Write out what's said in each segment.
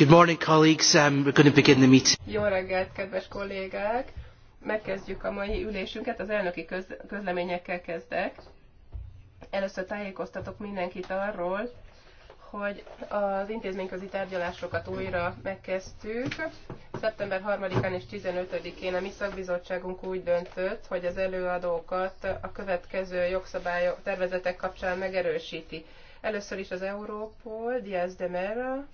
Good morning, colleagues. Um, we're going to begin the meeting. Jó reggelt, kedves kollégák! Megkezdjük a mai ülésünket, az elnöki köz- közleményekkel kezdek. Először tájékoztatok mindenkit arról, hogy az intézményközi tárgyalásokat újra megkezdtük. Szeptember 3-án és 15-én a mi szakbizottságunk úgy döntött, hogy az előadókat a következő jogszabályok tervezetek kapcsán megerősíti. Először is az Európol, Diaz de Mera,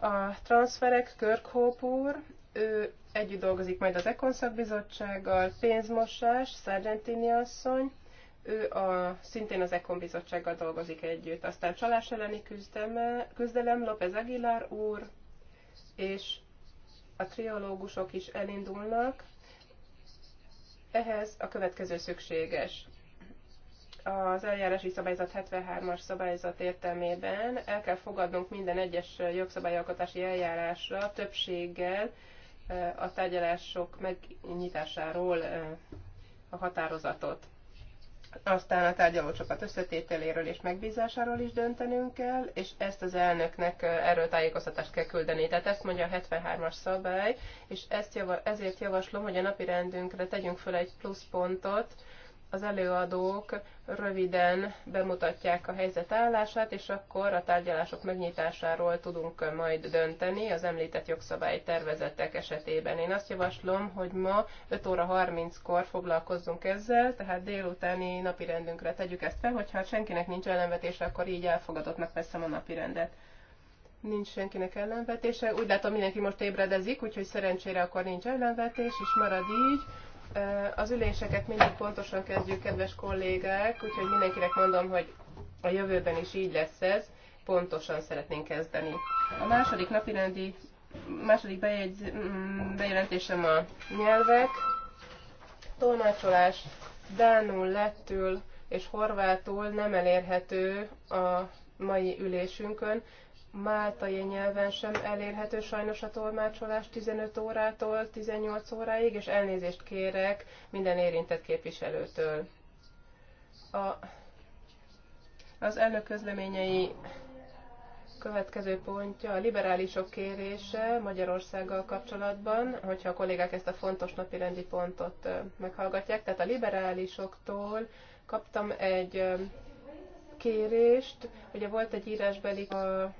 a transferek, Körkhóp úr, ő együtt dolgozik majd az Ekon szakbizottsággal, pénzmosás, Sargentini asszony, ő a, szintén az Ekon bizottsággal dolgozik együtt. Aztán csalás elleni küzdeme, küzdelem, López Aguilar úr, és a triológusok is elindulnak. Ehhez a következő szükséges az eljárási szabályzat 73-as szabályzat értelmében el kell fogadnunk minden egyes jogszabályalkotási eljárásra többséggel a tárgyalások megnyitásáról a határozatot. Aztán a tárgyalócsapat összetételéről és megbízásáról is döntenünk kell, és ezt az elnöknek erről tájékoztatást kell küldeni. Tehát ezt mondja a 73-as szabály, és ezt java, ezért javaslom, hogy a napi rendünkre tegyünk föl egy pluszpontot, az előadók röviden bemutatják a helyzet állását, és akkor a tárgyalások megnyitásáról tudunk majd dönteni az említett jogszabály tervezetek esetében. Én azt javaslom, hogy ma 5 óra 30-kor foglalkozzunk ezzel, tehát délutáni napirendünkre tegyük ezt fel, hogyha senkinek nincs ellenvetése, akkor így elfogadottnak veszem a rendet. Nincs senkinek ellenvetése. Úgy látom, mindenki most ébredezik, úgyhogy szerencsére akkor nincs ellenvetés, és marad így. Az üléseket mindig pontosan kezdjük, kedves kollégák, úgyhogy mindenkinek mondom, hogy a jövőben is így lesz ez, pontosan szeretnénk kezdeni. A második rendi, második bejegyz, mm, bejelentésem a nyelvek, tolmácsolás dánul, lettül és horvátul nem elérhető a mai ülésünkön, máltai nyelven sem elérhető sajnos a tolmácsolás 15 órától 18 óráig, és elnézést kérek minden érintett képviselőtől. A, az elnök közleményei következő pontja a liberálisok kérése Magyarországgal kapcsolatban, hogyha a kollégák ezt a fontos napi rendi pontot meghallgatják. Tehát a liberálisoktól kaptam egy kérést, ugye volt egy írásbeli a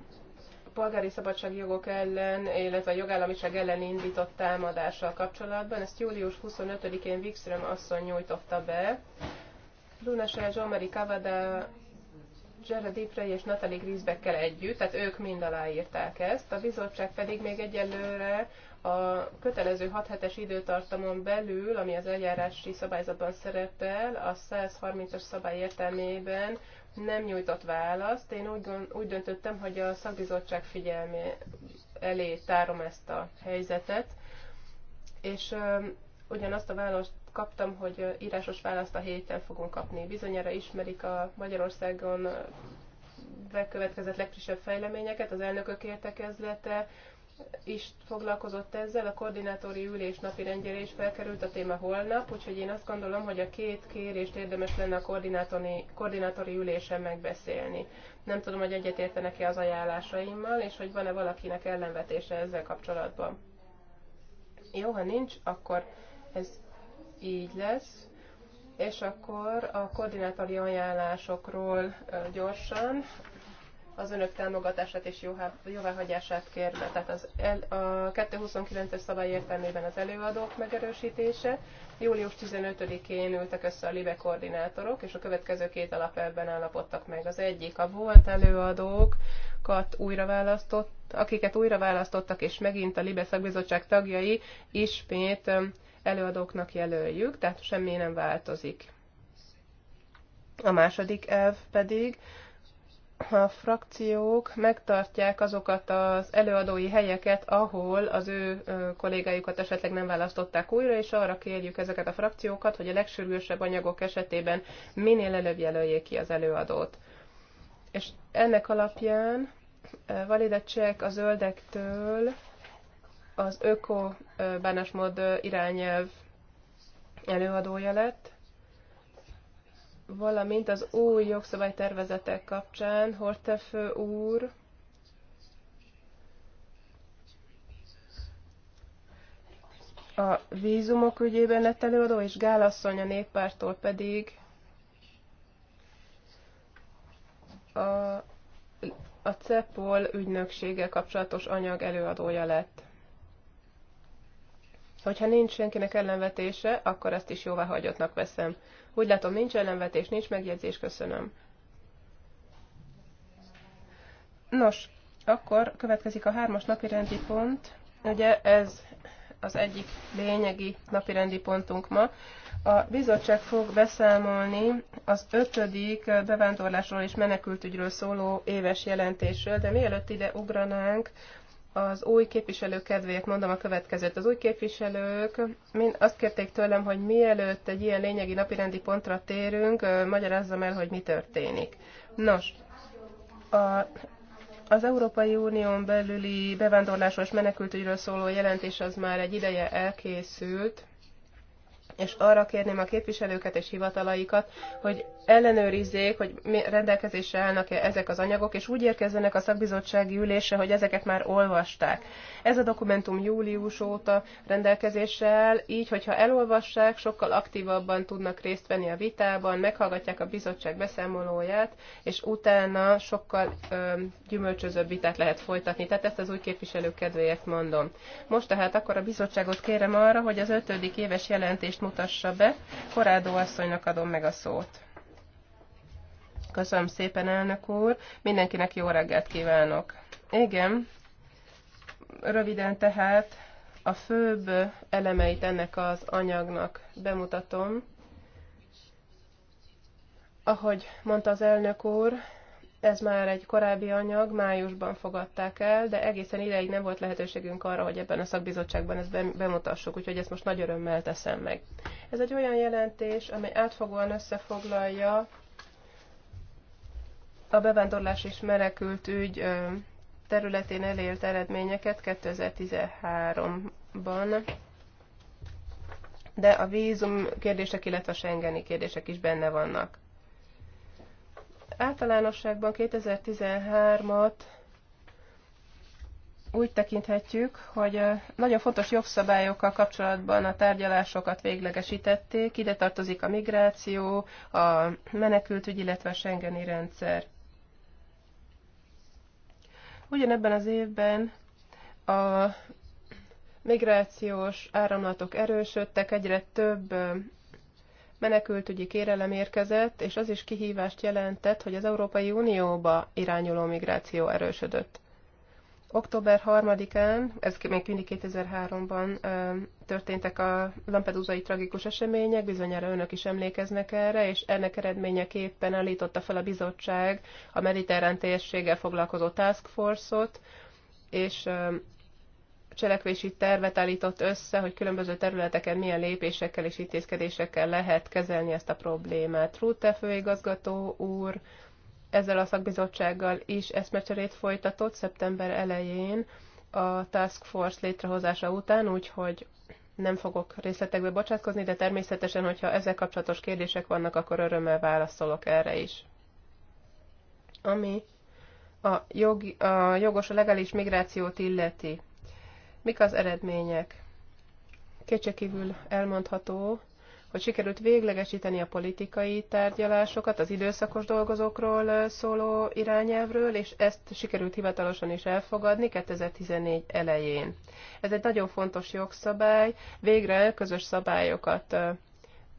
polgári szabadságjogok ellen, illetve a jogállamiság ellen indított támadással kapcsolatban. Ezt július 25-én Wikström asszony nyújtotta be. Lunasel, Jean-Marie Cavada, Jared Ifrey és Natalie Grisbeckkel együtt, tehát ők mind aláírták ezt. A bizottság pedig még egyelőre a kötelező 6 hetes időtartamon belül, ami az eljárási szabályzatban szerepel, a 130-as szabály értelmében nem nyújtott választ. Én úgy, úgy döntöttem, hogy a szakbizottság figyelmé elé tárom ezt a helyzetet, és ugyanazt a választ kaptam, hogy írásos választ a héten fogunk kapni. Bizonyára ismerik a Magyarországon bekövetkezett legfrissebb fejleményeket, az elnökök értekezlete, is foglalkozott ezzel, a koordinátori ülés napi rendjére is felkerült a téma holnap, úgyhogy én azt gondolom, hogy a két kérést érdemes lenne a koordinátori, koordinátori ülésen megbeszélni. Nem tudom, hogy egyetértenek-e az ajánlásaimmal, és hogy van-e valakinek ellenvetése ezzel kapcsolatban. Jó, ha nincs, akkor ez így lesz. És akkor a koordinátori ajánlásokról gyorsan az önök támogatását és jóváhagyását kérve. Tehát az el, a 229-es szabály értelmében az előadók megerősítése. Július 15-én ültek össze a LIBE koordinátorok, és a következő két alapelben állapodtak meg. Az egyik a volt előadókat újra választott, akiket újra választottak, és megint a LIBE szakbizottság tagjai ismét előadóknak jelöljük, tehát semmi nem változik. A második elv pedig a frakciók megtartják azokat az előadói helyeket, ahol az ő kollégájukat esetleg nem választották újra, és arra kérjük ezeket a frakciókat, hogy a legsürgősebb anyagok esetében minél előbb jelöljék ki az előadót. És ennek alapján validecsek a zöldektől az öko bánásmód irányelv előadója lett, valamint az új jogszabálytervezetek kapcsán Hortefő úr a vízumok ügyében lett előadó, és Gálasszony a néppártól pedig a, a CEPOL ügynöksége kapcsolatos anyag előadója lett. Hogyha nincs senkinek ellenvetése, akkor ezt is jóvá hagyottnak veszem. Úgy látom, nincs ellenvetés, nincs megjegyzés, köszönöm. Nos, akkor következik a hármas napirendi pont. Ugye ez az egyik lényegi napirendi pontunk ma. A bizottság fog beszámolni az ötödik bevándorlásról és menekültügyről szóló éves jelentésről, de mielőtt ide ugranánk, az új képviselők kedvéért mondom a következőt. Az új képviselők mind azt kérték tőlem, hogy mielőtt egy ilyen lényegi napirendi pontra térünk, magyarázzam el, hogy mi történik. Nos, a, az Európai Unión belüli bevándorlásos menekültügyről szóló jelentés az már egy ideje elkészült, és arra kérném a képviselőket és hivatalaikat, hogy ellenőrizzék, hogy rendelkezésre állnak-e ezek az anyagok, és úgy érkezzenek a szakbizottsági ülése, hogy ezeket már olvasták. Ez a dokumentum július óta rendelkezésre áll, így, hogyha elolvassák, sokkal aktívabban tudnak részt venni a vitában, meghallgatják a bizottság beszámolóját, és utána sokkal ö, gyümölcsözőbb vitát lehet folytatni. Tehát ezt az új képviselők kedvéért mondom. Most tehát akkor a bizottságot kérem arra, hogy az ötödik éves jelentést mutassa be. Korádó asszonynak adom meg a szót. Köszönöm szépen, elnök úr. Mindenkinek jó reggelt kívánok. Igen, röviden tehát a főbb elemeit ennek az anyagnak bemutatom. Ahogy mondta az elnök úr, ez már egy korábbi anyag, májusban fogadták el, de egészen ideig nem volt lehetőségünk arra, hogy ebben a szakbizottságban ezt bemutassuk, úgyhogy ezt most nagy örömmel teszem meg. Ez egy olyan jelentés, amely átfogóan összefoglalja a bevándorlás és menekült ügy területén elért eredményeket 2013-ban, de a vízum kérdések, illetve a Schengeni kérdések is benne vannak. Általánosságban 2013-at úgy tekinthetjük, hogy nagyon fontos jogszabályokkal kapcsolatban a tárgyalásokat véglegesítették. Ide tartozik a migráció, a menekültügy, illetve a Schengeni rendszer. Ugyanebben az évben a migrációs áramlatok erősödtek, egyre több menekültügyi kérelem érkezett, és az is kihívást jelentett, hogy az Európai Unióba irányuló migráció erősödött. Október 3-án, ez még mindig 2003-ban történtek a Lampedusai tragikus események, bizonyára önök is emlékeznek erre, és ennek eredményeképpen állította fel a bizottság a mediterrán térséggel foglalkozó task force-ot, és cselekvési tervet állított össze, hogy különböző területeken milyen lépésekkel és intézkedésekkel lehet kezelni ezt a problémát. Rutte főigazgató úr, ezzel a szakbizottsággal is eszmecserét folytatott szeptember elején a Task Force létrehozása után, úgyhogy nem fogok részletekbe bocsátkozni, de természetesen, hogyha ezzel kapcsolatos kérdések vannak, akkor örömmel válaszolok erre is. Ami a, jogi, a jogos, a legális migrációt illeti. Mik az eredmények? Kétségkívül elmondható, hogy sikerült véglegesíteni a politikai tárgyalásokat az időszakos dolgozókról szóló irányelvről, és ezt sikerült hivatalosan is elfogadni 2014 elején. Ez egy nagyon fontos jogszabály, végre közös szabályokat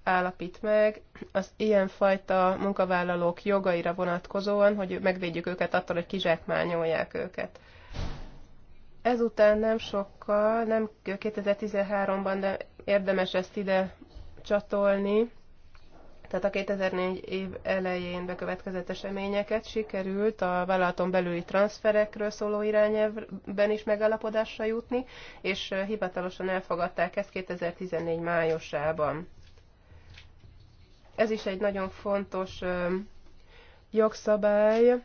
állapít meg az ilyenfajta munkavállalók jogaira vonatkozóan, hogy megvédjük őket attól, hogy kizsákmányolják őket. Ezután nem sokkal, nem 2013-ban, de érdemes ezt ide csatolni, tehát a 2004 év elején bekövetkezett eseményeket sikerült a vállalaton belüli transferekről szóló irányelvben is megállapodásra jutni, és hivatalosan elfogadták ezt 2014 májusában. Ez is egy nagyon fontos jogszabály,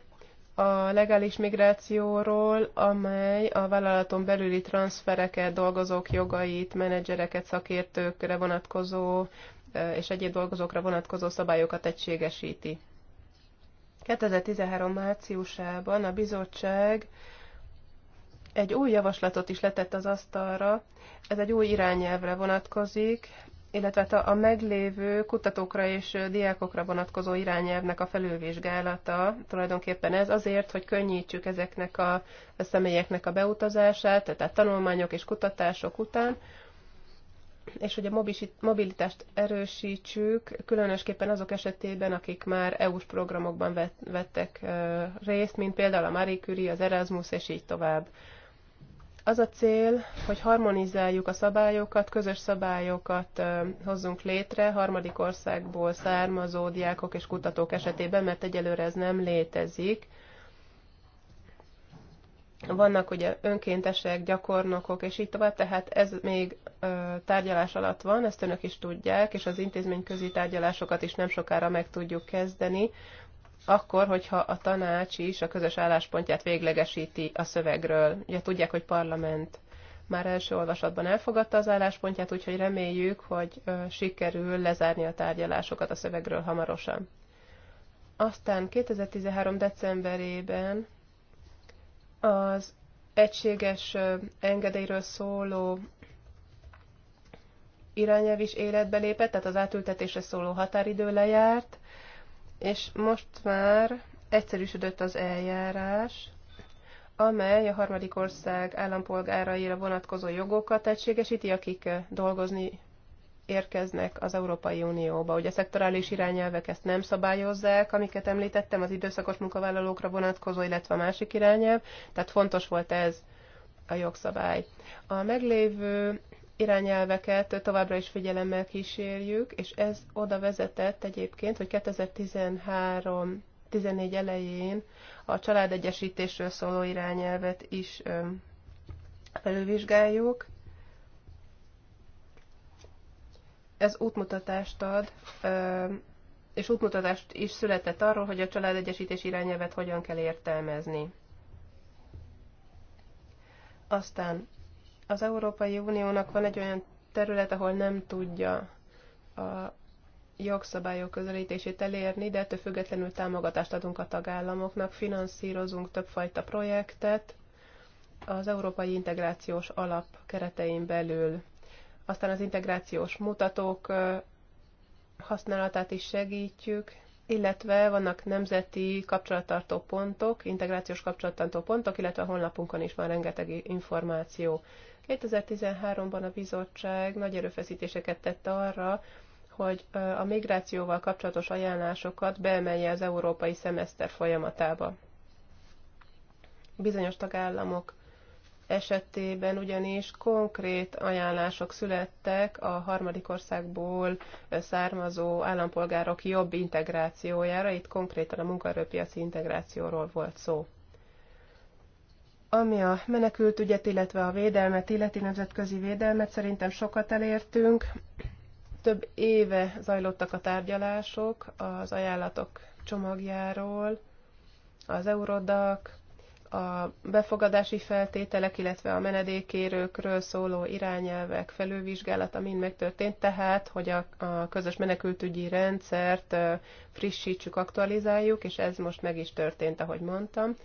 a legális migrációról, amely a vállalaton belüli transfereket, dolgozók jogait, menedzsereket, szakértőkre vonatkozó és egyéb dolgozókra vonatkozó szabályokat egységesíti. 2013 márciusában a bizottság egy új javaslatot is letett az asztalra, ez egy új irányelvre vonatkozik, illetve hát a, a meglévő kutatókra és diákokra vonatkozó irányelvnek a felülvizsgálata tulajdonképpen ez azért, hogy könnyítsük ezeknek a, a személyeknek a beutazását, tehát tanulmányok és kutatások után, és hogy a mobilitást erősítsük, különösképpen azok esetében, akik már EU-s programokban vettek részt, mint például a Marie Curie, az Erasmus, és így tovább. Az a cél, hogy harmonizáljuk a szabályokat, közös szabályokat hozzunk létre harmadik országból származó diákok és kutatók esetében, mert egyelőre ez nem létezik. Vannak ugye önkéntesek, gyakornokok, és így tovább, tehát ez még tárgyalás alatt van, ezt önök is tudják, és az intézményközi tárgyalásokat is nem sokára meg tudjuk kezdeni, akkor, hogyha a tanács is a közös álláspontját véglegesíti a szövegről. Ugye tudják, hogy parlament már első olvasatban elfogadta az álláspontját, úgyhogy reméljük, hogy sikerül lezárni a tárgyalásokat a szövegről hamarosan. Aztán 2013. decemberében az egységes engedélyről szóló irányelv is életbe lépett, tehát az átültetésre szóló határidő lejárt, és most már egyszerűsödött az eljárás, amely a harmadik ország állampolgáraira vonatkozó jogokat egységesíti, akik eh, dolgozni érkeznek az Európai Unióba. Ugye szektorális irányelvek ezt nem szabályozzák, amiket említettem, az időszakos munkavállalókra vonatkozó, illetve a másik irányelv, tehát fontos volt ez a jogszabály. A meglévő irányelveket továbbra is figyelemmel kísérjük, és ez oda vezetett egyébként, hogy 2013 14 elején a családegyesítésről szóló irányelvet is felülvizsgáljuk. Ez útmutatást ad, és útmutatást is született arról, hogy a családegyesítés irányelvet hogyan kell értelmezni. Aztán az Európai Uniónak van egy olyan terület, ahol nem tudja a jogszabályok közelítését elérni, de ettől függetlenül támogatást adunk a tagállamoknak, finanszírozunk többfajta projektet az Európai Integrációs Alap keretein belül. Aztán az integrációs mutatók használatát is segítjük, illetve vannak nemzeti kapcsolattartó pontok, integrációs kapcsolattartó pontok, illetve a honlapunkon is van rengeteg információ. 2013-ban a bizottság nagy erőfeszítéseket tett arra, hogy a migrációval kapcsolatos ajánlásokat beemelje az európai szemeszter folyamatába. Bizonyos tagállamok esetében ugyanis konkrét ajánlások születtek a harmadik országból származó állampolgárok jobb integrációjára, itt konkrétan a munkaerőpiaci integrációról volt szó. Ami a menekültügyet, illetve a védelmet, illeti nemzetközi védelmet, szerintem sokat elértünk. Több éve zajlottak a tárgyalások az ajánlatok csomagjáról, az Eurodac, a befogadási feltételek, illetve a menedékérőkről szóló irányelvek felővizsgálata mind megtörtént, tehát, hogy a, a közös menekültügyi rendszert frissítsük, aktualizáljuk, és ez most meg is történt, ahogy mondtam.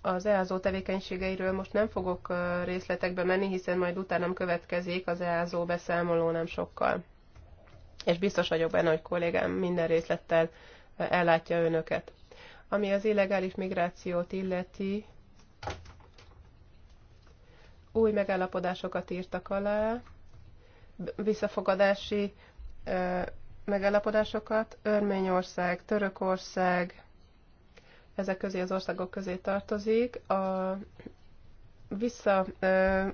Az EASO tevékenységeiről most nem fogok részletekbe menni, hiszen majd utánam következik az EASO beszámoló nem sokkal. És biztos vagyok benne, hogy kollégám minden részlettel ellátja önöket. Ami az illegális migrációt illeti, új megállapodásokat írtak alá, visszafogadási megállapodásokat. Örményország, Törökország, ezek közé az országok közé tartozik. A, vissza,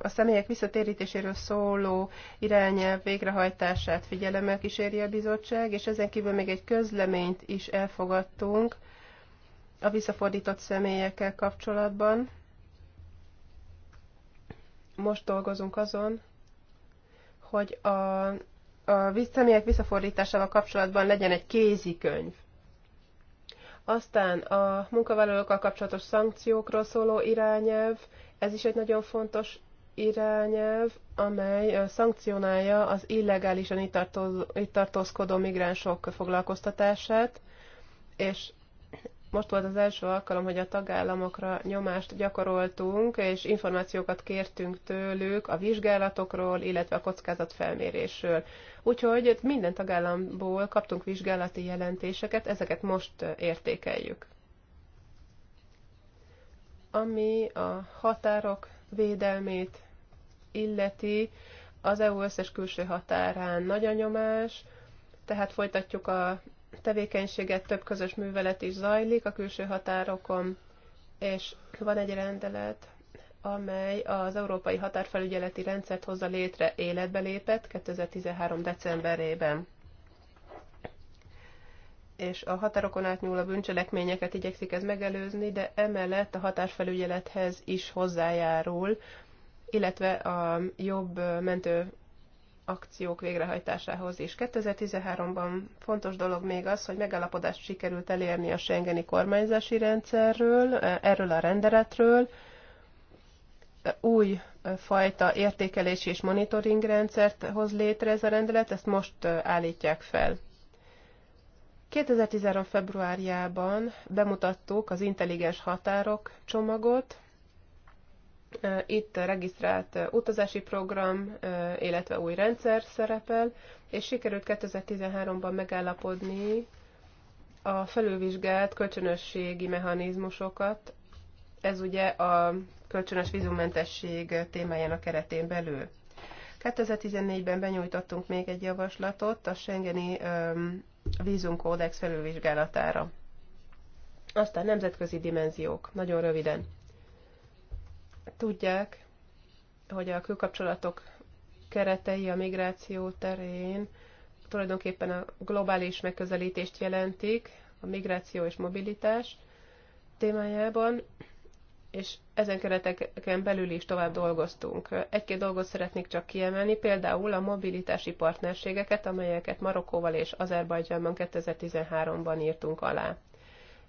a személyek visszatérítéséről szóló irányelv végrehajtását figyelemmel kíséri a bizottság, és ezen kívül még egy közleményt is elfogadtunk a visszafordított személyekkel kapcsolatban. Most dolgozunk azon, hogy a, a személyek visszafordításával kapcsolatban legyen egy kézikönyv. Aztán a munkavállalókkal kapcsolatos szankciókról szóló irányelv, ez is egy nagyon fontos irányelv, amely szankcionálja az illegálisan itt, tartózkodó migránsok foglalkoztatását, és most volt az első alkalom, hogy a tagállamokra nyomást gyakoroltunk, és információkat kértünk tőlük a vizsgálatokról, illetve a kockázatfelmérésről. Úgyhogy minden tagállamból kaptunk vizsgálati jelentéseket, ezeket most értékeljük. Ami a határok védelmét illeti, az EU összes külső határán nagy a nyomás, tehát folytatjuk a tevékenységet, több közös művelet is zajlik a külső határokon, és van egy rendelet, amely az Európai Határfelügyeleti Rendszert hozza létre életbe lépett 2013. decemberében. És a határokon átnyúló bűncselekményeket igyekszik ez megelőzni, de emellett a határfelügyelethez is hozzájárul, illetve a jobb mentő akciók végrehajtásához is. 2013-ban fontos dolog még az, hogy megállapodást sikerült elérni a Schengeni kormányzási rendszerről, erről a rendeletről, új fajta értékelési és monitoring rendszert hoz létre ez a rendelet, ezt most állítják fel. 2013. februárjában bemutattuk az intelligens határok csomagot, itt regisztrált utazási program, illetve új rendszer szerepel, és sikerült 2013-ban megállapodni a felülvizsgált kölcsönösségi mechanizmusokat. Ez ugye a kölcsönös vízummentesség témájának keretén belül. 2014-ben benyújtottunk még egy javaslatot a Schengeni vízumkódex felülvizsgálatára. Aztán nemzetközi dimenziók, nagyon röviden. Tudják, hogy a külkapcsolatok keretei a migráció terén tulajdonképpen a globális megközelítést jelentik, a migráció és mobilitás témájában, és ezen kereteken belül is tovább dolgoztunk. Egy-két dolgot szeretnék csak kiemelni, például a mobilitási partnerségeket, amelyeket Marokkóval és Azerbajdzsánban 2013-ban írtunk alá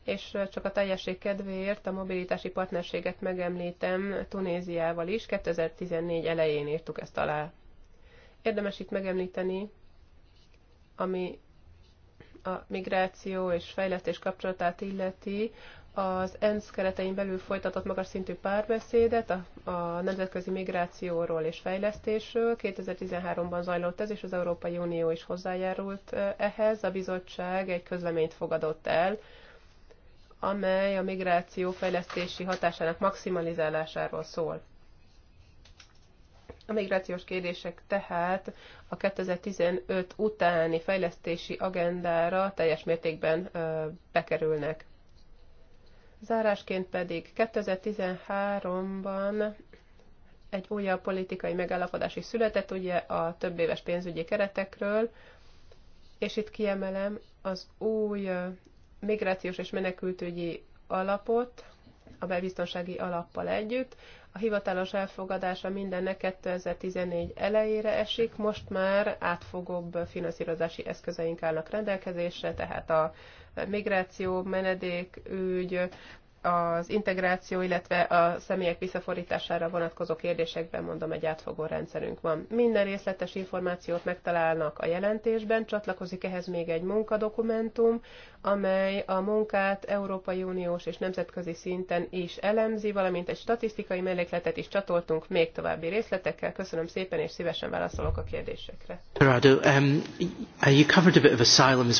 és csak a teljesség kedvéért a mobilitási partnerséget megemlítem Tunéziával is, 2014 elején írtuk ezt alá. Érdemes itt megemlíteni, ami a migráció és fejlesztés kapcsolatát illeti, az ENSZ keretein belül folytatott magas szintű párbeszédet a, a nemzetközi migrációról és fejlesztésről. 2013-ban zajlott ez, és az Európai Unió is hozzájárult ehhez. A bizottság egy közleményt fogadott el amely a migráció fejlesztési hatásának maximalizálásáról szól. A migrációs kérdések tehát a 2015 utáni fejlesztési agendára teljes mértékben bekerülnek. Zárásként pedig 2013-ban egy újabb politikai megállapodás is született, ugye a több éves pénzügyi keretekről, és itt kiemelem az új migrációs és menekültügyi alapot a belbiztonsági alappal együtt. A hivatalos elfogadása mindennek 2014 elejére esik, most már átfogóbb finanszírozási eszközeink állnak rendelkezésre, tehát a migráció, menedék, ügy, az integráció, illetve a személyek visszafordítására vonatkozó kérdésekben mondom, egy átfogó rendszerünk van. Minden részletes információt megtalálnak a jelentésben, csatlakozik ehhez még egy munkadokumentum, amely a munkát Európai Uniós és nemzetközi szinten is elemzi, valamint egy statisztikai mellékletet is csatoltunk még további részletekkel. Köszönöm szépen, és szívesen válaszolok a kérdésekre. Um,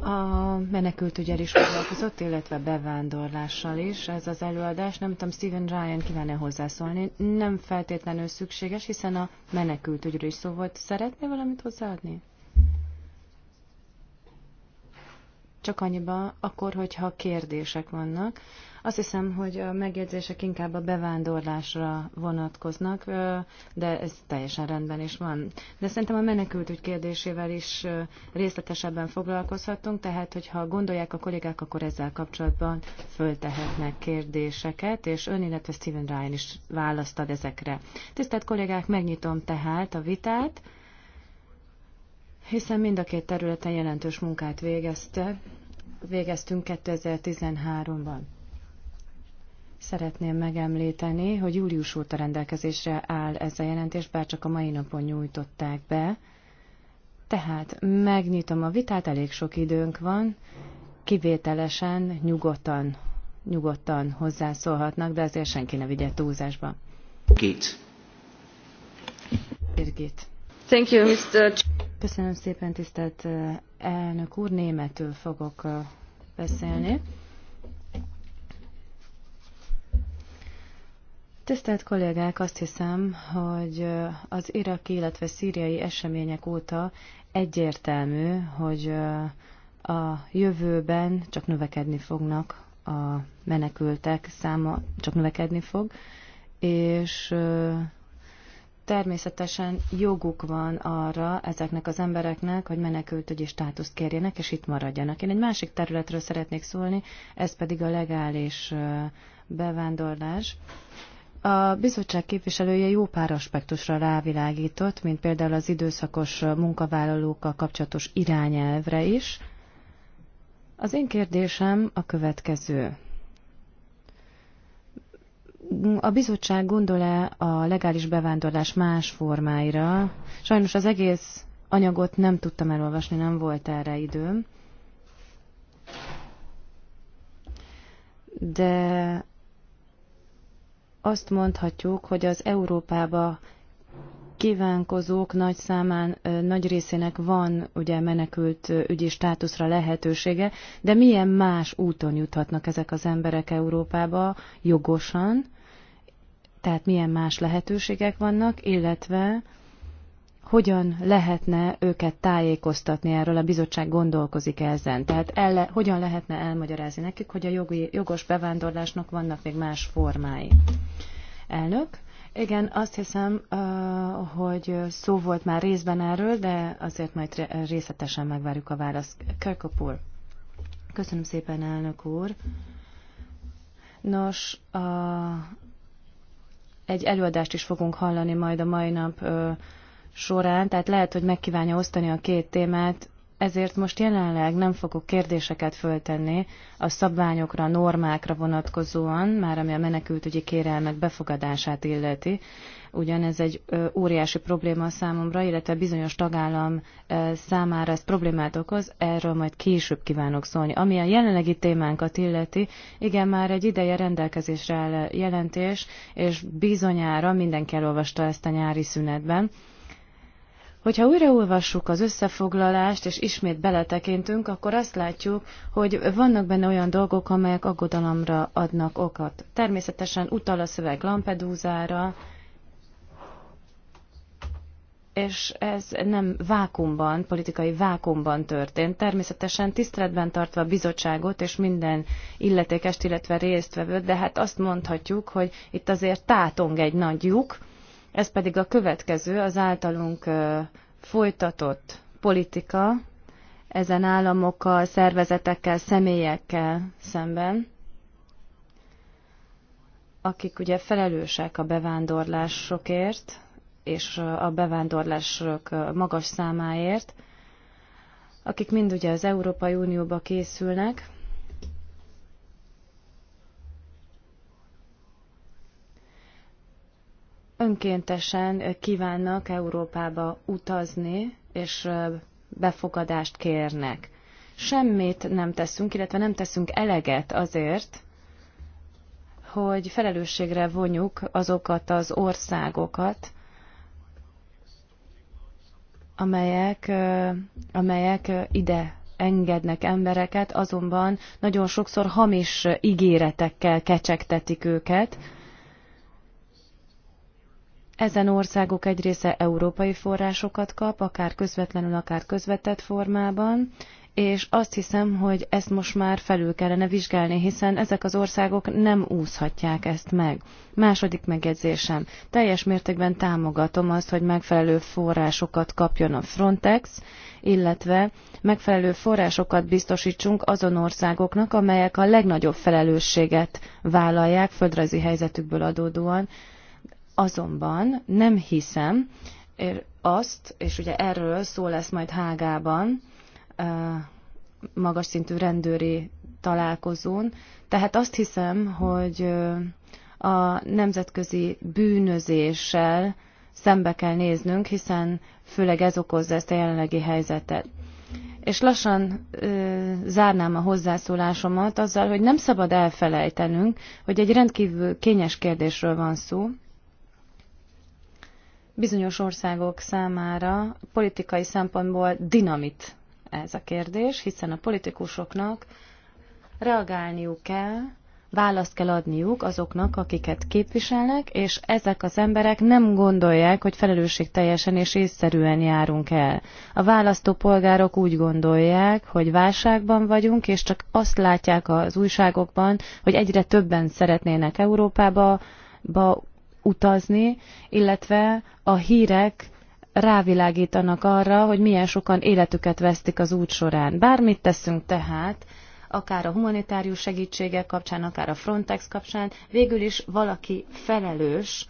a menekültügyel is foglalkozott, illetve bevándorlás hatással is ez az előadás. Nem tudom, Steven Ryan kíván-e hozzászólni. Nem feltétlenül szükséges, hiszen a menekült ügyről is szó volt. Szeretné valamit hozzáadni? Csak annyiba, akkor, hogyha kérdések vannak, azt hiszem, hogy a megjegyzések inkább a bevándorlásra vonatkoznak, de ez teljesen rendben is van. De szerintem a menekült ügy kérdésével is részletesebben foglalkozhatunk, tehát hogyha gondolják a kollégák, akkor ezzel kapcsolatban föltehetnek kérdéseket, és ön, illetve Steven Ryan is választad ezekre. Tisztelt kollégák, megnyitom tehát a vitát hiszen mind a két területen jelentős munkát végezte, végeztünk 2013-ban. Szeretném megemlíteni, hogy július óta rendelkezésre áll ez a jelentés, bár csak a mai napon nyújtották be. Tehát megnyitom a vitát, elég sok időnk van, kivételesen, nyugodtan, nyugodtan hozzászólhatnak, de azért senki ne vigye túlzásba. Két. Birgit. Thank you, Mr. Köszönöm szépen, tisztelt eh, elnök úr, németül fogok eh, beszélni. Mm-hmm. Tisztelt kollégák, azt hiszem, hogy az iraki, illetve szíriai események óta egyértelmű, hogy a jövőben csak növekedni fognak a menekültek száma, csak növekedni fog, és természetesen joguk van arra ezeknek az embereknek, hogy menekültügyi státuszt kérjenek, és itt maradjanak. Én egy másik területről szeretnék szólni, ez pedig a legális bevándorlás. A bizottság képviselője jó pár aspektusra rávilágított, mint például az időszakos munkavállalókkal kapcsolatos irányelvre is. Az én kérdésem a következő. A bizottság gondol-e a legális bevándorlás más formáira? Sajnos az egész anyagot nem tudtam elolvasni, nem volt erre időm. De azt mondhatjuk, hogy az Európába kívánkozók nagy számán, nagy részének van ugye menekült ügyi státuszra lehetősége, de milyen más úton juthatnak ezek az emberek Európába jogosan, tehát milyen más lehetőségek vannak, illetve hogyan lehetne őket tájékoztatni erről, a bizottság gondolkozik ezen. Tehát elle, hogyan lehetne elmagyarázni nekik, hogy a jogi, jogos bevándorlásnak vannak még más formái. Elnök, igen, azt hiszem, hogy szó volt már részben erről, de azért majd részletesen megvárjuk a választ. Körkopul. Köszönöm szépen, elnök úr. Nos, a, egy előadást is fogunk hallani majd a mai nap során, tehát lehet, hogy megkívánja osztani a két témát, ezért most jelenleg nem fogok kérdéseket föltenni a szabványokra, normákra vonatkozóan, már ami a menekültügyi kérelmek befogadását illeti. Ugyan ez egy óriási probléma számomra, illetve bizonyos tagállam számára ez problémát okoz, erről majd később kívánok szólni. Ami a jelenlegi témánkat illeti, igen, már egy ideje rendelkezésre áll jelentés, és bizonyára mindenki elolvasta ezt a nyári szünetben. Hogyha újraolvassuk az összefoglalást, és ismét beletekintünk, akkor azt látjuk, hogy vannak benne olyan dolgok, amelyek aggodalomra adnak okat. Természetesen utal a szöveg Lampedúzára, és ez nem vákumban, politikai vákumban történt. Természetesen tiszteletben tartva a bizottságot és minden illetékest, illetve résztvevőt, de hát azt mondhatjuk, hogy itt azért tátong egy nagy lyuk, ez pedig a következő, az általunk folytatott politika ezen államokkal, szervezetekkel, személyekkel szemben, akik ugye felelősek a bevándorlásokért és a bevándorlások magas számáért, akik mind ugye az Európai Unióba készülnek, önkéntesen kívánnak Európába utazni, és befogadást kérnek. Semmit nem teszünk, illetve nem teszünk eleget azért, hogy felelősségre vonjuk azokat az országokat, amelyek, amelyek ide engednek embereket, azonban nagyon sokszor hamis ígéretekkel kecsegtetik őket, ezen országok egy része európai forrásokat kap, akár közvetlenül, akár közvetett formában, és azt hiszem, hogy ezt most már felül kellene vizsgálni, hiszen ezek az országok nem úszhatják ezt meg. Második megjegyzésem. Teljes mértékben támogatom azt, hogy megfelelő forrásokat kapjon a Frontex, illetve megfelelő forrásokat biztosítsunk azon országoknak, amelyek a legnagyobb felelősséget vállalják földrajzi helyzetükből adódóan Azonban nem hiszem er, azt, és ugye erről szó lesz majd Hágában, magas szintű rendőri találkozón. Tehát azt hiszem, hogy a nemzetközi bűnözéssel szembe kell néznünk, hiszen főleg ez okozza ezt a jelenlegi helyzetet. És lassan ö, zárnám a hozzászólásomat azzal, hogy nem szabad elfelejtenünk, hogy egy rendkívül kényes kérdésről van szó, bizonyos országok számára politikai szempontból dinamit ez a kérdés, hiszen a politikusoknak reagálniuk kell, választ kell adniuk azoknak, akiket képviselnek, és ezek az emberek nem gondolják, hogy teljesen és észszerűen járunk el. A választópolgárok úgy gondolják, hogy válságban vagyunk, és csak azt látják az újságokban, hogy egyre többen szeretnének Európába, ba utazni, illetve a hírek rávilágítanak arra, hogy milyen sokan életüket vesztik az út során. Bármit teszünk tehát, akár a humanitárius segítségek kapcsán, akár a Frontex kapcsán, végül is valaki felelős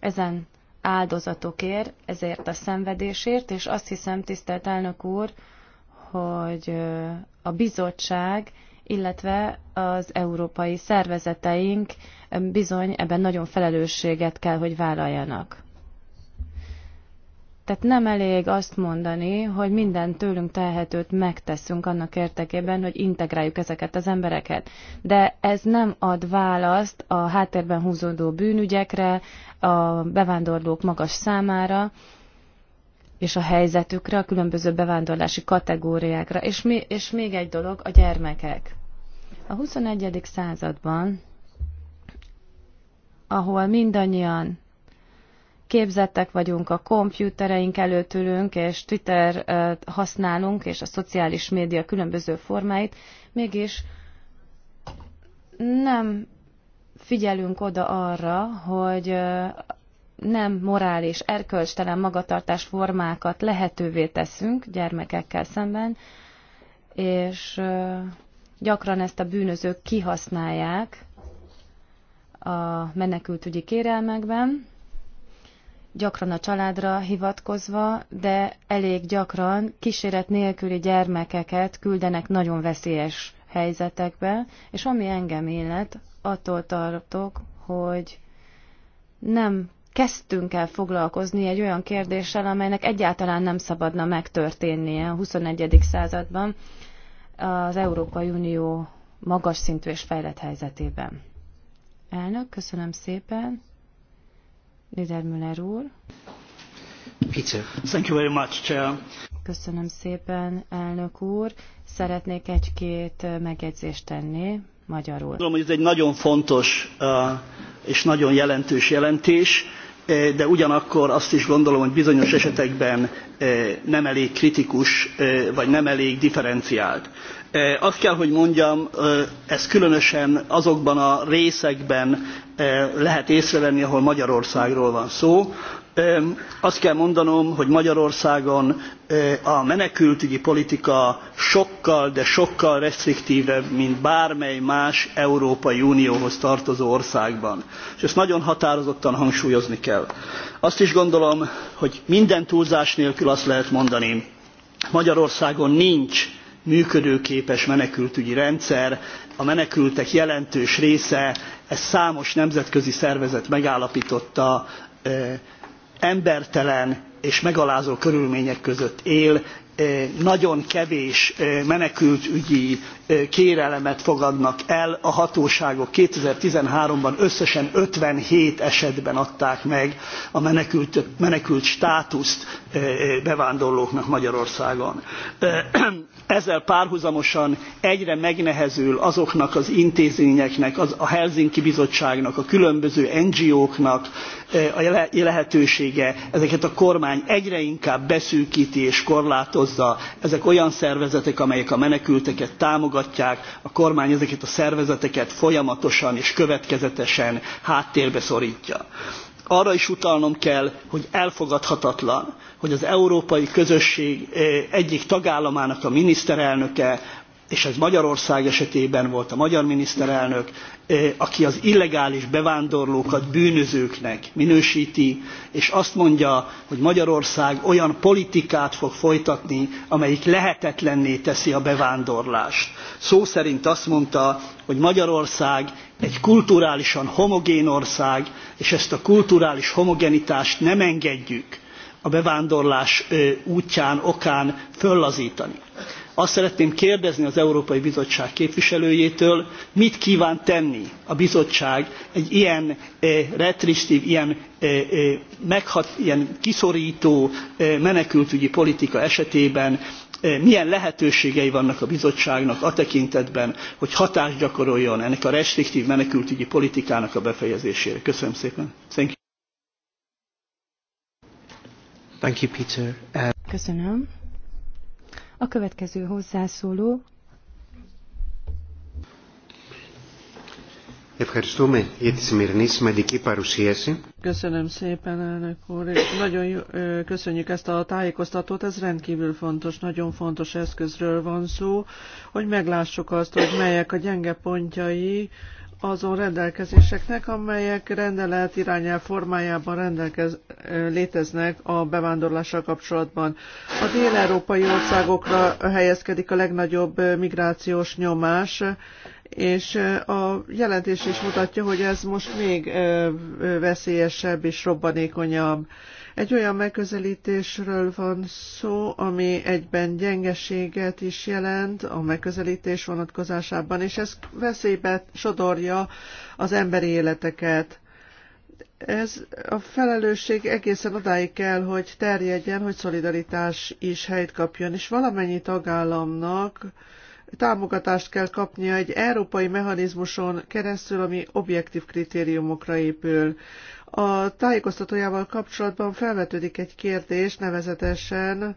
ezen áldozatokért, ezért a szenvedésért, és azt hiszem, tisztelt elnök úr, hogy a bizottság illetve az európai szervezeteink bizony ebben nagyon felelősséget kell, hogy vállaljanak. Tehát nem elég azt mondani, hogy minden tőlünk telhetőt megteszünk annak értekében, hogy integráljuk ezeket az embereket. De ez nem ad választ a háttérben húzódó bűnügyekre, a bevándorlók magas számára, és a helyzetükre, a különböző bevándorlási kategóriákra. És, mi, és még egy dolog, a gyermekek. A 21. században, ahol mindannyian képzettek vagyunk, a kompjútereink előtt ülünk, és Twitter használunk, és a szociális média különböző formáit, mégis nem figyelünk oda arra, hogy nem morális, erkölcstelen magatartás formákat lehetővé teszünk gyermekekkel szemben, és gyakran ezt a bűnözők kihasználják a menekültügyi kérelmekben, gyakran a családra hivatkozva, de elég gyakran kíséret nélküli gyermekeket küldenek nagyon veszélyes helyzetekbe, és ami engem illet, attól tartok, hogy nem kezdtünk el foglalkozni egy olyan kérdéssel, amelynek egyáltalán nem szabadna megtörténnie a XXI. században az Európai Unió magas szintű és fejlett helyzetében. Elnök, köszönöm szépen. Müller úr. Peter. Thank you very much, Chair. Köszönöm szépen, elnök úr. Szeretnék egy-két megjegyzést tenni magyarul. Tudom, hogy ez egy nagyon fontos uh, és nagyon jelentős jelentés. Eh, de ugyanakkor azt is gondolom, hogy bizonyos esetekben eh, nem elég kritikus, eh, vagy nem elég differenciált. Azt kell, hogy mondjam, ez különösen azokban a részekben lehet észrevenni, ahol Magyarországról van szó, azt kell mondanom hogy magyarországon a menekültügyi politika sokkal de sokkal restriktvebb mint bármely más európai unióhoz tartozó országban és ezt nagyon határozottan hangsúlyozni kell. azt is gondolom hogy minden túlzás nélkül azt lehet mondani magyarországon nincs működőképes menekültügyi rendszer a menekültek jelentős része ezt számos nemzetközi szervezet megállaptotta embertelen és megalázó körülmények között él eh, nagyon kevés eh, menekültügyi kérelemet fogadnak el a hatóságok. 2013-ban összesen 57 esetben adták meg a menekült, státuszt bevándorlóknak Magyarországon. Ezzel párhuzamosan egyre megnehezül azoknak az intézményeknek, a Helsinki Bizottságnak, a különböző NGO-knak a lehetősége, ezeket a kormány egyre inkább beszűkti és korlátozza. Ezek olyan szervezetek, amelyek a menekülteket támogatják, támogatják, a kormány ezeket a szervezeteket folyamatosan és következetesen háttérbe szorítja. Arra is utalnom kell, hogy elfogadhatatlan, hogy az európai közösség eh, egyik tagállamának a miniszterelnöke és ez Magyarország esetében volt a magyar miniszterelnök, eh, aki az illegális bevándorlókat bűnözőknek minősíti, és azt mondja, hogy Magyarország olyan politikát fog folytatni, amelyik lehetetlenné teszi a bevándorlást. Szó szerint azt mondta, hogy Magyarország egy kulturálisan homogén ország, és ezt a kulturális homogenitást nem engedjük a bevándorlás eh, útján, okán föllazítani. Azt szeretném kérdezni az Európai Bizottság képviselőjétől, mit kíván tenni a bizottság egy ilyen eh, retrisztív, ilyen, eh, eh, ilyen kiszorító menekültügyi politika esetében, milyen lehetőségei vannak a bizottságnak a tekintetben, hogy hatást gyakoroljon ennek a restriktív menekültügyi politikának a befejezésére. Köszönöm szépen. Thank you. Thank you, Peter. Uh, Köszönöm. A következő hozzászóló. Köszönöm szépen, elnök úr. Nagyon köszönjük ezt a tájékoztatót, ez rendkívül fontos, nagyon fontos eszközről van szó, hogy meglássuk azt, hogy melyek a gyenge pontjai azon rendelkezéseknek, amelyek rendelet irányel formájában rendelkez, léteznek a bevándorlással kapcsolatban. A dél-európai országokra helyezkedik a legnagyobb migrációs nyomás, és a jelentés is mutatja, hogy ez most még veszélyesebb és robbanékonyabb. Egy olyan megközelítésről van szó, ami egyben gyengeséget is jelent a megközelítés vonatkozásában, és ez veszélybe sodorja az emberi életeket. Ez a felelősség egészen odáig kell, hogy terjedjen, hogy szolidaritás is helyt kapjon, és valamennyi tagállamnak támogatást kell kapnia egy európai mechanizmuson keresztül, ami objektív kritériumokra épül. A tájékoztatójával kapcsolatban felvetődik egy kérdés, nevezetesen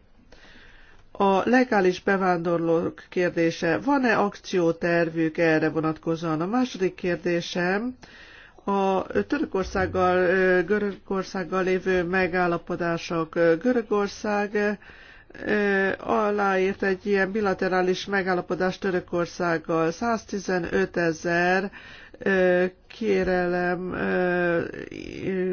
a legális bevándorlók kérdése. Van-e akciótervük erre vonatkozóan? A második kérdésem, a Törökországgal, Görögországgal lévő megállapodások. Görögország aláírt egy ilyen bilaterális megállapodást Törökországgal. 115 ezer kérelem,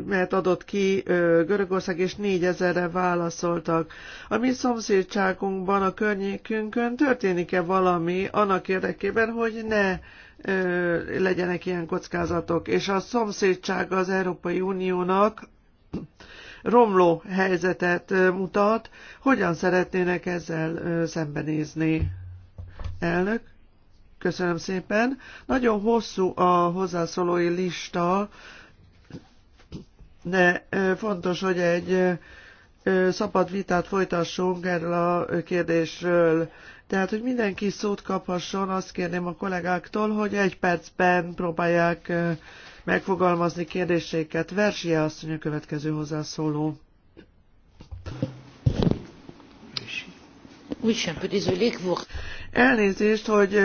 mert adott ki Görögország, és négyezerre válaszoltak. A mi szomszédságunkban, a környékünkön történik-e valami annak érdekében, hogy ne legyenek ilyen kockázatok, és a szomszédság az Európai Uniónak romló helyzetet mutat. Hogyan szeretnének ezzel szembenézni? Elnök, köszönöm szépen. Nagyon hosszú a hozzászólói lista, de fontos, hogy egy szabad vitát folytassunk erről a kérdésről. Tehát, hogy mindenki szót kaphasson, azt kérném a kollégáktól, hogy egy percben próbálják megfogalmazni kérdéseiket. Versie asszony a következő hozzászóló. Elnézést, hogy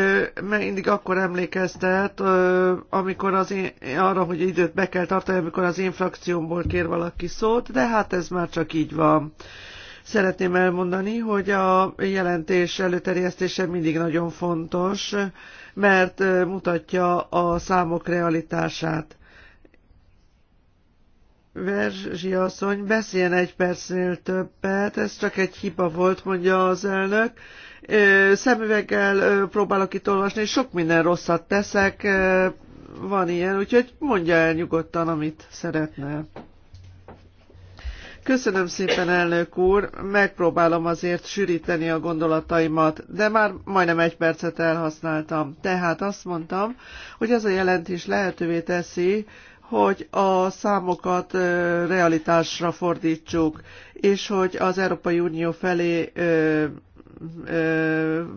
mindig akkor emlékeztet, amikor az én, arra, hogy időt be kell tartani, amikor az én frakciómból kér valaki szót, de hát ez már csak így van. Szeretném elmondani, hogy a jelentés előterjesztése mindig nagyon fontos, mert mutatja a számok realitását. Verzsi asszony, beszéljen egy percnél többet, ez csak egy hiba volt, mondja az elnök. Szemüveggel próbálok itt olvasni, sok minden rosszat teszek, van ilyen, úgyhogy mondja el nyugodtan, amit szeretne. Köszönöm szépen, elnök úr. Megpróbálom azért sűríteni a gondolataimat, de már majdnem egy percet elhasználtam. Tehát azt mondtam, hogy ez a jelentés lehetővé teszi, hogy a számokat realitásra fordítsuk, és hogy az Európai Unió felé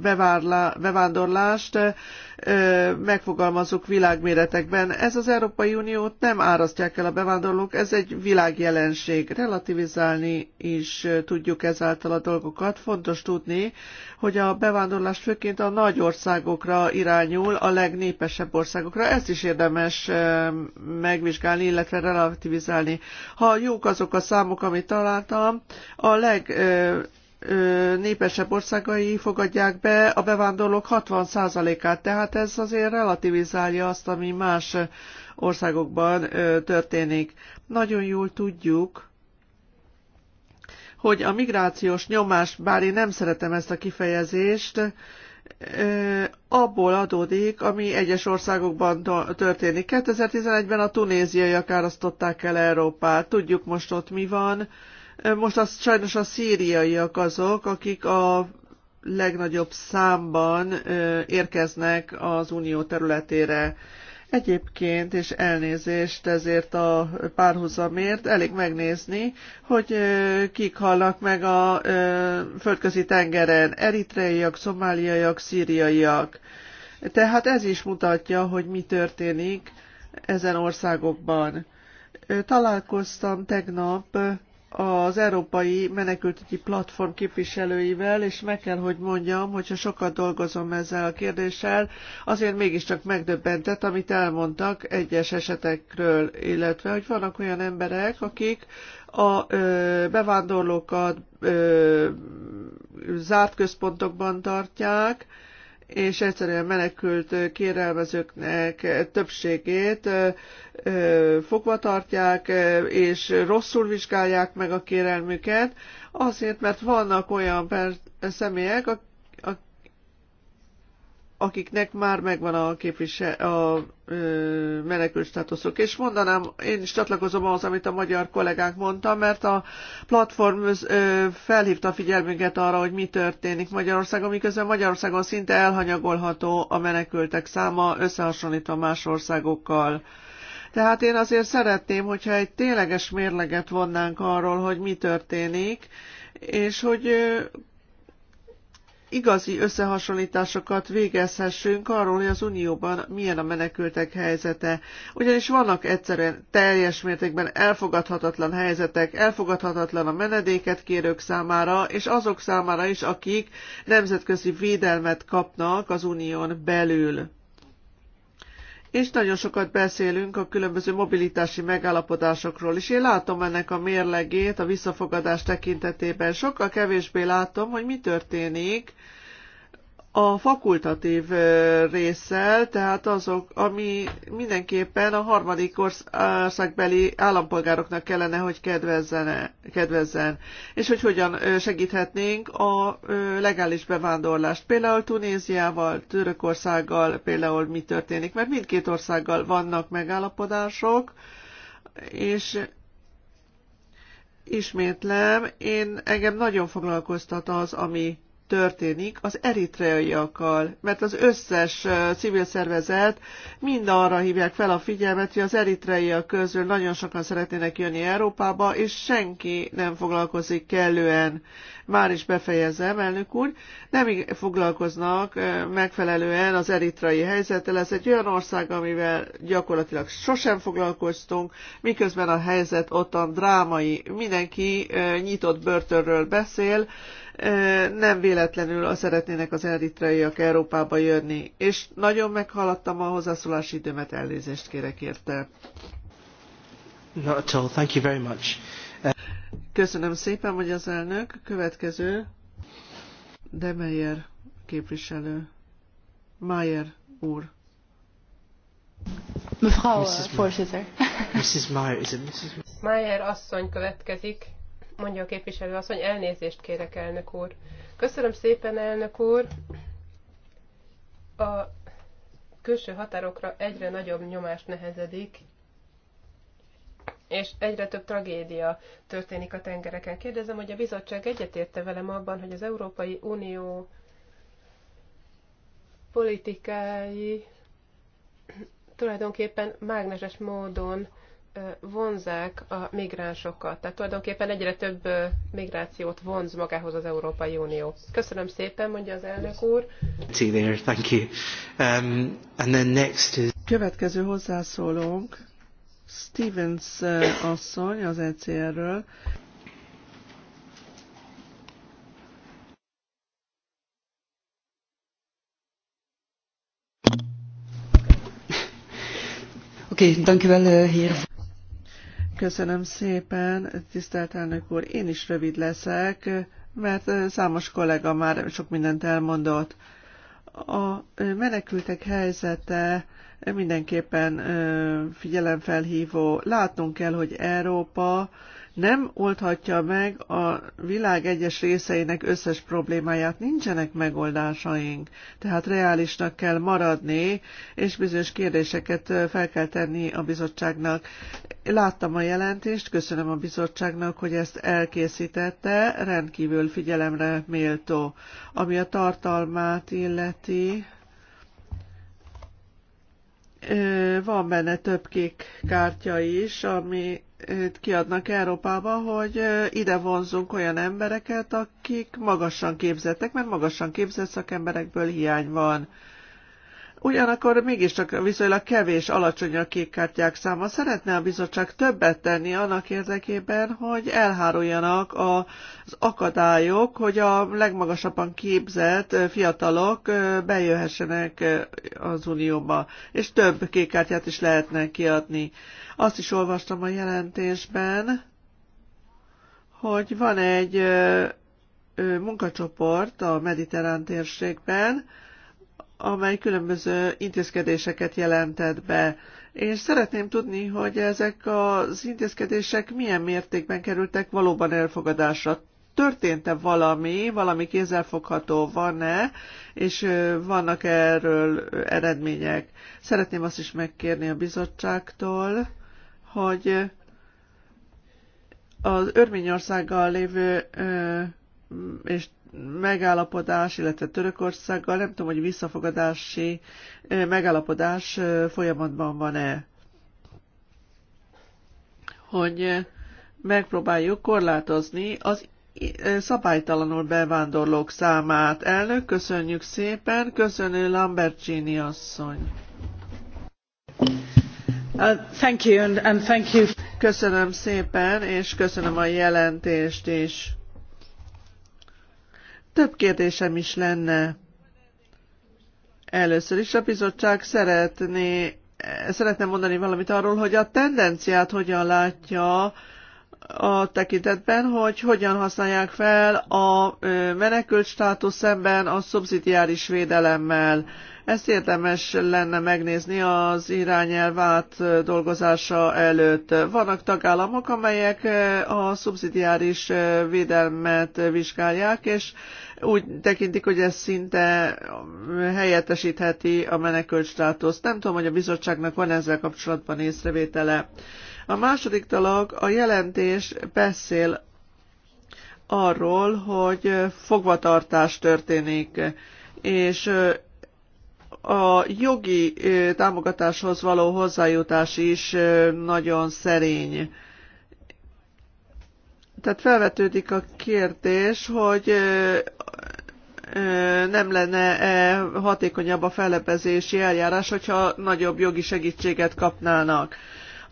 bevárlá, bevándorlást megfogalmazunk világméretekben. Ez az Európai Uniót nem árasztják el a bevándorlók, ez egy világjelenség. Relativizálni is tudjuk ezáltal a dolgokat. Fontos tudni, hogy a bevándorlás főként a nagy országokra irányul, a legnépesebb országokra. Ezt is érdemes megvizsgálni, illetve relativizálni. Ha jók azok a számok, amit találtam, a leg népesebb országai fogadják be a bevándorlók 60%-át, tehát ez azért relativizálja azt, ami más országokban történik. Nagyon jól tudjuk, hogy a migrációs nyomás, bár én nem szeretem ezt a kifejezést, abból adódik, ami egyes országokban történik. 2011-ben a tunéziaiak árasztották el Európát. Tudjuk most ott mi van, most az sajnos a szíriaiak azok, akik a legnagyobb számban érkeznek az unió területére. Egyébként, és elnézést ezért a párhuzamért, elég megnézni, hogy kik halnak meg a földközi tengeren, eritreiak, szomáliaiak, szíriaiak. Tehát ez is mutatja, hogy mi történik ezen országokban. Találkoztam tegnap az Európai Menekültügyi Platform képviselőivel, és meg kell, hogy mondjam, hogyha sokat dolgozom ezzel a kérdéssel, azért mégiscsak megdöbbentett, amit elmondtak egyes esetekről, illetve, hogy vannak olyan emberek, akik a ö, bevándorlókat ö, zárt központokban tartják, és egyszerűen menekült kérelmezőknek többségét fogva tartják, és rosszul vizsgálják meg a kérelmüket, azért, mert vannak olyan személyek, akik akiknek már megvan a, képvisel, a ö, menekült státuszok. És mondanám, én is csatlakozom ahhoz, amit a magyar kollégánk mondta, mert a platform ö, felhívta a figyelmünket arra, hogy mi történik Magyarországon, miközben Magyarországon szinte elhanyagolható a menekültek száma összehasonlítva más országokkal. Tehát én azért szeretném, hogyha egy tényleges mérleget vonnánk arról, hogy mi történik, és hogy igazi összehasonlításokat végezhessünk arról, hogy az Unióban milyen a menekültek helyzete. Ugyanis vannak egyszerűen teljes mértékben elfogadhatatlan helyzetek, elfogadhatatlan a menedéket kérők számára, és azok számára is, akik nemzetközi védelmet kapnak az Unión belül és nagyon sokat beszélünk a különböző mobilitási megállapodásokról is. Én látom ennek a mérlegét a visszafogadás tekintetében. Sokkal kevésbé látom, hogy mi történik a fakultatív részsel, tehát azok, ami mindenképpen a harmadik országbeli állampolgároknak kellene, hogy kedvezzen, és hogy hogyan segíthetnénk a legális bevándorlást. Például Tunéziával, Törökországgal például mi történik, mert mindkét országgal vannak megállapodások, és ismétlem, én engem nagyon foglalkoztat az, ami történik az eritreaiakkal, mert az összes civil szervezet mind arra hívják fel a figyelmet, hogy az eritreaiak közül nagyon sokan szeretnének jönni Európába, és senki nem foglalkozik kellően. Már is befejezem, elnök úr, nem foglalkoznak megfelelően az eritrai helyzettel. Ez egy olyan ország, amivel gyakorlatilag sosem foglalkoztunk, miközben a helyzet ottan drámai. Mindenki nyitott börtönről beszél, nem véletlenül szeretnének az eritraiak Európába jönni, és nagyon meghaladtam a hozzászólási időmet, elnézést kérek érte. Not at all. Thank you very much. Köszönöm szépen, hogy az elnök. Következő. Demeyer képviselő. Mayer úr. Mevrouw, eh, voorzitter. Mrs. Meyer, is it Mrs. Meyer asszony következik mondja a képviselő asszony, elnézést kérek, elnök úr. Köszönöm szépen, elnök úr. A külső határokra egyre nagyobb nyomást nehezedik, és egyre több tragédia történik a tengereken. Kérdezem, hogy a bizottság egyetérte velem abban, hogy az Európai Unió politikái tulajdonképpen mágneses módon vonzák a migránsokat. Tehát tulajdonképpen egyre több migrációt vonz magához az Európai Unió. Köszönöm szépen, mondja az elnök úr. Um, Következő hozzászólónk Stevens asszony az ECR-ről. Oké, okay, dank u wel, eh, Köszönöm szépen, tisztelt elnök úr. Én is rövid leszek, mert számos kollega már sok mindent elmondott. A menekültek helyzete mindenképpen figyelemfelhívó. Látnunk kell, hogy Európa nem oldhatja meg a világ egyes részeinek összes problémáját, nincsenek megoldásaink. Tehát reálisnak kell maradni, és bizonyos kérdéseket fel kell tenni a bizottságnak. Láttam a jelentést, köszönöm a bizottságnak, hogy ezt elkészítette, rendkívül figyelemre méltó. Ami a tartalmát illeti, van benne több kék kártya is, ami kiadnak Európába, hogy ide vonzunk olyan embereket, akik magasan képzettek, mert magasan képzett szakemberekből hiány van ugyanakkor mégiscsak viszonylag kevés alacsony a kékkártyák száma. Szeretne a bizottság többet tenni annak érdekében, hogy elháruljanak az akadályok, hogy a legmagasabban képzett fiatalok bejöhessenek az Unióba, és több kékkártyát is lehetne kiadni. Azt is olvastam a jelentésben, hogy van egy munkacsoport a mediterrán térségben, amely különböző intézkedéseket jelentett be. És szeretném tudni, hogy ezek az intézkedések milyen mértékben kerültek valóban elfogadásra. Történt-e valami, valami kézzelfogható van-e, és vannak -e erről eredmények? Szeretném azt is megkérni a bizottságtól, hogy az Örményországgal lévő és megállapodás, illetve Törökországgal, nem tudom, hogy visszafogadási megállapodás folyamatban van-e. Hogy megpróbáljuk korlátozni az szabálytalanul bevándorlók számát. Elnök, köszönjük szépen, köszönő Lambertini asszony. Uh, thank you and, and thank you. Köszönöm szépen, és köszönöm a jelentést is több kérdésem is lenne. Először is a bizottság szeretné, szeretne mondani valamit arról, hogy a tendenciát hogyan látja a tekintetben, hogy hogyan használják fel a menekült státusz szemben a szubszidiáris védelemmel. Ezt érdemes lenne megnézni az irányelv dolgozása előtt. Vannak tagállamok, amelyek a szubszidiáris védelmet vizsgálják, és úgy tekintik, hogy ez szinte helyettesítheti a menekült státuszt. Nem tudom, hogy a bizottságnak van ezzel kapcsolatban észrevétele. A második dolog, a jelentés beszél arról, hogy fogvatartás történik, és a jogi támogatáshoz való hozzájutás is nagyon szerény. Tehát felvetődik a kérdés, hogy nem lenne -e hatékonyabb a felebezési eljárás, hogyha nagyobb jogi segítséget kapnának.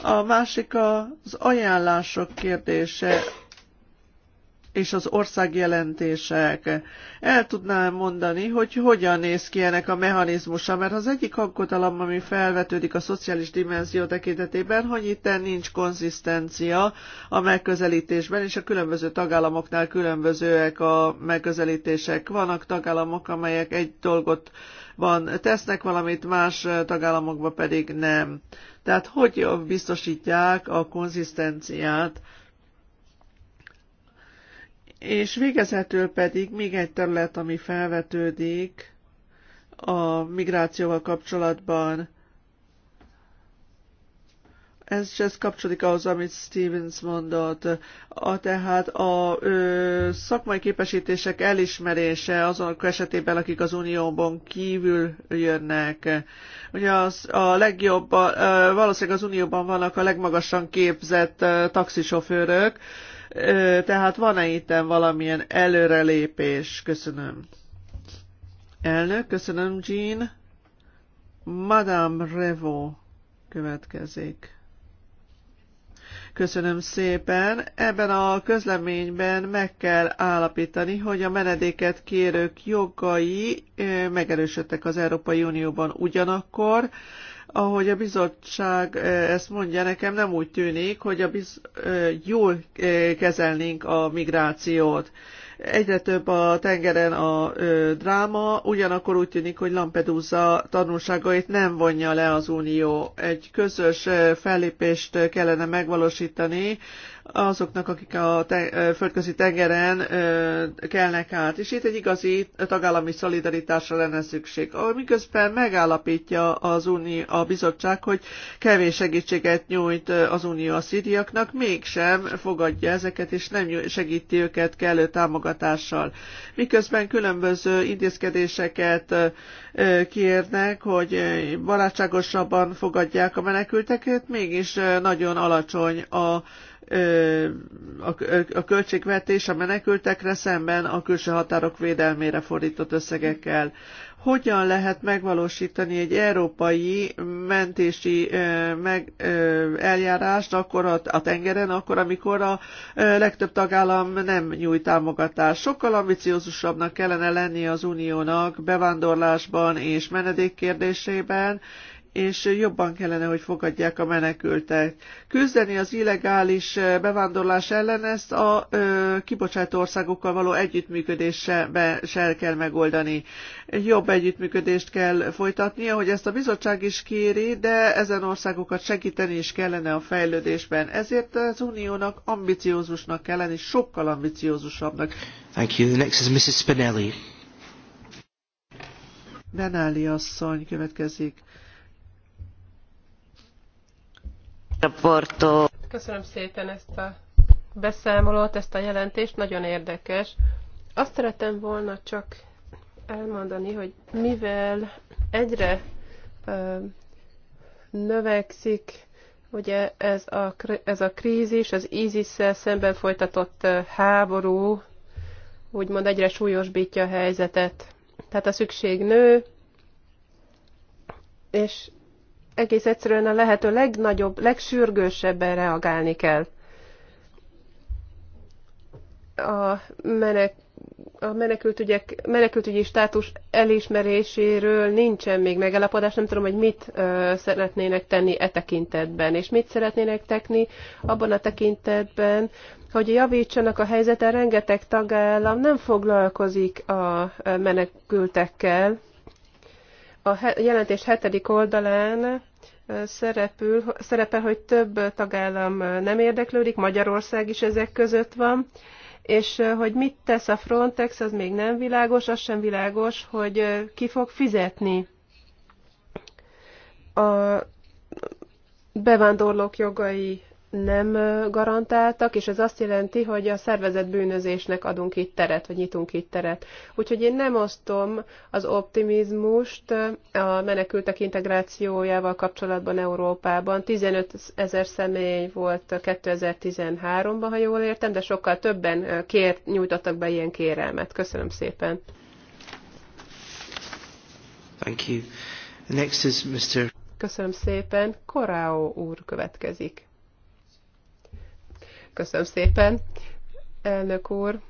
A másik az ajánlások kérdése és az országjelentések. El tudnám mondani, hogy hogyan néz ki ennek a mechanizmusa, mert az egyik aggodalom, ami felvetődik a szociális dimenzió tekintetében, hogy itt nincs konzisztencia a megközelítésben, és a különböző tagállamoknál különbözőek a megközelítések. Vannak tagállamok, amelyek egy dolgot van, tesznek valamit, más tagállamokban pedig nem. Tehát hogy biztosítják a konzisztenciát? És végezetül pedig még egy terület, ami felvetődik a migrációval kapcsolatban – ez, ez kapcsolódik ahhoz, amit Stevens mondott. A, tehát a ö, szakmai képesítések elismerése azonok esetében, akik az unióban kívül jönnek. Ugye az, a legjobb, ö, valószínűleg az unióban vannak a legmagasan képzett ö, taxisofőrök, ö, tehát van-e itt valamilyen előrelépés? Köszönöm. Elnök, köszönöm, Jean. Madame Revo következik. Köszönöm szépen. Ebben a közleményben meg kell állapítani, hogy a menedéket kérők jogai eh, megerősödtek az Európai Unióban ugyanakkor, ahogy a bizottság eh, ezt mondja, nekem nem úgy tűnik, hogy a biz- eh, jól kezelnénk a migrációt Egyre több a tengeren a ö, dráma, ugyanakkor úgy tűnik, hogy Lampedusa tanulságait nem vonja le az Unió. Egy közös ö, fellépést kellene megvalósítani azoknak, akik a te- földközi tengeren ö, kelnek át. És itt egy igazi tagállami szolidaritásra lenne szükség. Miközben megállapítja az Unió, a bizottság, hogy kevés segítséget nyújt az Unió a szíriaknak, mégsem fogadja ezeket, és nem segíti őket kellő támogatással. Miközben különböző intézkedéseket ö, kérnek, hogy barátságosabban fogadják a menekülteket, mégis nagyon alacsony a a költségvetés a menekültekre szemben a külső határok védelmére fordított összegekkel. Hogyan lehet megvalósítani egy európai mentési eljárást akkor a, a tengeren, akkor, amikor a legtöbb tagállam nem nyújt támogatást? Sokkal ambiciózusabbnak kellene lenni az uniónak bevándorlásban és menedék kérdésében, és jobban kellene, hogy fogadják a menekültek. Küzdeni az illegális bevándorlás ellen ezt a ö, kibocsátó országokkal való együttműködéssel kell megoldani. Jobb együttműködést kell folytatni, ahogy ezt a bizottság is kéri, de ezen országokat segíteni is kellene a fejlődésben. Ezért az uniónak ambiciózusnak kell lenni, sokkal ambiciózusabbnak. Thank you. The next is Mrs. Spinelli. Benáli asszony következik. Köszönöm szépen ezt a beszámolót, ezt a jelentést, nagyon érdekes. Azt szeretem volna csak elmondani, hogy mivel egyre ö, növekszik ugye ez a, ez a krízis, az isis szemben folytatott háború úgymond egyre súlyosbítja a helyzetet. Tehát a szükség nő, és egész egyszerűen a lehető legnagyobb, legsürgősebben reagálni kell. A, menek, a menekült ügyek, menekültügyi státus elismeréséről nincsen még megállapodás, nem tudom, hogy mit ö, szeretnének tenni e tekintetben, és mit szeretnének tenni abban a tekintetben, hogy javítsanak a helyzeten, rengeteg tagállam nem foglalkozik a menekültekkel, a jelentés hetedik oldalán szerepül, szerepel, hogy több tagállam nem érdeklődik, Magyarország is ezek között van, és hogy mit tesz a Frontex, az még nem világos, az sem világos, hogy ki fog fizetni a bevándorlók jogai nem garantáltak, és ez azt jelenti, hogy a szervezet bűnözésnek adunk itt teret, vagy nyitunk itt teret. Úgyhogy én nem osztom az optimizmust a menekültek integrációjával kapcsolatban Európában. 15 ezer személy volt 2013-ban, ha jól értem, de sokkal többen kért, nyújtottak be ilyen kérelmet. Köszönöm szépen. Thank you. Next is Mr. Köszönöm szépen. Korao úr következik. Köszönöm szépen, elnök úr.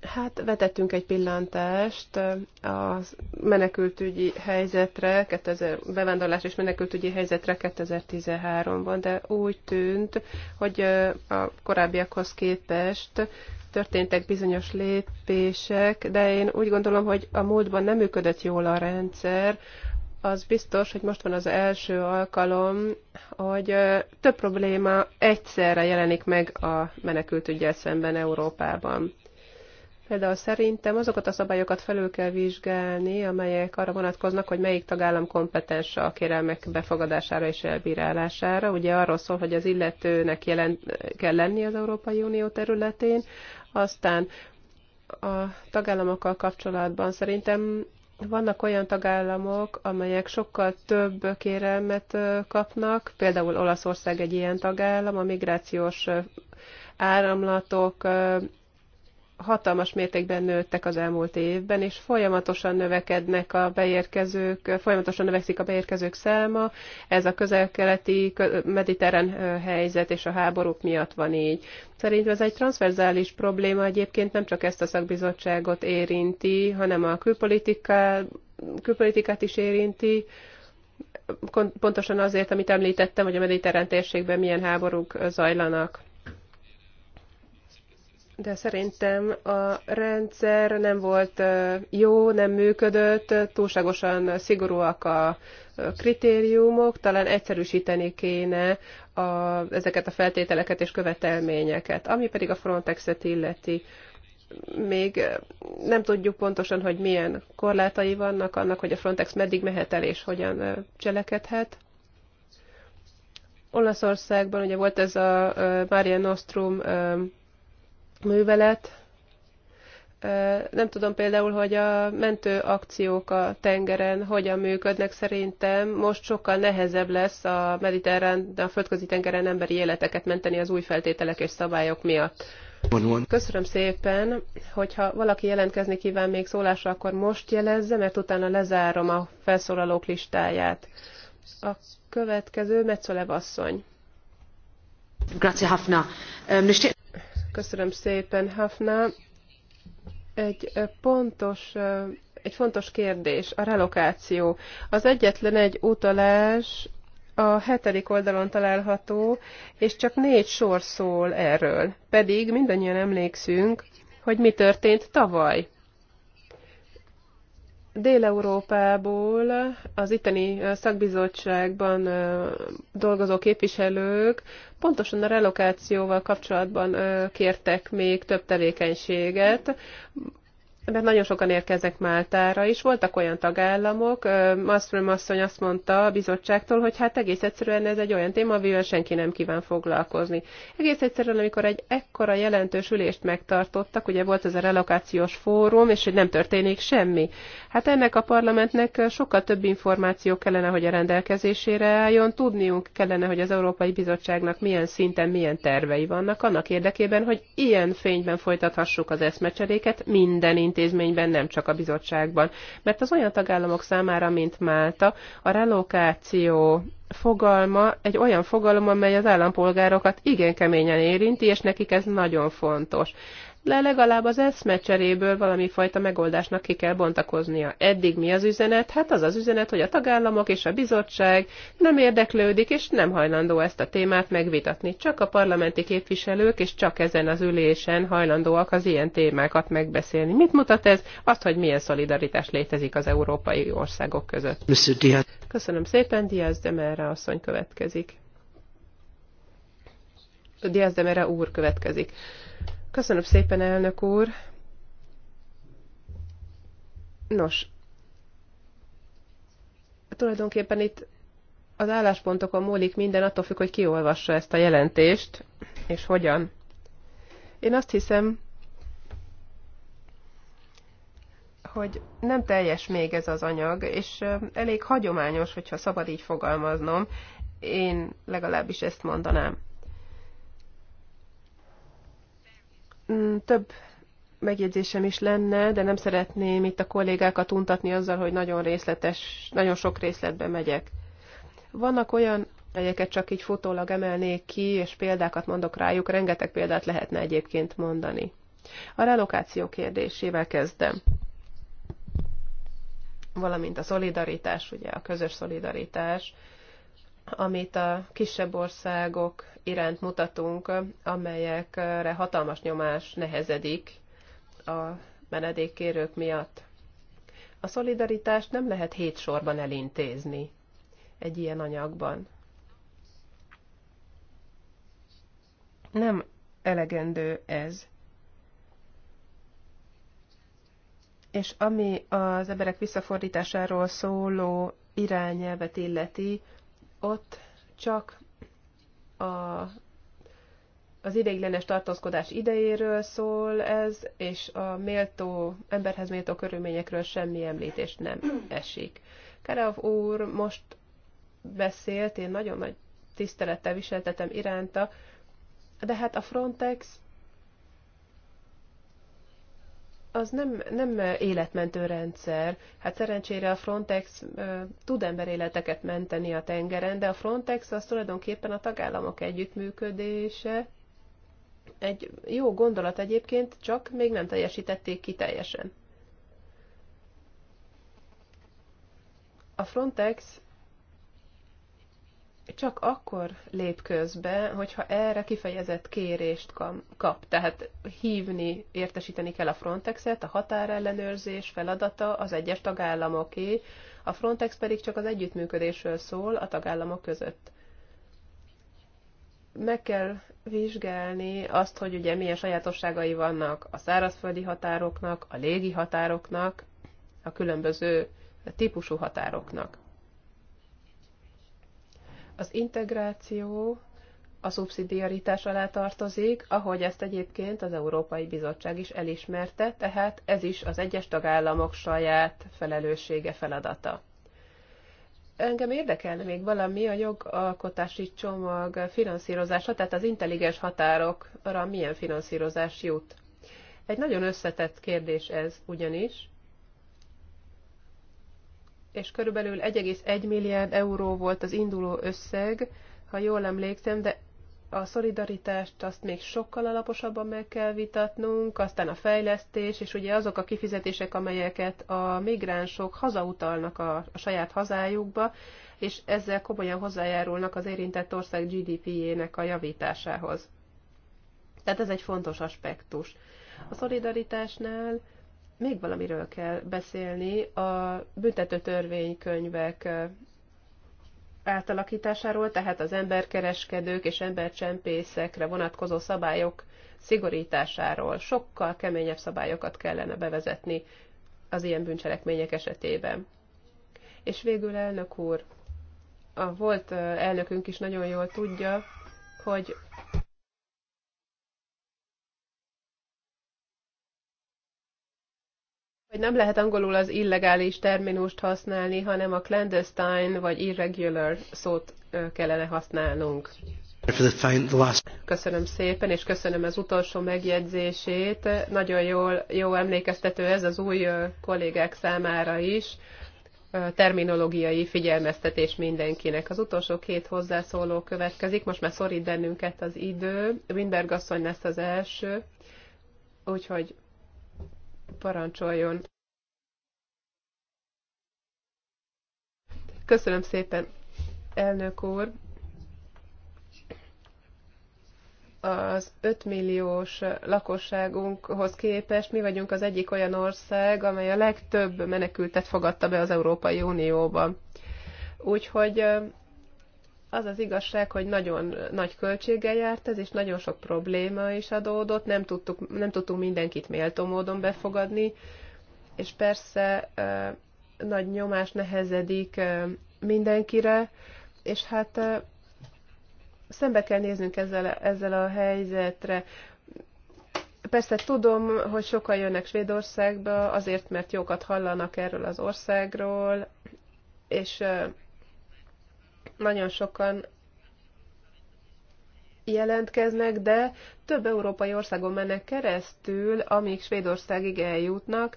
Hát vetettünk egy pillantást a menekültügyi helyzetre, 2000, bevándorlás és menekültügyi helyzetre 2013-ban, de úgy tűnt, hogy a korábbiakhoz képest történtek bizonyos lépések, de én úgy gondolom, hogy a múltban nem működött jól a rendszer, az biztos, hogy most van az első alkalom, hogy több probléma egyszerre jelenik meg a ügyel szemben Európában. Például szerintem azokat a szabályokat felül kell vizsgálni, amelyek arra vonatkoznak, hogy melyik tagállam kompetens a kérelmek befogadására és elbírálására. Ugye arról szól, hogy az illetőnek jelen, kell lenni az Európai Unió területén, aztán a tagállamokkal kapcsolatban szerintem vannak olyan tagállamok, amelyek sokkal több kérelmet kapnak, például Olaszország egy ilyen tagállam, a migrációs áramlatok hatalmas mértékben nőttek az elmúlt évben, és folyamatosan növekednek a beérkezők, folyamatosan növekszik a beérkezők száma. Ez a közel-keleti mediterrán helyzet és a háborúk miatt van így. Szerintem ez egy transzverzális probléma egyébként nem csak ezt a szakbizottságot érinti, hanem a külpolitika külpolitikát is érinti, pontosan azért, amit említettem, hogy a mediterrán térségben milyen háborúk zajlanak de szerintem a rendszer nem volt jó, nem működött, túlságosan szigorúak a kritériumok, talán egyszerűsíteni kéne a, ezeket a feltételeket és követelményeket. Ami pedig a Frontexet illeti, még nem tudjuk pontosan, hogy milyen korlátai vannak annak, hogy a Frontex meddig mehet el és hogyan cselekedhet. Olaszországban ugye volt ez a Maria Nostrum művelet. Nem tudom például, hogy a mentő akciók a tengeren hogyan működnek szerintem. Most sokkal nehezebb lesz a mediterrán, de a földközi tengeren emberi életeket menteni az új feltételek és szabályok miatt. Köszönöm szépen, hogyha valaki jelentkezni kíván még szólásra, akkor most jelezze, mert utána lezárom a felszólalók listáját. A következő Metzolev asszony. Grazie, Hafna. Köszönöm szépen, Hafna. Egy pontos, egy fontos kérdés, a relokáció. Az egyetlen egy utalás a hetedik oldalon található, és csak négy sor szól erről. Pedig mindannyian emlékszünk, hogy mi történt tavaly Dél-Európából az itteni szakbizottságban dolgozó képviselők pontosan a relokációval kapcsolatban kértek még több tevékenységet mert nagyon sokan érkeznek Máltára is, voltak olyan tagállamok, Mastrom asszony azt mondta a bizottságtól, hogy hát egész egyszerűen ez egy olyan téma, amivel senki nem kíván foglalkozni. Egész egyszerűen, amikor egy ekkora jelentős ülést megtartottak, ugye volt ez a relokációs fórum, és hogy nem történik semmi. Hát ennek a parlamentnek sokkal több információ kellene, hogy a rendelkezésére álljon, tudniunk kellene, hogy az Európai Bizottságnak milyen szinten milyen tervei vannak, annak érdekében, hogy ilyen fényben folytathassuk az eszmecseréket minden intézményben, nem csak a bizottságban. Mert az olyan tagállamok számára, mint Málta, a relokáció fogalma egy olyan fogalom, amely az állampolgárokat igen keményen érinti, és nekik ez nagyon fontos le legalább az eszmecseréből valami fajta megoldásnak ki kell bontakoznia. Eddig mi az üzenet? Hát az az üzenet, hogy a tagállamok és a bizottság nem érdeklődik, és nem hajlandó ezt a témát megvitatni. Csak a parlamenti képviselők, és csak ezen az ülésen hajlandóak az ilyen témákat megbeszélni. Mit mutat ez? Azt, hogy milyen szolidaritás létezik az európai országok között. Köszönöm szépen, Diaz Merra asszony következik. Diaz Merra úr következik. Köszönöm szépen, elnök úr. Nos, tulajdonképpen itt az álláspontokon múlik minden, attól függ, hogy ki olvassa ezt a jelentést, és hogyan. Én azt hiszem, hogy nem teljes még ez az anyag, és elég hagyományos, hogyha szabad így fogalmaznom. Én legalábbis ezt mondanám. Mm, több megjegyzésem is lenne, de nem szeretném itt a kollégákat untatni azzal, hogy nagyon részletes, nagyon sok részletbe megyek. Vannak olyan melyeket csak így fotólag emelnék ki, és példákat mondok rájuk, rengeteg példát lehetne egyébként mondani. A relokáció kérdésével kezdem. Valamint a szolidaritás, ugye a közös szolidaritás, amit a kisebb országok iránt mutatunk, amelyekre hatalmas nyomás nehezedik a menedékkérők miatt. A szolidaritást nem lehet hét sorban elintézni egy ilyen anyagban. Nem elegendő ez. És ami az emberek visszafordításáról szóló irányelvet illeti, ott csak a, az ideiglenes tartózkodás idejéről szól ez, és a méltó, emberhez méltó körülményekről semmi említés nem esik. Kerev úr most beszélt, én nagyon nagy tisztelettel viseltetem iránta, de hát a Frontex az nem, nem életmentő rendszer. Hát szerencsére a Frontex tud emberéleteket menteni a tengeren, de a Frontex az tulajdonképpen a tagállamok együttműködése. Egy jó gondolat egyébként, csak még nem teljesítették ki teljesen. A Frontex csak akkor lép közbe, hogyha erre kifejezett kérést kap. Tehát hívni, értesíteni kell a Frontexet, a határellenőrzés feladata az egyes tagállamoké, a Frontex pedig csak az együttműködésről szól a tagállamok között. Meg kell vizsgálni azt, hogy ugye milyen sajátosságai vannak a szárazföldi határoknak, a légi határoknak, a különböző típusú határoknak az integráció a szubszidiaritás alá tartozik, ahogy ezt egyébként az Európai Bizottság is elismerte, tehát ez is az egyes tagállamok saját felelőssége feladata. Engem érdekelne még valami a jogalkotási csomag finanszírozása, tehát az intelligens határokra milyen finanszírozás jut. Egy nagyon összetett kérdés ez ugyanis, és körülbelül 1,1 milliárd euró volt az induló összeg, ha jól emlékszem, de a szolidaritást azt még sokkal alaposabban meg kell vitatnunk, aztán a fejlesztés, és ugye azok a kifizetések, amelyeket a migránsok hazautalnak a, a saját hazájukba, és ezzel komolyan hozzájárulnak az érintett ország GDP-jének a javításához. Tehát ez egy fontos aspektus. A szolidaritásnál még valamiről kell beszélni, a büntető törvénykönyvek átalakításáról, tehát az emberkereskedők és embercsempészekre vonatkozó szabályok szigorításáról. Sokkal keményebb szabályokat kellene bevezetni az ilyen bűncselekmények esetében. És végül elnök úr, a volt elnökünk is nagyon jól tudja, hogy hogy nem lehet angolul az illegális terminust használni, hanem a clandestine vagy irregular szót kellene használnunk. Köszönöm szépen, és köszönöm az utolsó megjegyzését. Nagyon jól, jó emlékeztető ez az új kollégák számára is. Terminológiai figyelmeztetés mindenkinek. Az utolsó két hozzászóló következik. Most már szorít bennünket az idő. Winberg asszony lesz az első. Úgyhogy parancsoljon. Köszönöm szépen, elnök úr. Az 5 milliós lakosságunkhoz képest mi vagyunk az egyik olyan ország, amely a legtöbb menekültet fogadta be az Európai Unióba. Úgyhogy az az igazság, hogy nagyon nagy költséggel járt ez, és nagyon sok probléma is adódott, nem, tudtuk, nem tudtunk mindenkit méltó módon befogadni, és persze nagy nyomás nehezedik mindenkire, és hát szembe kell néznünk ezzel, ezzel a helyzetre. Persze tudom, hogy sokan jönnek Svédországba azért, mert jókat hallanak erről az országról, és nagyon sokan jelentkeznek, de több európai országon mennek keresztül, amíg Svédországig eljutnak,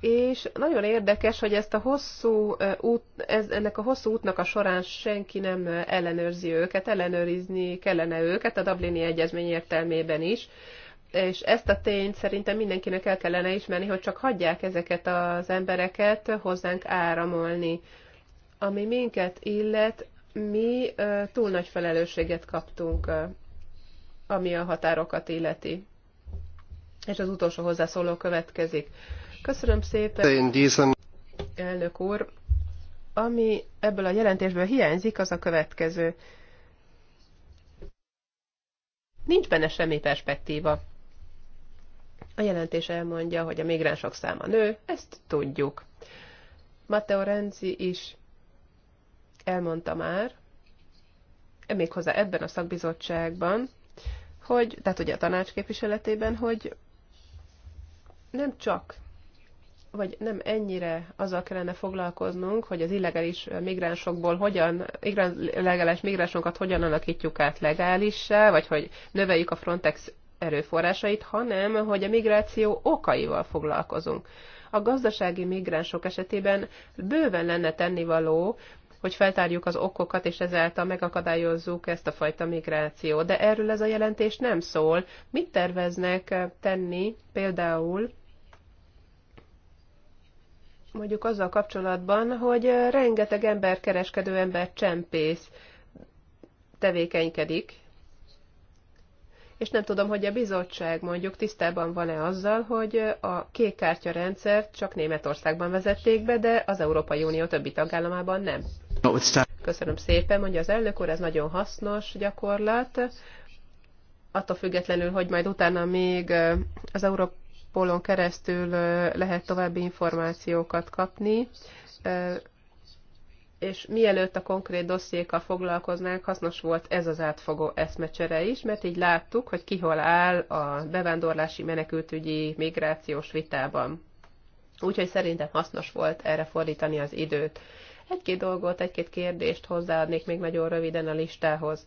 és nagyon érdekes, hogy ezt a hosszú út, ez, ennek a hosszú útnak a során senki nem ellenőrzi őket, ellenőrizni kellene őket a Dublini Egyezmény értelmében is, és ezt a tényt szerintem mindenkinek el kellene ismerni, hogy csak hagyják ezeket az embereket hozzánk áramolni. Ami minket illet, mi túl nagy felelősséget kaptunk, ami a határokat illeti. És az utolsó hozzászóló következik. Köszönöm szépen, elnök úr. Ami ebből a jelentésből hiányzik, az a következő. Nincs benne semmi perspektíva. A jelentés elmondja, hogy a migránsok száma nő, ezt tudjuk. Matteo Renzi is elmondta már, méghozzá ebben a szakbizottságban, hogy, tehát ugye a tanács képviseletében, hogy nem csak, vagy nem ennyire azzal kellene foglalkoznunk, hogy az illegális migránsokból hogyan, illegális migránsokat hogyan alakítjuk át legálissá, vagy hogy növeljük a Frontex erőforrásait, hanem hogy a migráció okaival foglalkozunk. A gazdasági migránsok esetében bőven lenne tennivaló, hogy feltárjuk az okokat, és ezáltal megakadályozzuk ezt a fajta migrációt. De erről ez a jelentés nem szól. Mit terveznek tenni például mondjuk azzal kapcsolatban, hogy rengeteg emberkereskedő, csempész tevékenykedik és nem tudom, hogy a bizottság mondjuk tisztában van-e azzal, hogy a kék kártya rendszert csak Németországban vezették be, de az Európai Unió többi tagállamában nem. Köszönöm szépen, mondja az elnök úr, ez nagyon hasznos gyakorlat. Attól függetlenül, hogy majd utána még az Európolon keresztül lehet további információkat kapni és mielőtt a konkrét dossziékkal foglalkoznánk, hasznos volt ez az átfogó eszmecsere is, mert így láttuk, hogy ki hol áll a bevándorlási menekültügyi migrációs vitában. Úgyhogy szerintem hasznos volt erre fordítani az időt. Egy-két dolgot, egy-két kérdést hozzáadnék még nagyon röviden a listához.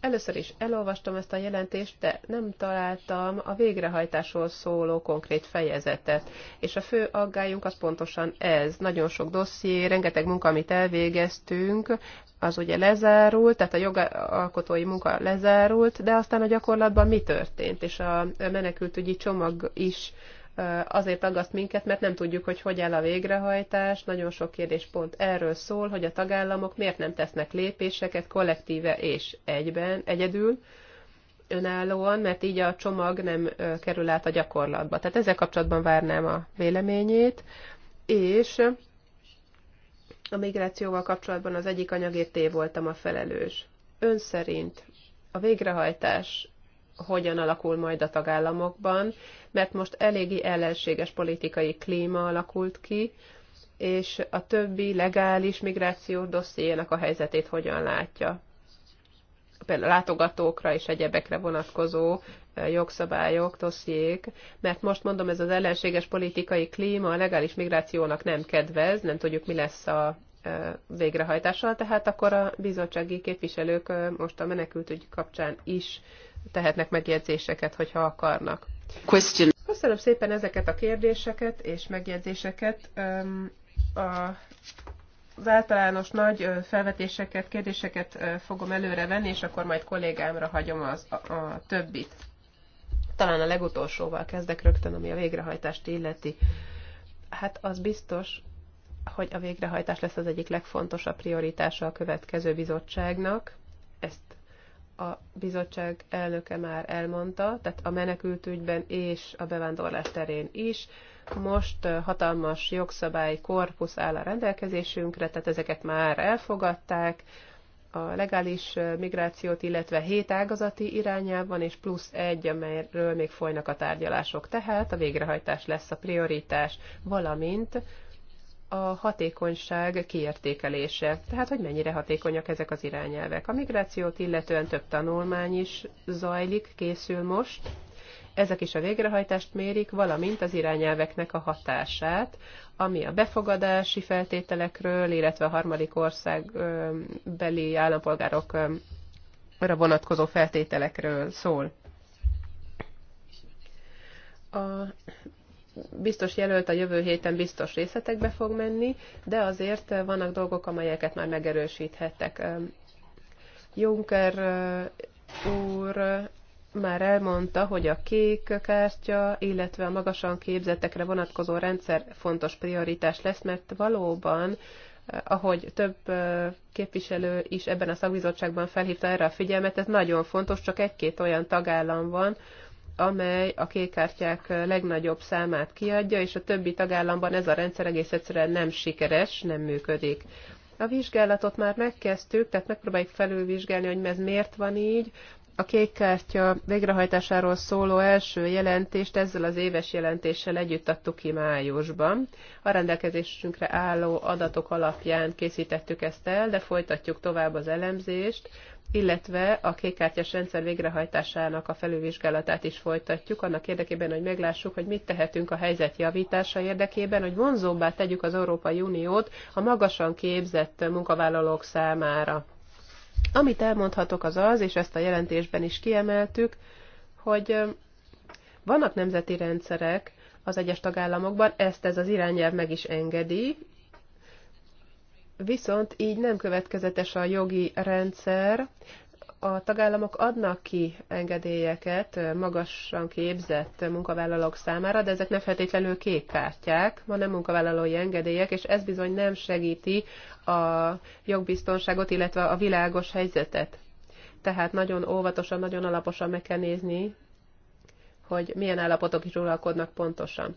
Először is elolvastam ezt a jelentést, de nem találtam a végrehajtásról szóló konkrét fejezetet. És a fő aggályunk az pontosan ez. Nagyon sok dosszié, rengeteg munka, amit elvégeztünk, az ugye lezárult, tehát a jogalkotói munka lezárult, de aztán a gyakorlatban mi történt, és a menekültügyi csomag is azért aggaszt minket, mert nem tudjuk, hogy hogy áll a végrehajtás. Nagyon sok kérdés pont erről szól, hogy a tagállamok miért nem tesznek lépéseket kollektíve és egyben, egyedül, önállóan, mert így a csomag nem kerül át a gyakorlatba. Tehát ezzel kapcsolatban várnám a véleményét, és a migrációval kapcsolatban az egyik anyagért té voltam a felelős. Ön szerint a végrehajtás hogyan alakul majd a tagállamokban, mert most eléggé ellenséges politikai klíma alakult ki, és a többi legális migráció dossziének a helyzetét hogyan látja. Például látogatókra és egyebekre vonatkozó jogszabályok, dossziék, mert most mondom, ez az ellenséges politikai klíma a legális migrációnak nem kedvez, nem tudjuk, mi lesz a végrehajtással, tehát akkor a bizottsági képviselők most a menekültügy kapcsán is tehetnek megjegyzéseket, hogyha akarnak. Question. Köszönöm szépen ezeket a kérdéseket és megjegyzéseket. A az általános nagy felvetéseket, kérdéseket fogom előre venni, és akkor majd kollégámra hagyom az, a, a többit. Talán a legutolsóval kezdek rögtön, ami a végrehajtást illeti. Hát az biztos, hogy a végrehajtás lesz az egyik legfontosabb prioritása a következő bizottságnak. Ezt a bizottság elnöke már elmondta, tehát a menekültügyben és a bevándorlás terén is. Most hatalmas jogszabályi korpusz áll a rendelkezésünkre, tehát ezeket már elfogadták, a legális migrációt, illetve hét ágazati irányában, és plusz egy, amelyről még folynak a tárgyalások. Tehát a végrehajtás lesz a prioritás, valamint a hatékonyság kiértékelése, tehát hogy mennyire hatékonyak ezek az irányelvek. A migrációt illetően több tanulmány is zajlik, készül most. Ezek is a végrehajtást mérik, valamint az irányelveknek a hatását, ami a befogadási feltételekről, illetve a harmadik ország beli állampolgárokra vonatkozó feltételekről szól. A biztos jelölt a jövő héten biztos részletekbe fog menni, de azért vannak dolgok, amelyeket már megerősíthettek. Juncker úr már elmondta, hogy a kék kártya, illetve a magasan képzettekre vonatkozó rendszer fontos prioritás lesz, mert valóban, ahogy több képviselő is ebben a szakbizottságban felhívta erre a figyelmet, ez nagyon fontos, csak egy-két olyan tagállam van, amely a kékkártyák legnagyobb számát kiadja, és a többi tagállamban ez a rendszer egész egyszerűen nem sikeres, nem működik. A vizsgálatot már megkezdtük, tehát megpróbáljuk felülvizsgálni, hogy ez miért van így. A kékkártya végrehajtásáról szóló első jelentést ezzel az éves jelentéssel együtt adtuk ki májusban. A rendelkezésünkre álló adatok alapján készítettük ezt el, de folytatjuk tovább az elemzést, illetve a kékkártyás rendszer végrehajtásának a felülvizsgálatát is folytatjuk, annak érdekében, hogy meglássuk, hogy mit tehetünk a helyzet javítása érdekében, hogy vonzóbbá tegyük az Európai Uniót a magasan képzett munkavállalók számára. Amit elmondhatok az az, és ezt a jelentésben is kiemeltük, hogy vannak nemzeti rendszerek az egyes tagállamokban, ezt ez az irányelv meg is engedi, Viszont így nem következetes a jogi rendszer, a tagállamok adnak ki engedélyeket magasan képzett munkavállalók számára, de ezek nem feltétlenül kék kártyák, hanem munkavállalói engedélyek, és ez bizony nem segíti a jogbiztonságot, illetve a világos helyzetet. Tehát nagyon óvatosan, nagyon alaposan meg kell nézni, hogy milyen állapotok is uralkodnak pontosan.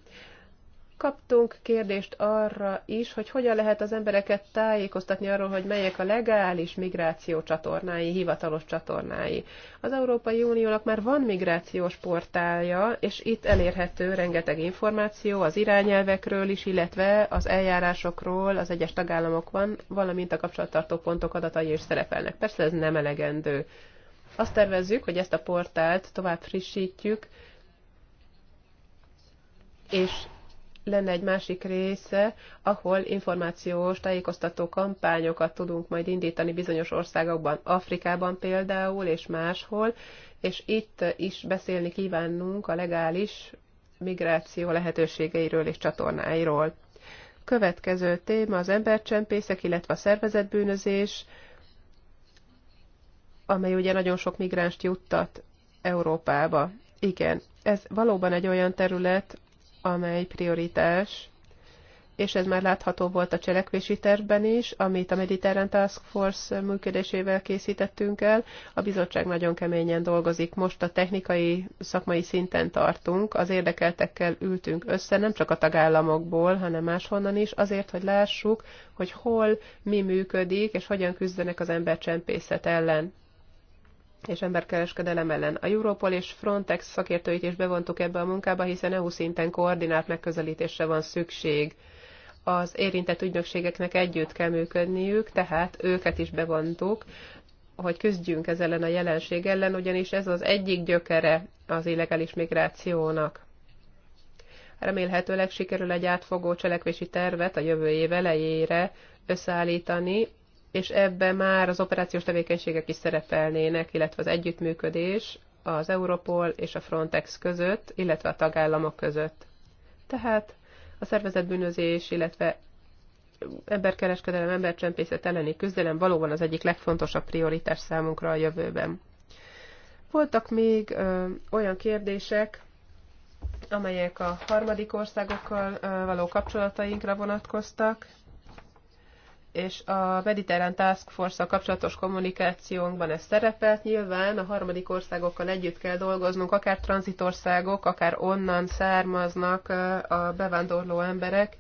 Kaptunk kérdést arra is, hogy hogyan lehet az embereket tájékoztatni arról, hogy melyek a legális migráció csatornái, hivatalos csatornái. Az Európai Uniónak már van migrációs portálja, és itt elérhető rengeteg információ az irányelvekről is, illetve az eljárásokról az egyes tagállamokban, valamint a kapcsolattartó pontok adatai is szerepelnek. Persze ez nem elegendő. Azt tervezzük, hogy ezt a portált tovább frissítjük, és lenne egy másik része, ahol információs tájékoztató kampányokat tudunk majd indítani bizonyos országokban, Afrikában például, és máshol, és itt is beszélni kívánunk a legális migráció lehetőségeiről és csatornáiról. Következő téma az embercsempészek, illetve a szervezetbűnözés, amely ugye nagyon sok migránst juttat Európába. Igen, ez valóban egy olyan terület, amely prioritás, és ez már látható volt a cselekvési tervben is, amit a Mediterrán Task Force működésével készítettünk el. A bizottság nagyon keményen dolgozik. Most a technikai, szakmai szinten tartunk, az érdekeltekkel ültünk össze, nem csak a tagállamokból, hanem máshonnan is, azért, hogy lássuk, hogy hol mi működik, és hogyan küzdenek az embercsempészet ellen és emberkereskedelem ellen. A Europol és Frontex szakértőit is bevontuk ebbe a munkába, hiszen EU szinten koordinált megközelítésre van szükség. Az érintett ügynökségeknek együtt kell működniük, tehát őket is bevontuk, hogy küzdjünk ez ellen a jelenség ellen, ugyanis ez az egyik gyökere az illegális migrációnak. Remélhetőleg sikerül egy átfogó cselekvési tervet a jövő év elejére összeállítani, és ebben már az operációs tevékenységek is szerepelnének, illetve az együttműködés az Europol és a Frontex között, illetve a tagállamok között. Tehát a szervezetbűnözés, illetve emberkereskedelem, embercsempészet elleni küzdelem valóban az egyik legfontosabb prioritás számunkra a jövőben. Voltak még ö, olyan kérdések, amelyek a harmadik országokkal ö, való kapcsolatainkra vonatkoztak, és a Mediterrán Task force kapcsolatos kommunikációnkban ez szerepelt. Nyilván a harmadik országokkal együtt kell dolgoznunk, akár tranzitországok, akár onnan származnak a bevándorló emberek,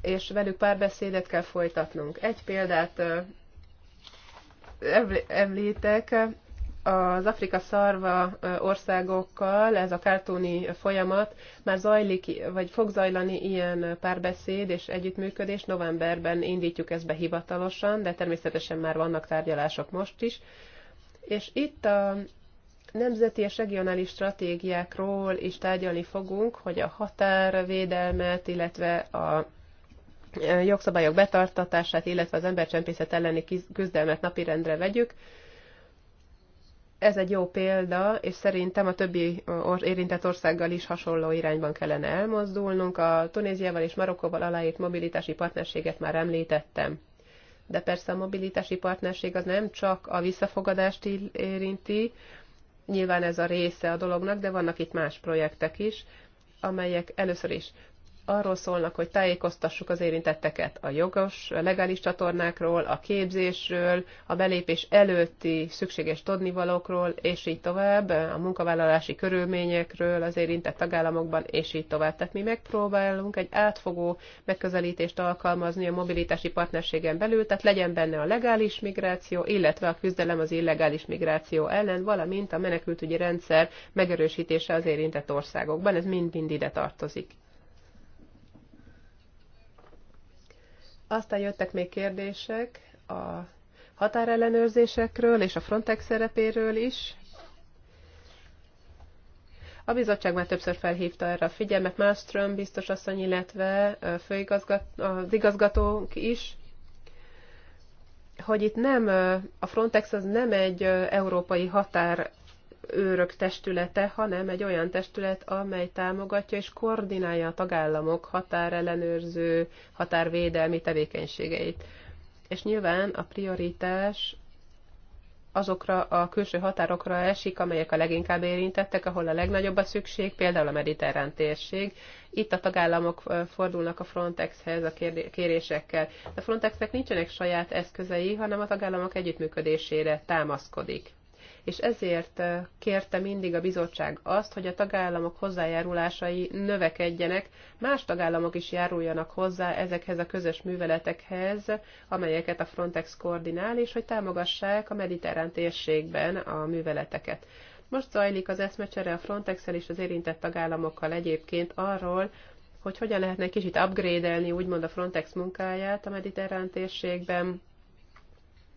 és velük párbeszédet kell folytatnunk. Egy példát említek, az Afrika szarva országokkal ez a kártóni folyamat már zajlik, vagy fog zajlani ilyen párbeszéd és együttműködés. Novemberben indítjuk ezt be hivatalosan, de természetesen már vannak tárgyalások most is. És itt a nemzeti és regionális stratégiákról is tárgyalni fogunk, hogy a határvédelmet, illetve a jogszabályok betartatását, illetve az embercsempészet elleni küzdelmet napirendre vegyük ez egy jó példa, és szerintem a többi érintett országgal is hasonló irányban kellene elmozdulnunk. A Tunéziával és Marokkóval aláírt mobilitási partnerséget már említettem. De persze a mobilitási partnerség az nem csak a visszafogadást érinti, nyilván ez a része a dolognak, de vannak itt más projektek is, amelyek először is arról szólnak, hogy tájékoztassuk az érintetteket a jogos, a legális csatornákról, a képzésről, a belépés előtti szükséges tudnivalókról, és így tovább, a munkavállalási körülményekről az érintett tagállamokban, és így tovább. Tehát mi megpróbálunk egy átfogó megközelítést alkalmazni a mobilitási partnerségen belül, tehát legyen benne a legális migráció, illetve a küzdelem az illegális migráció ellen, valamint a menekültügyi rendszer megerősítése az érintett országokban. Ez mind-mind ide tartozik. Aztán jöttek még kérdések a határellenőrzésekről és a Frontex szerepéről is. A bizottság már többször felhívta erre a figyelmet, Malmström biztos asszony, illetve az igazgatónk is, hogy itt nem, a Frontex az nem egy európai határ őrök testülete, hanem egy olyan testület, amely támogatja és koordinálja a tagállamok határellenőrző, határvédelmi tevékenységeit. És nyilván a prioritás azokra a külső határokra esik, amelyek a leginkább érintettek, ahol a legnagyobb a szükség, például a mediterrán térség. Itt a tagállamok fordulnak a Frontexhez a kérésekkel. A Frontexnek nincsenek saját eszközei, hanem a tagállamok együttműködésére támaszkodik és ezért kérte mindig a bizottság azt, hogy a tagállamok hozzájárulásai növekedjenek, más tagállamok is járuljanak hozzá ezekhez a közös műveletekhez, amelyeket a Frontex koordinál, és hogy támogassák a mediterrán térségben a műveleteket. Most zajlik az eszmecsere a frontex és az érintett tagállamokkal egyébként arról, hogy hogyan lehetne kicsit upgrade-elni úgymond a Frontex munkáját a mediterrán térségben,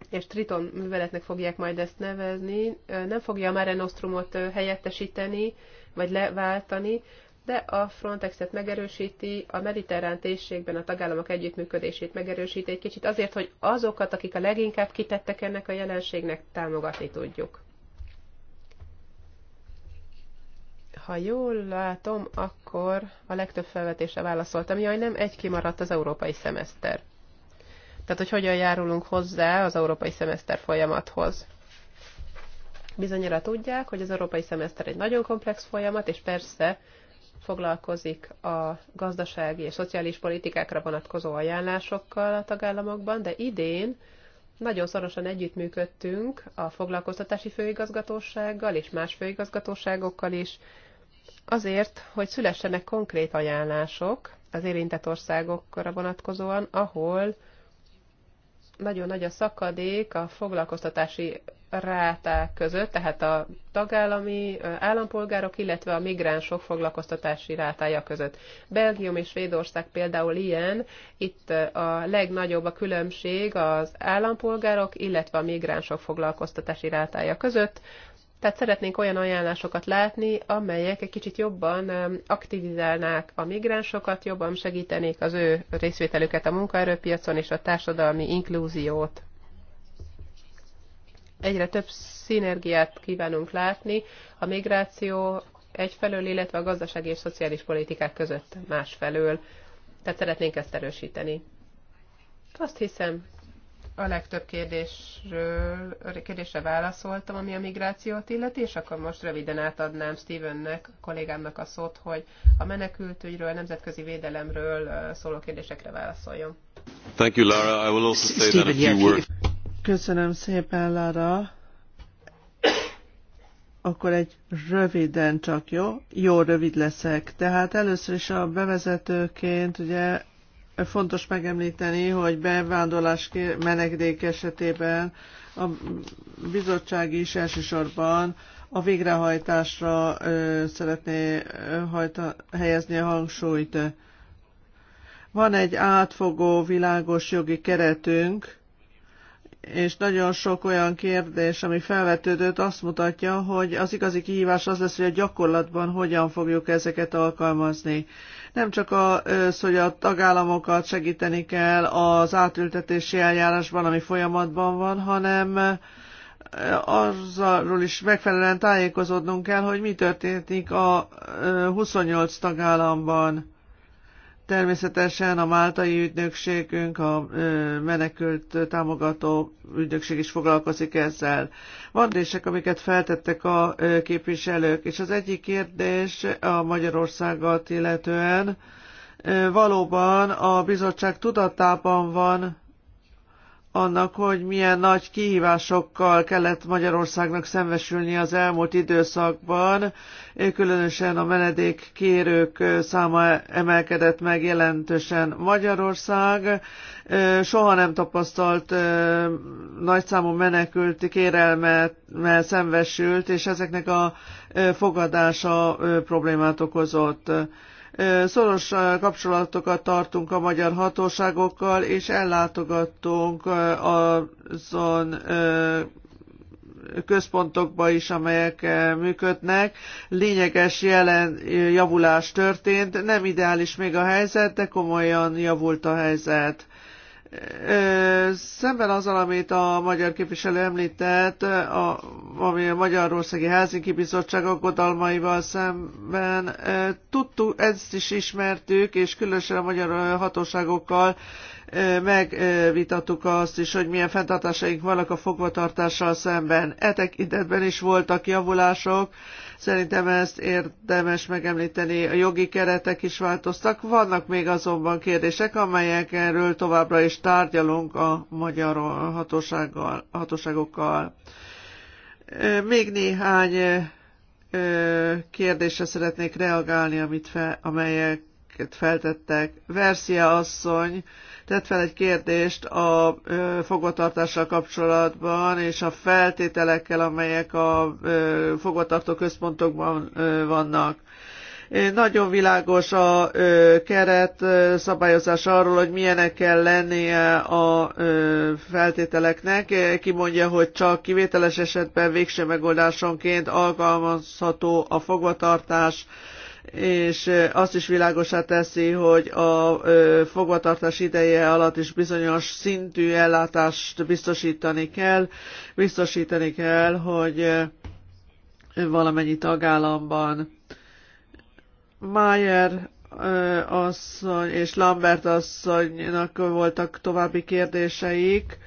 és Triton műveletnek fogják majd ezt nevezni, nem fogja a Mare Nostrumot helyettesíteni, vagy leváltani, de a Frontexet megerősíti, a mediterrán térségben a tagállamok együttműködését megerősíti egy kicsit azért, hogy azokat, akik a leginkább kitettek ennek a jelenségnek, támogatni tudjuk. Ha jól látom, akkor a legtöbb felvetésre válaszoltam. Jaj, nem, egy kimaradt az európai szemeszter. Tehát, hogy hogyan járulunk hozzá az európai szemeszter folyamathoz. Bizonyára tudják, hogy az európai szemeszter egy nagyon komplex folyamat, és persze foglalkozik a gazdasági és szociális politikákra vonatkozó ajánlásokkal a tagállamokban, de idén nagyon szorosan együttműködtünk a foglalkoztatási főigazgatósággal és más főigazgatóságokkal is, azért, hogy szülessenek konkrét ajánlások az érintett országokra vonatkozóan, ahol nagyon nagy a szakadék a foglalkoztatási ráták között, tehát a tagállami állampolgárok, illetve a migránsok foglalkoztatási rátája között. Belgium és Svédország például ilyen, itt a legnagyobb a különbség az állampolgárok, illetve a migránsok foglalkoztatási rátája között, tehát szeretnénk olyan ajánlásokat látni, amelyek egy kicsit jobban aktivizálnák a migránsokat, jobban segítenék az ő részvételüket a munkaerőpiacon és a társadalmi inklúziót. Egyre több szinergiát kívánunk látni a migráció egyfelől, illetve a gazdasági és szociális politikák között másfelől. Tehát szeretnénk ezt erősíteni. Azt hiszem, a legtöbb kérdésről, kérdésre válaszoltam, ami a migrációt illeti, és akkor most röviden átadnám Stevennek, kollégámnak a szót, hogy a menekültügyről, a nemzetközi védelemről szóló kérdésekre válaszoljon. Thank you, Lara. I will also say Steven, that a few words. Köszönöm szépen, Lara. Akkor egy röviden csak, jó? Jó, rövid leszek. Tehát először is a bevezetőként ugye Fontos megemlíteni, hogy bevándorlás menekdék esetében a bizottság is elsősorban a végrehajtásra ö, szeretné hajta, helyezni a hangsúlyt. Van egy átfogó, világos jogi keretünk, és nagyon sok olyan kérdés, ami felvetődött, azt mutatja, hogy az igazi kihívás az lesz, hogy a gyakorlatban hogyan fogjuk ezeket alkalmazni. Nem csak az, hogy a tagállamokat segíteni kell az átültetési eljárásban, ami folyamatban van, hanem arról is megfelelően tájékozódnunk kell, hogy mi történik a 28 tagállamban Természetesen a máltai ügynökségünk, a menekült támogató ügynökség is foglalkozik ezzel. Van kérdések, amiket feltettek a képviselők, és az egyik kérdés a Magyarországot illetően valóban a bizottság tudatában van annak, hogy milyen nagy kihívásokkal kellett Magyarországnak szembesülni az elmúlt időszakban, különösen a menedékkérők száma emelkedett meg jelentősen Magyarország. Soha nem tapasztalt nagyszámú menekült mert szembesült, és ezeknek a fogadása problémát okozott. Szoros kapcsolatokat tartunk a magyar hatóságokkal, és ellátogattunk azon központokba is, amelyek működnek. Lényeges jelen javulás történt, nem ideális még a helyzet, de komolyan javult a helyzet. Szemben azzal, amit a magyar képviselő említett, a, ami a Magyarországi Helsinki Bizottság aggodalmaival szemben, tudtuk, ezt is ismertük, és különösen a magyar hatóságokkal megvitattuk azt is, hogy milyen fenntartásaink vannak a fogvatartással szemben. etek idetben is voltak javulások, Szerintem ezt érdemes megemlíteni. A jogi keretek is változtak. Vannak még azonban kérdések, amelyek erről továbbra is tárgyalunk a magyar hatósággal, hatóságokkal. Még néhány kérdésre szeretnék reagálni, amit fe, amelyeket feltettek. Versia asszony, tett fel egy kérdést a fogvatartással kapcsolatban, és a feltételekkel, amelyek a fogvatartó központokban vannak. Nagyon világos a keret szabályozás arról, hogy milyenek kell lennie a feltételeknek. ki mondja, hogy csak kivételes esetben végső megoldásonként alkalmazható a fogvatartás és azt is világosá teszi, hogy a fogvatartás ideje alatt is bizonyos szintű ellátást biztosítani kell, biztosítani kell, hogy valamennyi tagállamban. Mayer asszony és Lambert asszonynak voltak további kérdéseik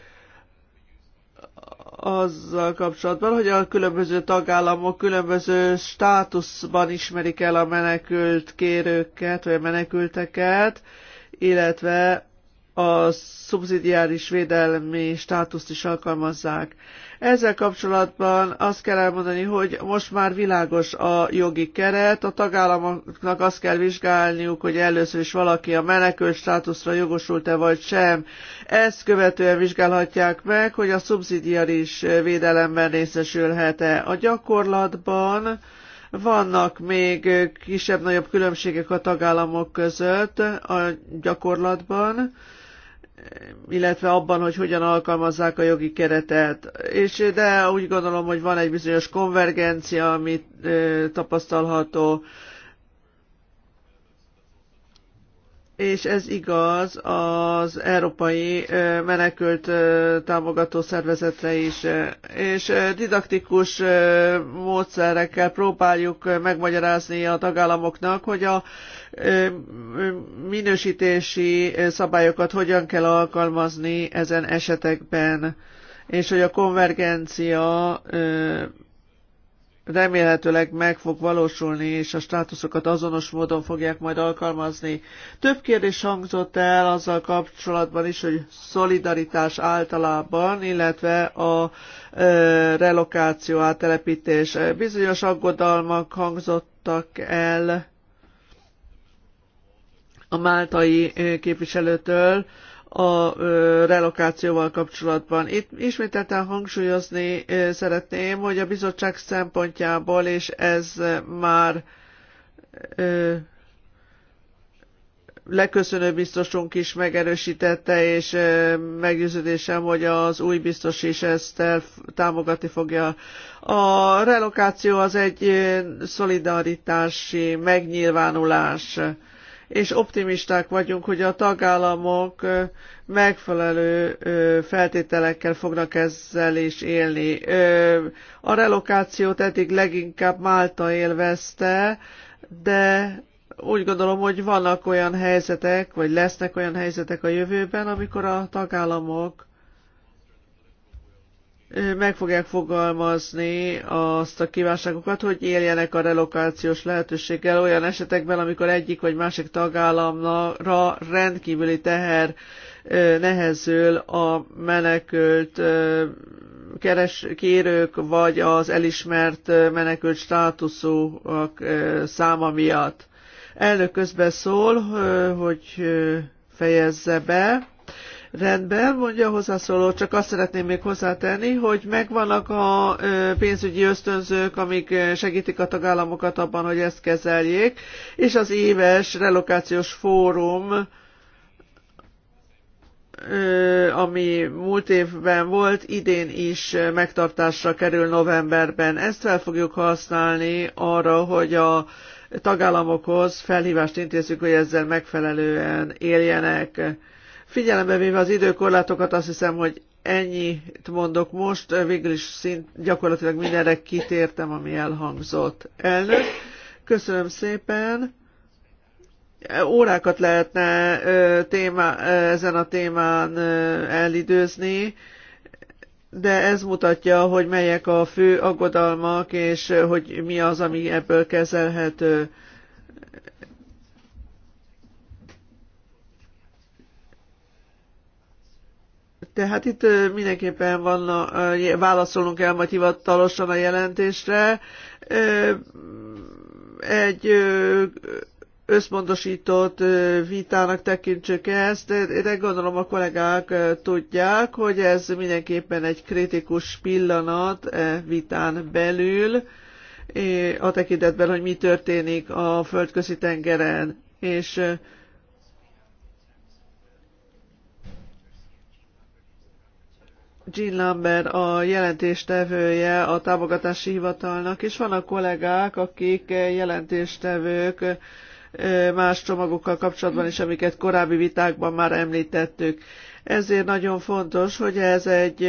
azzal kapcsolatban, hogy a különböző tagállamok különböző státuszban ismerik el a menekült kérőket, vagy a menekülteket, illetve a szubszidiáris védelmi státuszt is alkalmazzák. Ezzel kapcsolatban azt kell elmondani, hogy most már világos a jogi keret, a tagállamoknak azt kell vizsgálniuk, hogy először is valaki a menekült státuszra jogosult-e vagy sem. Ezt követően vizsgálhatják meg, hogy a szubszidiaris védelemben részesülhet-e. A gyakorlatban vannak még kisebb-nagyobb különbségek a tagállamok között a gyakorlatban, illetve abban, hogy hogyan alkalmazzák a jogi keretet. És de úgy gondolom, hogy van egy bizonyos konvergencia, amit tapasztalható. És ez igaz az Európai Menekült Támogató Szervezetre is. És didaktikus módszerekkel próbáljuk megmagyarázni a tagállamoknak, hogy a minősítési szabályokat hogyan kell alkalmazni ezen esetekben, és hogy a konvergencia remélhetőleg meg fog valósulni, és a státuszokat azonos módon fogják majd alkalmazni. Több kérdés hangzott el azzal kapcsolatban is, hogy szolidaritás általában, illetve a ö, relokáció, áttelepítés. Bizonyos aggodalmak hangzottak el a máltai képviselőtől a relokációval kapcsolatban. Itt ismételten hangsúlyozni szeretném, hogy a bizottság szempontjából, és ez már leköszönő biztosunk is megerősítette, és meggyőződésem, hogy az új biztos is ezt támogatni fogja. A relokáció az egy szolidaritási megnyilvánulás és optimisták vagyunk, hogy a tagállamok megfelelő feltételekkel fognak ezzel is élni. A relokációt eddig leginkább Málta élvezte, de úgy gondolom, hogy vannak olyan helyzetek, vagy lesznek olyan helyzetek a jövőben, amikor a tagállamok meg fogják fogalmazni azt a kívánságokat, hogy éljenek a relokációs lehetőséggel olyan esetekben, amikor egyik vagy másik tagállamra rendkívüli teher nehezül a menekült keres, kérők vagy az elismert menekült státuszúak száma miatt. Elnök közben szól, hogy fejezze be. Rendben, mondja a hozzászóló, csak azt szeretném még hozzátenni, hogy megvannak a pénzügyi ösztönzők, amik segítik a tagállamokat abban, hogy ezt kezeljék, és az éves relokációs fórum ami múlt évben volt, idén is megtartásra kerül novemberben. Ezt fel fogjuk használni arra, hogy a tagállamokhoz felhívást intézzük, hogy ezzel megfelelően éljenek Figyelembe véve az időkorlátokat azt hiszem, hogy ennyit mondok most, végül is szint, gyakorlatilag mindenre kitértem, ami elhangzott. Elnök, köszönöm szépen. Órákat lehetne ö, téma, ezen a témán ö, elidőzni, de ez mutatja, hogy melyek a fő aggodalmak, és hogy mi az, ami ebből kezelhető Tehát itt mindenképpen van, válaszolnunk el majd hivatalosan a jelentésre. Egy összpontosított vitának tekintsük ezt, de gondolom a kollégák tudják, hogy ez mindenképpen egy kritikus pillanat e, vitán belül, a tekintetben, hogy mi történik a földközi tengeren, és Jean Lambert a jelentéstevője a támogatási hivatalnak, és a kollégák, akik jelentéstevők más csomagokkal kapcsolatban is, amiket korábbi vitákban már említettük. Ezért nagyon fontos, hogy ez egy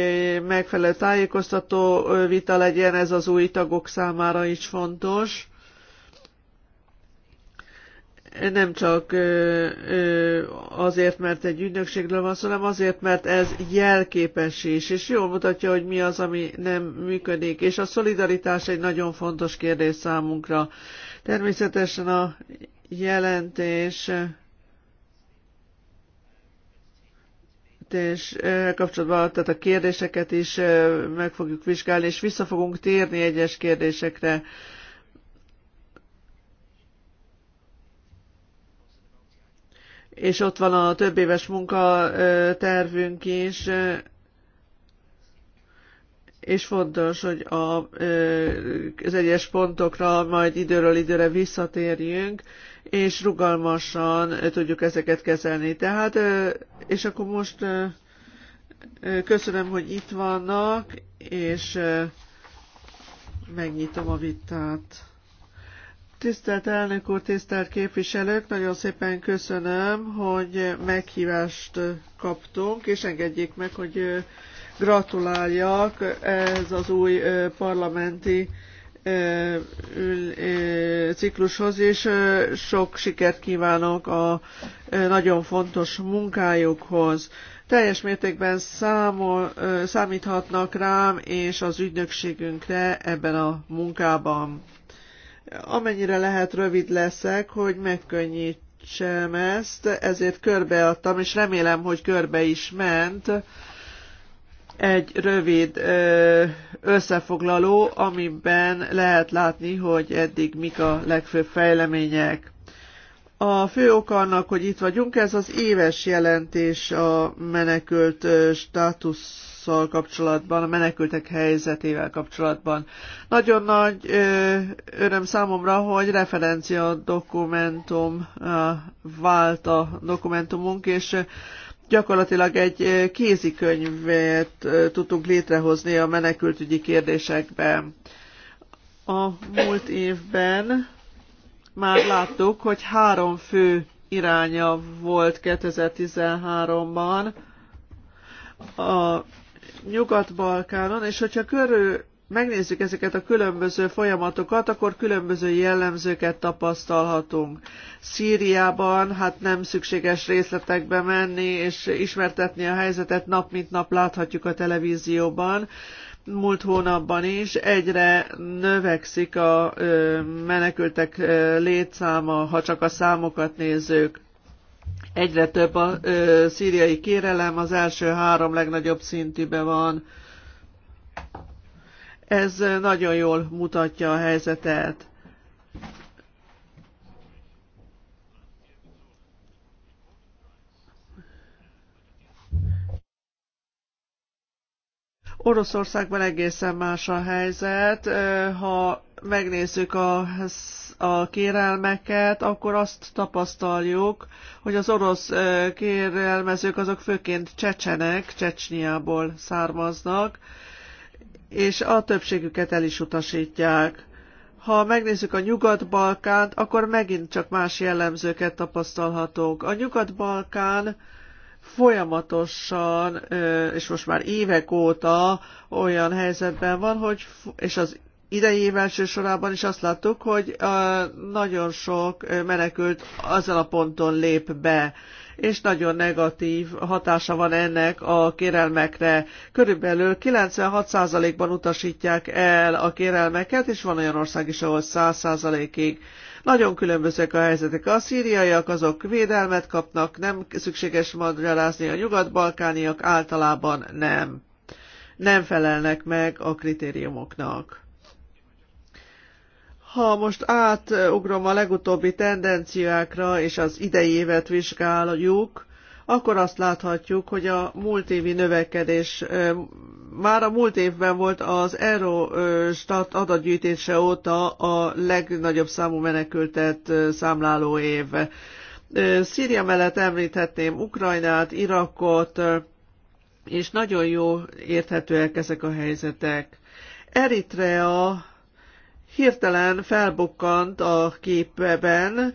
megfelelő tájékoztató vita legyen, ez az új tagok számára is fontos nem csak azért, mert egy ügynökségről van szó, hanem azért, mert ez jelképes is, és jól mutatja, hogy mi az, ami nem működik. És a szolidaritás egy nagyon fontos kérdés számunkra. Természetesen a jelentés és kapcsolatban tehát a kérdéseket is meg fogjuk vizsgálni, és vissza fogunk térni egyes kérdésekre és ott van a több éves munkatervünk is, és fontos, hogy a, az egyes pontokra majd időről időre visszatérjünk, és rugalmasan tudjuk ezeket kezelni. Tehát, és akkor most köszönöm, hogy itt vannak, és megnyitom a vitát. Tisztelt elnök úr, tisztelt képviselők, nagyon szépen köszönöm, hogy meghívást kaptunk, és engedjék meg, hogy gratuláljak ez az új parlamenti ciklushoz, és sok sikert kívánok a nagyon fontos munkájukhoz. Teljes mértékben számol, számíthatnak rám és az ügynökségünkre ebben a munkában. Amennyire lehet rövid leszek, hogy megkönnyítsem ezt, ezért körbeadtam, és remélem, hogy körbe is ment egy rövid összefoglaló, amiben lehet látni, hogy eddig mik a legfőbb fejlemények. A fő oka annak, hogy itt vagyunk, ez az éves jelentés a menekült státusz Koszovóval kapcsolatban, a menekültek helyzetével kapcsolatban. Nagyon nagy öröm számomra, hogy referencia dokumentum vált a dokumentumunk, és gyakorlatilag egy kézikönyvet tudtunk létrehozni a menekültügyi kérdésekben. A múlt évben már láttuk, hogy három fő iránya volt 2013-ban a Nyugat-Balkánon, és hogyha körül megnézzük ezeket a különböző folyamatokat, akkor különböző jellemzőket tapasztalhatunk. Szíriában hát nem szükséges részletekbe menni és ismertetni a helyzetet, nap mint nap láthatjuk a televízióban, múlt hónapban is egyre növekszik a menekültek létszáma, ha csak a számokat nézzük. Egyre több a ö, szíriai kérelem, az első három legnagyobb szintűben van. Ez nagyon jól mutatja a helyzetet. Oroszországban egészen más a helyzet. Ha megnézzük a, a kérelmeket, akkor azt tapasztaljuk, hogy az orosz kérelmezők azok főként csecsenek, Csecsniából származnak, és a többségüket el is utasítják. Ha megnézzük a Nyugat-Balkánt, akkor megint csak más jellemzőket tapasztalhatunk. A Nyugat-Balkán folyamatosan, és most már évek óta olyan helyzetben van, hogy, és az idei első sorában is azt láttuk, hogy nagyon sok menekült azzal a ponton lép be, és nagyon negatív hatása van ennek a kérelmekre. Körülbelül 96%-ban utasítják el a kérelmeket, és van olyan ország is, ahol 100%-ig. Nagyon különbözőek a helyzetek. A szíriaiak azok védelmet kapnak, nem szükséges magyarázni, a nyugat-balkániak általában nem. Nem felelnek meg a kritériumoknak. Ha most átugrom a legutóbbi tendenciákra és az idei évet vizsgáljuk, akkor azt láthatjuk, hogy a múlt évi növekedés már a múlt évben volt az Eurostat adatgyűjtése óta a legnagyobb számú menekültet számláló év. Szíria mellett említhetném Ukrajnát, Irakot, és nagyon jó érthetőek ezek a helyzetek. Eritrea hirtelen felbukkant a képben,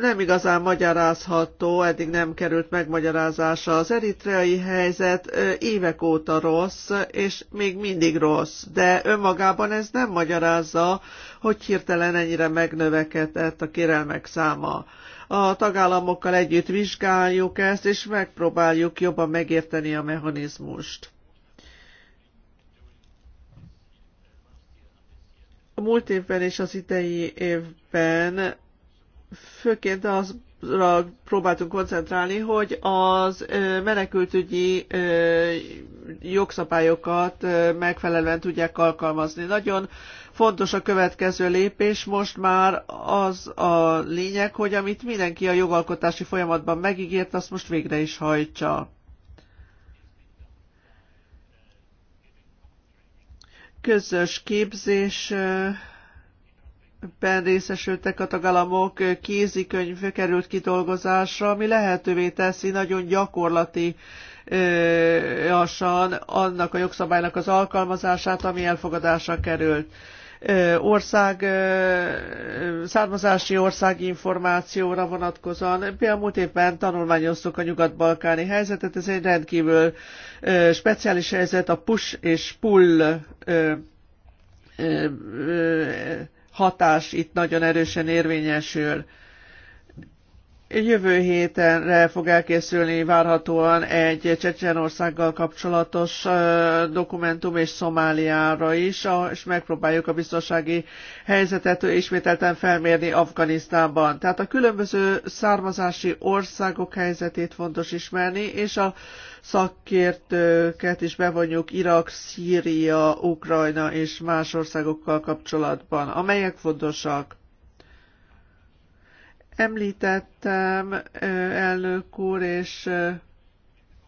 nem igazán magyarázható, eddig nem került megmagyarázása. Az eritreai helyzet évek óta rossz, és még mindig rossz, de önmagában ez nem magyarázza, hogy hirtelen ennyire megnövekedett a kérelmek száma. A tagállamokkal együtt vizsgáljuk ezt, és megpróbáljuk jobban megérteni a mechanizmust. A múlt évben és az idei évben főként azra próbáltunk koncentrálni, hogy az menekültügyi jogszabályokat megfelelően tudják alkalmazni. Nagyon fontos a következő lépés, most már az a lényeg, hogy amit mindenki a jogalkotási folyamatban megígért, azt most végre is hajtsa. közös képzés részesültek a tagállamok, kézikönyv került kidolgozásra, ami lehetővé teszi nagyon gyakorlati annak a jogszabálynak az alkalmazását, ami elfogadásra került ország, származási országi információra vonatkozóan. Például múlt évben tanulmányoztuk a nyugat-balkáni helyzetet, ez egy rendkívül speciális helyzet, a push és pull hatás itt nagyon erősen érvényesül. Jövő hétenre fog elkészülni várhatóan egy Csecsenországgal kapcsolatos dokumentum és Szomáliára is, és megpróbáljuk a biztonsági helyzetet ismételten felmérni Afganisztánban. Tehát a különböző származási országok helyzetét fontos ismerni, és a szakértőket is bevonjuk Irak, Szíria, Ukrajna és más országokkal kapcsolatban, amelyek fontosak Említettem, elnök úr, és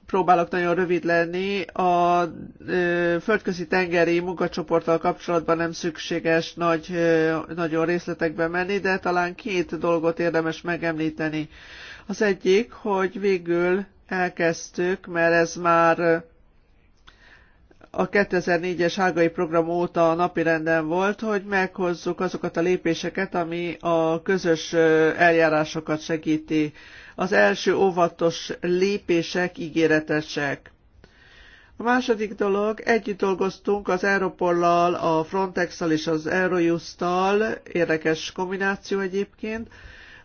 próbálok nagyon rövid lenni. A földközi tengeri munkacsoporttal kapcsolatban nem szükséges nagy, nagyon részletekbe menni, de talán két dolgot érdemes megemlíteni. Az egyik, hogy végül elkezdtük, mert ez már a 2004-es hágai program óta a napirenden volt, hogy meghozzuk azokat a lépéseket, ami a közös eljárásokat segíti. Az első óvatos lépések ígéretesek. A második dolog, együtt dolgoztunk az Europollal, a Frontex-sal és az Eurojust-tal, érdekes kombináció egyébként,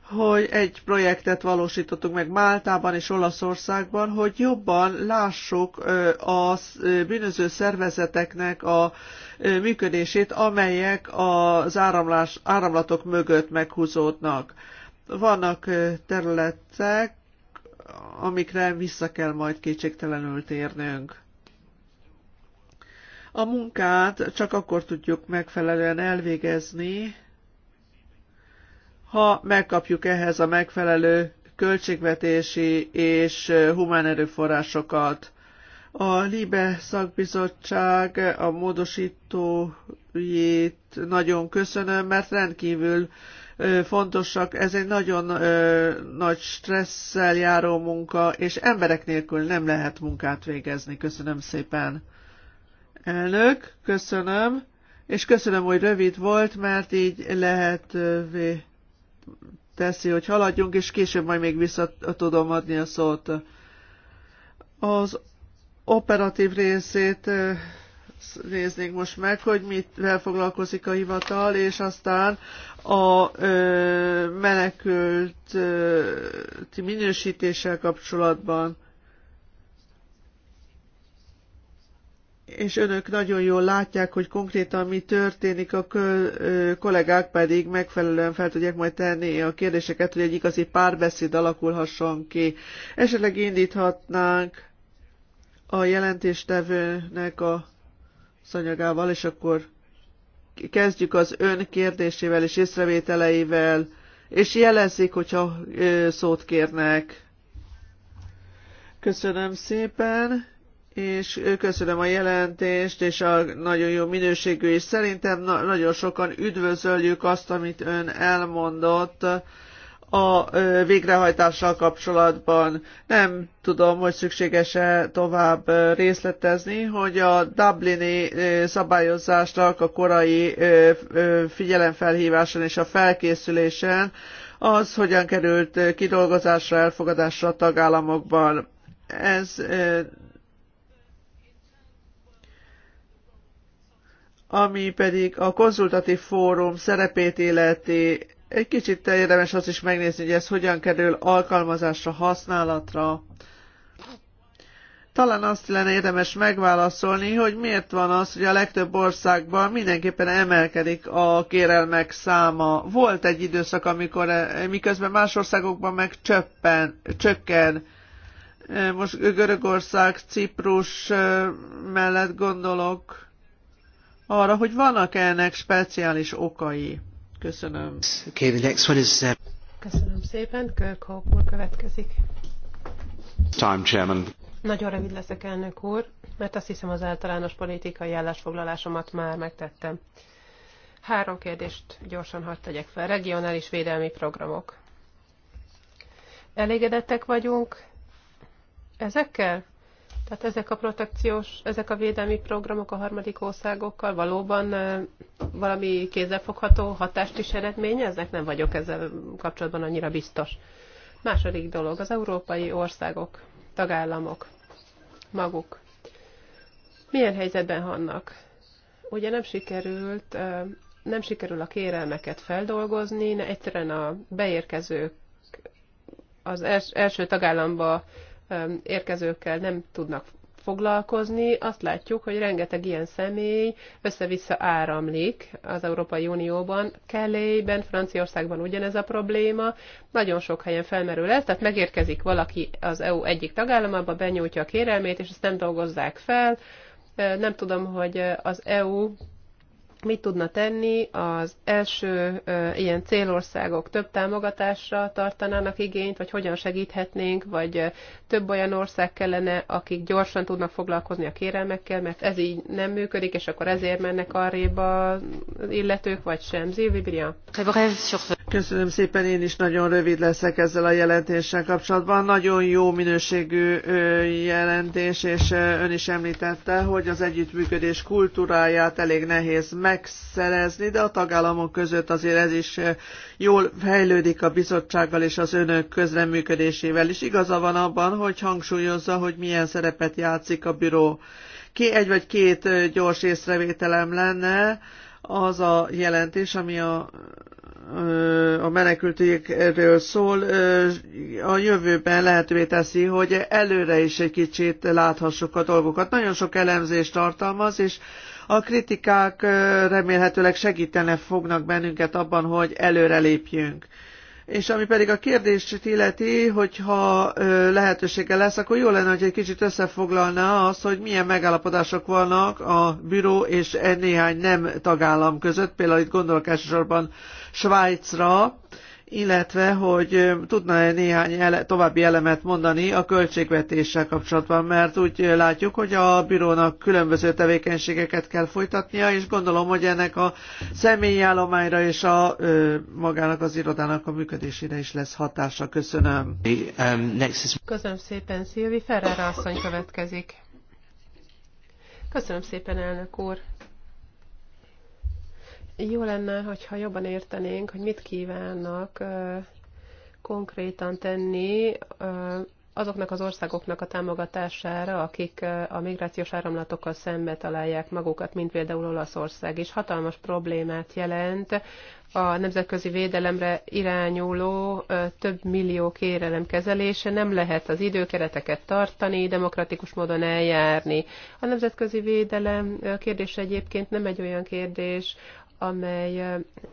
hogy egy projektet valósítottunk meg Máltában és Olaszországban, hogy jobban lássuk a bűnöző szervezeteknek a működését, amelyek az áramlás, áramlatok mögött meghúzódnak. Vannak területek, amikre vissza kell majd kétségtelenül térnünk. A munkát csak akkor tudjuk megfelelően elvégezni, ha megkapjuk ehhez a megfelelő költségvetési és humán erőforrásokat. A LIBE szakbizottság a módosítójét nagyon köszönöm, mert rendkívül fontosak. Ez egy nagyon nagy stresszel járó munka, és emberek nélkül nem lehet munkát végezni. Köszönöm szépen. Elnök, köszönöm, és köszönöm, hogy rövid volt, mert így lehetővé teszi, hogy haladjunk, és később majd még vissza tudom adni a szót. Az operatív részét néznénk most meg, hogy mitvel foglalkozik a hivatal, és aztán a menekült minősítéssel kapcsolatban és önök nagyon jól látják, hogy konkrétan mi történik, a kollégák pedig megfelelően fel tudják majd tenni a kérdéseket, hogy egy igazi párbeszéd alakulhasson ki. Esetleg indíthatnánk a jelentéstevőnek a szanyagával, és akkor kezdjük az ön kérdésével és észrevételeivel, és jelezik, hogyha szót kérnek. Köszönöm szépen és köszönöm a jelentést, és a nagyon jó minőségű, és szerintem na- nagyon sokan üdvözöljük azt, amit ön elmondott a végrehajtással kapcsolatban. Nem tudom, hogy szükséges-e tovább részletezni, hogy a Dublini szabályozásnak a korai figyelemfelhíváson és a felkészülésen az hogyan került kidolgozásra, elfogadásra a tagállamokban. Ez ami pedig a konzultatív fórum szerepét életi egy kicsit érdemes azt is megnézni, hogy ez hogyan kerül alkalmazásra, használatra. Talán azt lenne érdemes megválaszolni, hogy miért van az, hogy a legtöbb országban mindenképpen emelkedik a kérelmek száma. Volt egy időszak, amikor eh, miközben más országokban meg csöppen, csökken. Eh, most Görögország, Ciprus eh, mellett gondolok arra, hogy vannak -e ennek speciális okai. Köszönöm. Okay, the next one is, uh... Köszönöm szépen. Kirk hope úr következik. Time, Chairman. Nagyon rövid leszek, elnök úr, mert azt hiszem az általános politikai állásfoglalásomat már megtettem. Három kérdést gyorsan hadd tegyek fel. Regionális védelmi programok. Elégedettek vagyunk ezekkel? Tehát ezek a protekciós, ezek a védelmi programok a harmadik országokkal valóban valami kézzelfogható hatást is eredményeznek? Nem vagyok ezzel kapcsolatban annyira biztos. Második dolog, az európai országok, tagállamok, maguk. Milyen helyzetben vannak? Ugye nem sikerült, nem sikerül a kérelmeket feldolgozni, egyszerűen a beérkezők az első tagállamba érkezőkkel nem tudnak foglalkozni, azt látjuk, hogy rengeteg ilyen személy össze-vissza áramlik az Európai Unióban. Kelléjben, Franciaországban ugyanez a probléma. Nagyon sok helyen felmerül ez, tehát megérkezik valaki az EU egyik tagállamába, benyújtja a kérelmét, és ezt nem dolgozzák fel. Nem tudom, hogy az EU mit tudna tenni, az első ilyen célországok több támogatásra tartanának igényt, vagy hogyan segíthetnénk, vagy több olyan ország kellene, akik gyorsan tudnak foglalkozni a kérelmekkel, mert ez így nem működik, és akkor ezért mennek arrébb az illetők, vagy sem. Zilvibria? Köszönöm szépen, én is nagyon rövid leszek ezzel a jelentéssel kapcsolatban. Nagyon jó minőségű jelentés, és ön is említette, hogy az együttműködés kultúráját elég nehéz meg megszerezni, de a tagállamok között azért ez is eh, jól fejlődik a bizottsággal és az önök közreműködésével is. Igaza van abban, hogy hangsúlyozza, hogy milyen szerepet játszik a büró. Ki egy vagy két eh, gyors észrevételem lenne, az a jelentés, ami a eh, a menekültékről szól, a jövőben lehetővé teszi, hogy előre is egy kicsit láthassuk a dolgokat. Nagyon sok elemzést tartalmaz, és a kritikák remélhetőleg segítene fognak bennünket abban, hogy előrelépjünk. És ami pedig a kérdést illeti, hogyha lehetősége lesz, akkor jó lenne, hogy egy kicsit összefoglalná az, hogy milyen megállapodások vannak a büró és e néhány nem tagállam között, például itt gondolok elsősorban Svájcra, illetve hogy tudna-e néhány ele, további elemet mondani a költségvetéssel kapcsolatban, mert úgy látjuk, hogy a bírónak különböző tevékenységeket kell folytatnia, és gondolom, hogy ennek a személyi állományra és a magának az irodának a működésére is lesz hatása. Köszönöm. Um, Köszönöm szépen, Szilvi. Ferrer asszony következik. Köszönöm szépen, elnök úr. Jó lenne, hogyha jobban értenénk, hogy mit kívánnak konkrétan tenni azoknak az országoknak a támogatására, akik a migrációs áramlatokkal szembe találják magukat, mint például Olaszország is. Hatalmas problémát jelent a nemzetközi védelemre irányuló több millió kérelem kezelése. Nem lehet az időkereteket tartani, demokratikus módon eljárni. A nemzetközi védelem kérdése egyébként nem egy olyan kérdés, amely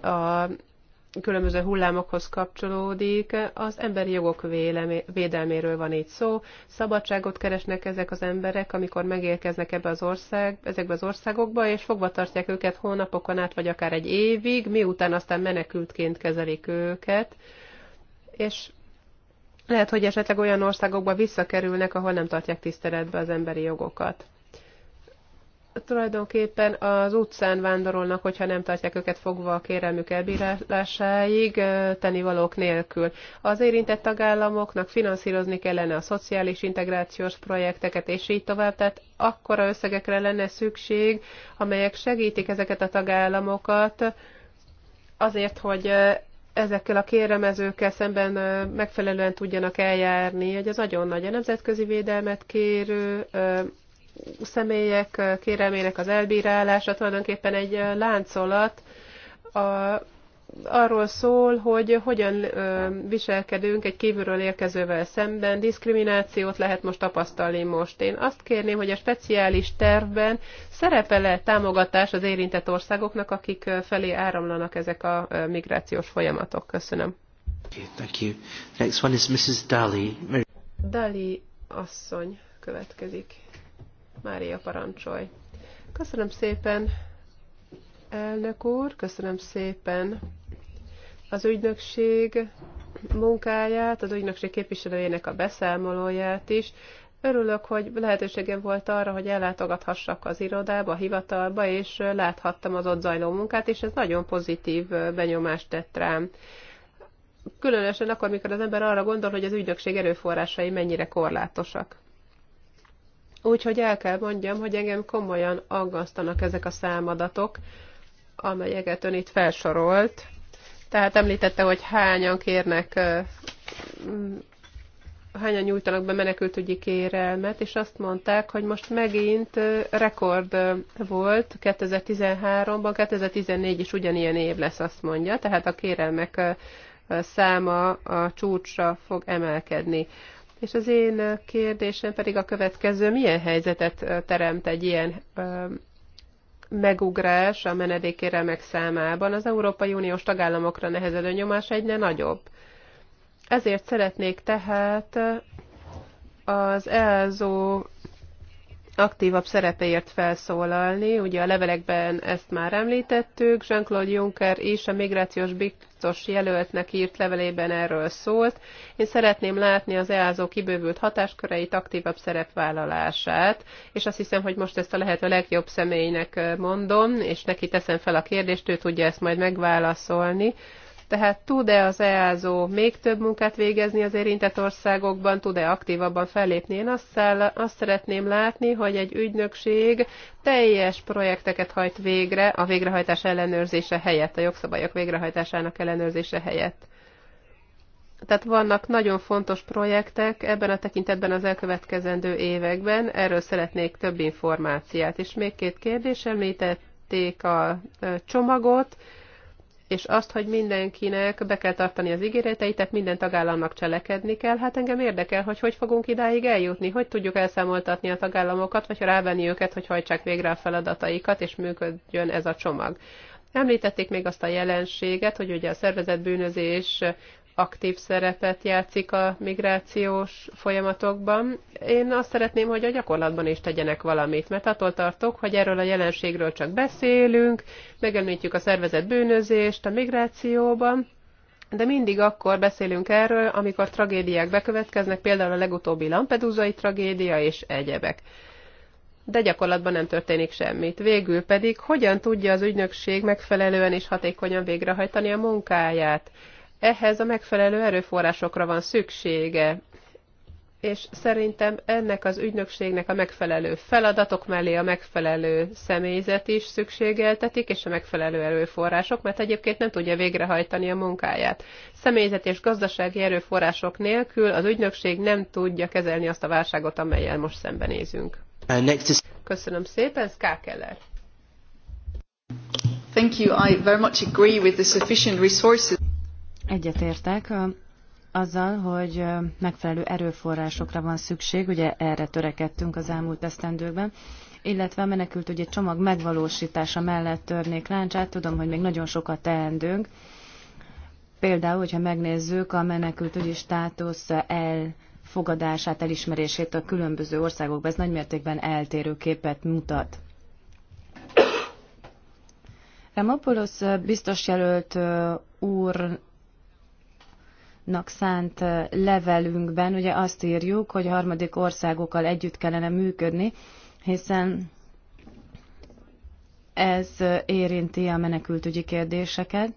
a különböző hullámokhoz kapcsolódik, az emberi jogok védelméről van itt szó. Szabadságot keresnek ezek az emberek, amikor megérkeznek ebbe az ország, ezekbe az országokba, és fogva tartják őket hónapokon át, vagy akár egy évig, miután aztán menekültként kezelik őket. És lehet, hogy esetleg olyan országokba visszakerülnek, ahol nem tartják tiszteletbe az emberi jogokat tulajdonképpen az utcán vándorolnak, hogyha nem tartják őket fogva a kérelmük elbírálásáig, tennivalók nélkül. Az érintett tagállamoknak finanszírozni kellene a szociális integrációs projekteket, és így tovább, tehát akkora összegekre lenne szükség, amelyek segítik ezeket a tagállamokat azért, hogy ezekkel a kéremezőkkel szemben megfelelően tudjanak eljárni, hogy az nagyon nagy a nemzetközi védelmet kérő személyek kérelmének az elbírálása tulajdonképpen egy láncolat, a, arról szól, hogy hogyan ö, viselkedünk egy kívülről érkezővel szemben, diszkriminációt lehet most tapasztalni most. Én azt kérném, hogy a speciális tervben szerepele támogatás az érintett országoknak, akik felé áramlanak ezek a migrációs folyamatok. Köszönöm. Thank you. Next one is Mrs. Dali. Dali asszony következik. Mária, parancsolj! Köszönöm szépen, elnök úr, köszönöm szépen az ügynökség munkáját, az ügynökség képviselőjének a beszámolóját is. Örülök, hogy lehetőségem volt arra, hogy ellátogathassak az irodába, a hivatalba, és láthattam az ott zajló munkát, és ez nagyon pozitív benyomást tett rám. Különösen akkor, mikor az ember arra gondol, hogy az ügynökség erőforrásai mennyire korlátosak. Úgyhogy el kell mondjam, hogy engem komolyan aggasztanak ezek a számadatok, amelyeket ön itt felsorolt. Tehát említette, hogy hányan kérnek, hányan nyújtanak be menekültügyi kérelmet, és azt mondták, hogy most megint rekord volt 2013-ban, 2014 is ugyanilyen év lesz, azt mondja, tehát a kérelmek száma a csúcsra fog emelkedni. És az én kérdésem pedig a következő, milyen helyzetet teremt egy ilyen megugrás a menedékéremek számában az Európai Uniós tagállamokra nehezedő nyomás egyre nagyobb. Ezért szeretnék tehát az elzó aktívabb szerepeért felszólalni. Ugye a levelekben ezt már említettük, Jean-Claude Juncker és a migrációs biztos jelöltnek írt levelében erről szólt. Én szeretném látni az EASO kibővült hatásköreit, aktívabb szerepvállalását, és azt hiszem, hogy most ezt a lehető legjobb személynek mondom, és neki teszem fel a kérdést, ő tudja ezt majd megválaszolni tehát tud-e az EASO még több munkát végezni az érintett országokban, tud-e aktívabban fellépni? Én azt, száll, azt szeretném látni, hogy egy ügynökség teljes projekteket hajt végre a végrehajtás ellenőrzése helyett, a jogszabályok végrehajtásának ellenőrzése helyett. Tehát vannak nagyon fontos projektek ebben a tekintetben az elkövetkezendő években, erről szeretnék több informáciát. És még két kérdés említették a csomagot és azt, hogy mindenkinek be kell tartani az ígéreteit, tehát minden tagállamnak cselekedni kell. Hát engem érdekel, hogy hogy fogunk idáig eljutni, hogy tudjuk elszámoltatni a tagállamokat, vagy rávenni őket, hogy hajtsák végre a feladataikat, és működjön ez a csomag. Említették még azt a jelenséget, hogy ugye a szervezetbűnözés bűnözés aktív szerepet játszik a migrációs folyamatokban. Én azt szeretném, hogy a gyakorlatban is tegyenek valamit, mert attól tartok, hogy erről a jelenségről csak beszélünk, megemlítjük a szervezet bűnözést a migrációban, de mindig akkor beszélünk erről, amikor tragédiák bekövetkeznek, például a legutóbbi Lampedusai tragédia és egyebek. De gyakorlatban nem történik semmit. Végül pedig, hogyan tudja az ügynökség megfelelően és hatékonyan végrehajtani a munkáját? ehhez a megfelelő erőforrásokra van szüksége, és szerintem ennek az ügynökségnek a megfelelő feladatok mellé a megfelelő személyzet is szükségeltetik, és a megfelelő erőforrások, mert egyébként nem tudja végrehajtani a munkáját. Személyzet és gazdasági erőforrások nélkül az ügynökség nem tudja kezelni azt a válságot, amelyel most szembenézünk. Uh, Köszönöm szépen, Keller. Thank you. I very much agree with the sufficient resources. Egyetértek azzal, hogy megfelelő erőforrásokra van szükség, ugye erre törekedtünk az elmúlt esztendőkben, illetve a menekült egy csomag megvalósítása mellett törnék láncsát, tudom, hogy még nagyon sokat teendünk. Például, hogyha megnézzük a menekült, ügyi státusz elfogadását, elismerését a különböző országokban, ez nagymértékben eltérő képet mutat. Remopoulos biztos jelölt úr nak szánt levelünkben ugye azt írjuk, hogy harmadik országokkal együtt kellene működni, hiszen ez érinti a menekültügyi kérdéseket.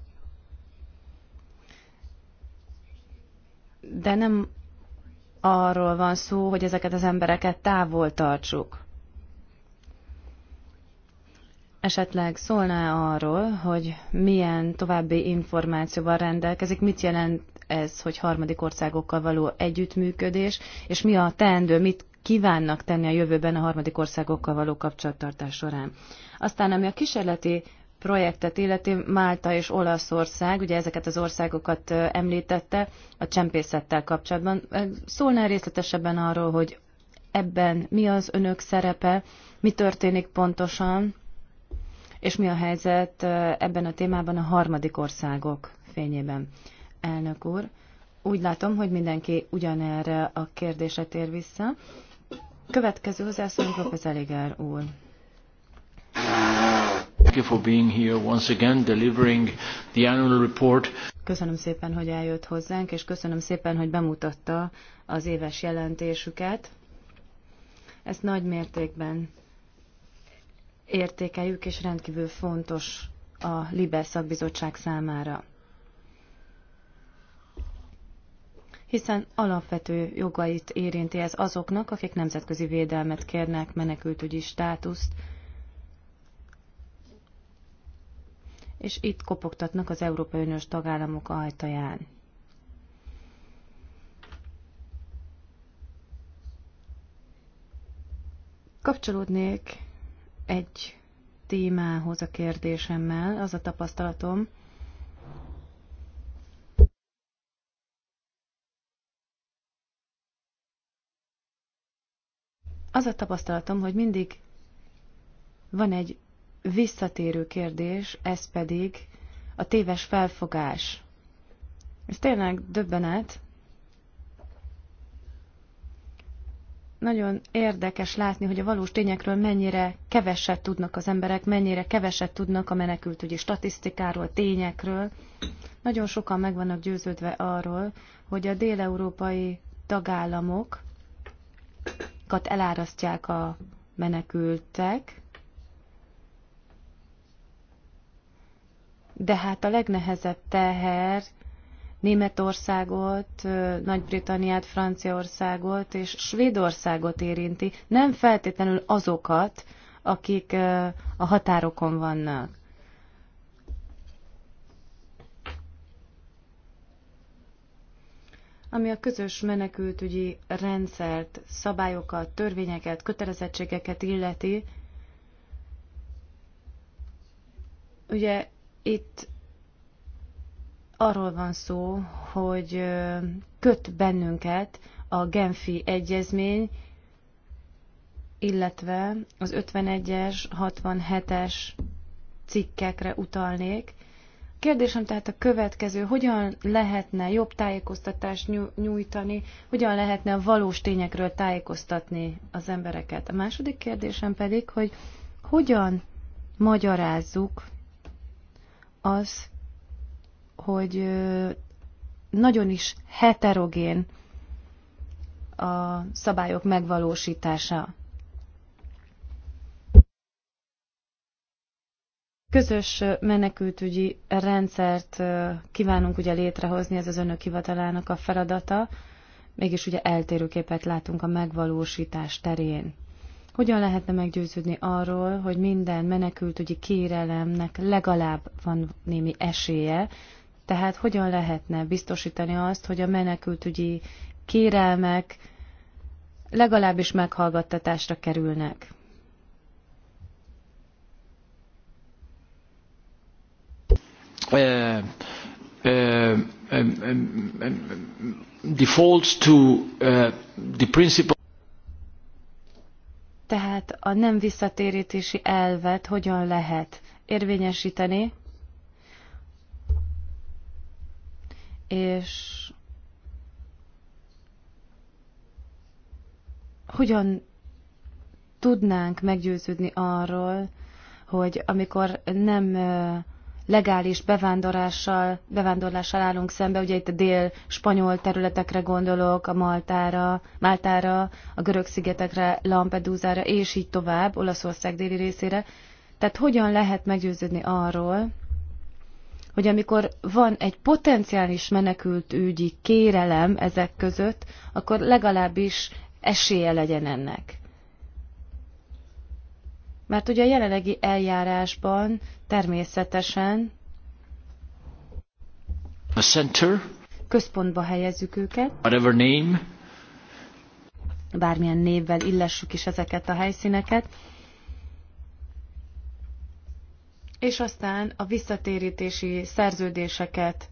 De nem arról van szó, hogy ezeket az embereket távol tartsuk. Esetleg szólná arról, hogy milyen további információval rendelkezik, mit jelent ez, hogy harmadik országokkal való együttműködés, és mi a teendő, mit kívánnak tenni a jövőben a harmadik országokkal való kapcsolattartás során. Aztán, ami a kísérleti projektet illeti Málta és Olaszország, ugye ezeket az országokat említette a csempészettel kapcsolatban. Szólná részletesebben arról, hogy ebben mi az önök szerepe, mi történik pontosan, és mi a helyzet ebben a témában a harmadik országok fényében elnök úr. Úgy látom, hogy mindenki ugyanerre a kérdésre tér vissza. Következő hozzászóló Professor Eliger úr. Köszönöm szépen, hogy eljött hozzánk, és köszönöm szépen, hogy bemutatta az éves jelentésüket. Ezt nagy mértékben értékeljük, és rendkívül fontos a LIBE szakbizottság számára. hiszen alapvető jogait érinti ez azoknak, akik nemzetközi védelmet kérnek, menekültügyi státuszt, és itt kopogtatnak az Európai Uniós tagállamok ajtaján. Kapcsolódnék egy témához a kérdésemmel. Az a tapasztalatom, az a tapasztalatom, hogy mindig van egy visszatérő kérdés, ez pedig a téves felfogás. Ez tényleg döbbenet. Nagyon érdekes látni, hogy a valós tényekről mennyire keveset tudnak az emberek, mennyire keveset tudnak a menekültügyi statisztikáról, tényekről. Nagyon sokan meg vannak győződve arról, hogy a déleurópai tagállamok elárasztják a menekültek, de hát a legnehezebb teher Németországot, Nagy-Britanniát, Franciaországot és Svédországot érinti, nem feltétlenül azokat, akik a határokon vannak. ami a közös menekültügyi rendszert, szabályokat, törvényeket, kötelezettségeket illeti. Ugye itt arról van szó, hogy köt bennünket a Genfi egyezmény, illetve az 51-es, 67-es cikkekre utalnék, Kérdésem tehát a következő, hogyan lehetne jobb tájékoztatást nyújtani, hogyan lehetne a valós tényekről tájékoztatni az embereket. A második kérdésem pedig, hogy hogyan magyarázzuk az, hogy nagyon is heterogén a szabályok megvalósítása. Közös menekültügyi rendszert kívánunk ugye létrehozni, ez az önök hivatalának a feladata, mégis ugye eltérő képet látunk a megvalósítás terén. Hogyan lehetne meggyőződni arról, hogy minden menekültügyi kérelemnek legalább van némi esélye, tehát hogyan lehetne biztosítani azt, hogy a menekültügyi kérelmek legalábbis meghallgattatásra kerülnek? Uh, uh, um, um, um, defaults to uh, the principle tehát a nem visszatérítési elvet hogyan lehet érvényesíteni, és hogyan tudnánk meggyőződni arról, hogy amikor nem legális bevándorlással, bevándorlással állunk szembe, ugye itt a dél-spanyol területekre gondolok, a Maltára, Máltára, a Görög-szigetekre, lampedúzára és így tovább, Olaszország déli részére. Tehát hogyan lehet meggyőződni arról, hogy amikor van egy potenciális menekült ügyi kérelem ezek között, akkor legalábbis esélye legyen ennek. Mert ugye a jelenlegi eljárásban természetesen a center, központba helyezzük őket. Whatever name. Bármilyen névvel illessük is ezeket a helyszíneket. És aztán a visszatérítési szerződéseket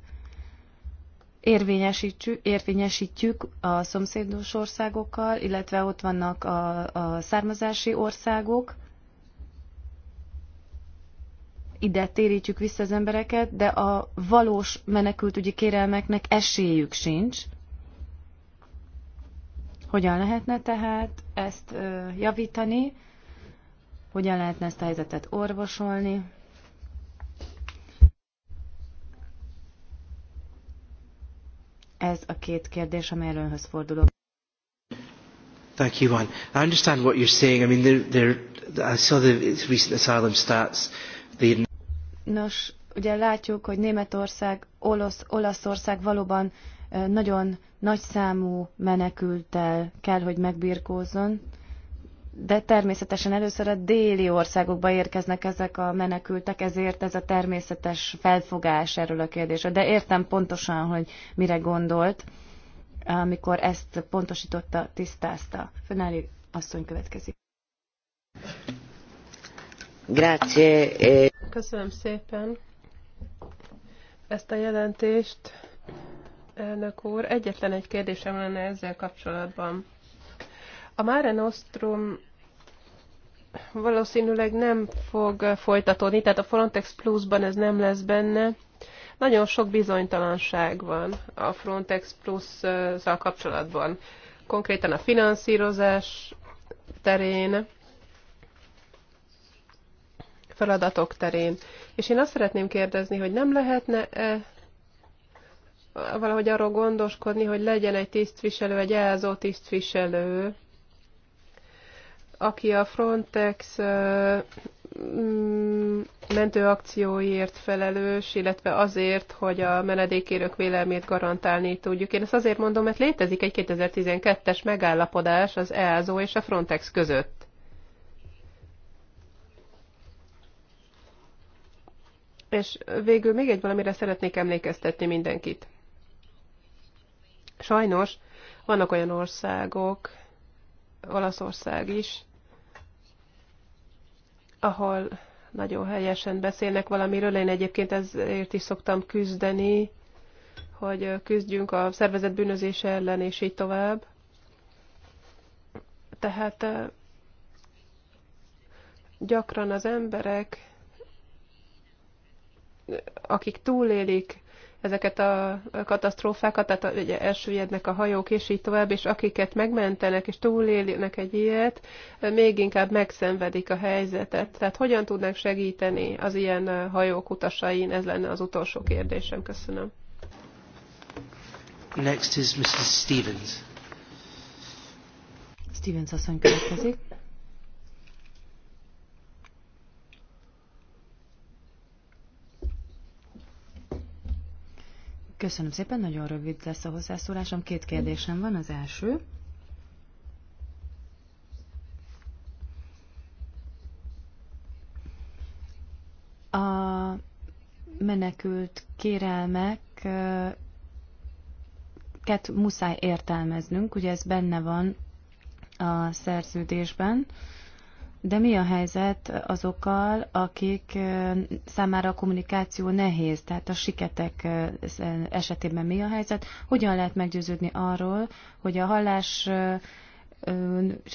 érvényesítjük, érvényesítjük a szomszédos országokkal, illetve ott vannak a, a származási országok, ide térítjük vissza az embereket, de a valós menekültügyi kérelmeknek esélyük sincs. Hogyan lehetne tehát ezt javítani? Hogyan lehetne ezt a helyzetet orvosolni? Ez a két kérdés, amelyről önhöz fordulok. Thank you, Juan. I understand what you're saying. I mean, there, there, I saw the recent asylum stats Nos, ugye látjuk, hogy Németország, Olasz, Olaszország valóban nagyon nagyszámú menekültel kell, hogy megbirkózzon, de természetesen először a déli országokba érkeznek ezek a menekültek, ezért ez a természetes felfogás erről a kérdésről. De értem pontosan, hogy mire gondolt, amikor ezt pontosította, tisztázta. Fönáli asszony következik. Eh. Köszönöm szépen ezt a jelentést, elnök úr. Egyetlen egy kérdésem lenne ezzel kapcsolatban. A Mare Nostrum valószínűleg nem fog folytatódni, tehát a Frontex Plus-ban ez nem lesz benne. Nagyon sok bizonytalanság van a Frontex Plus-zal kapcsolatban. Konkrétan a finanszírozás terén, feladatok terén. És én azt szeretném kérdezni, hogy nem lehetne -e valahogy arról gondoskodni, hogy legyen egy tisztviselő, egy elzó tisztviselő, aki a Frontex mm, mentőakcióiért felelős, illetve azért, hogy a menedékérők vélelmét garantálni tudjuk. Én ezt azért mondom, mert létezik egy 2012-es megállapodás az EASO és a Frontex között. És végül még egy valamire szeretnék emlékeztetni mindenkit. Sajnos vannak olyan országok, Olaszország is, ahol nagyon helyesen beszélnek valamiről. Én egyébként ezért is szoktam küzdeni, hogy küzdjünk a szervezet bűnözése ellen, és így tovább. Tehát gyakran az emberek akik túlélik ezeket a katasztrófákat, tehát ugye elsüllyednek a hajók, és így tovább, és akiket megmentenek, és túlélnek egy ilyet, még inkább megszenvedik a helyzetet. Tehát hogyan tudnánk segíteni az ilyen eh, hajók utasain? Ez lenne az utolsó kérdésem. Köszönöm. Next is Mrs. Stevens. Stevens asszony következik. Köszönöm szépen, nagyon rövid lesz a hozzászólásom. Két kérdésem van, az első. A menekült kérelmeket muszáj értelmeznünk, ugye ez benne van a szerződésben. De mi a helyzet azokkal, akik számára a kommunikáció nehéz, tehát a siketek esetében mi a helyzet? Hogyan lehet meggyőződni arról, hogy a hallás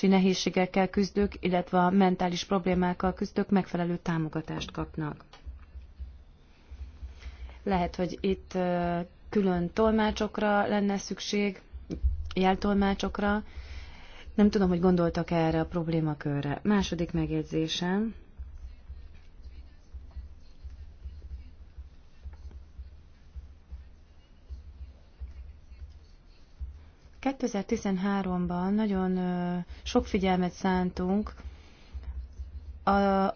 nehézségekkel küzdők, illetve a mentális problémákkal küzdők megfelelő támogatást kapnak? Lehet, hogy itt külön tolmácsokra lenne szükség, jeltolmácsokra, nem tudom, hogy gondoltak -e erre a problémakörre. Második megjegyzésem. ...2013-ban nagyon sok figyelmet szántunk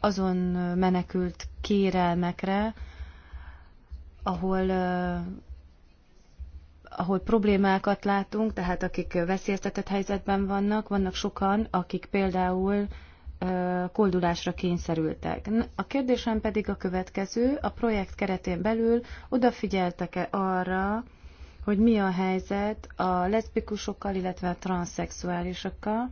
azon menekült kérelmekre, ahol ahol problémákat látunk, tehát akik veszélyeztetett helyzetben vannak, vannak sokan, akik például koldulásra kényszerültek. A kérdésem pedig a következő, a projekt keretén belül odafigyeltek-e arra, hogy mi a helyzet a leszbikusokkal, illetve a transzexuálisokkal,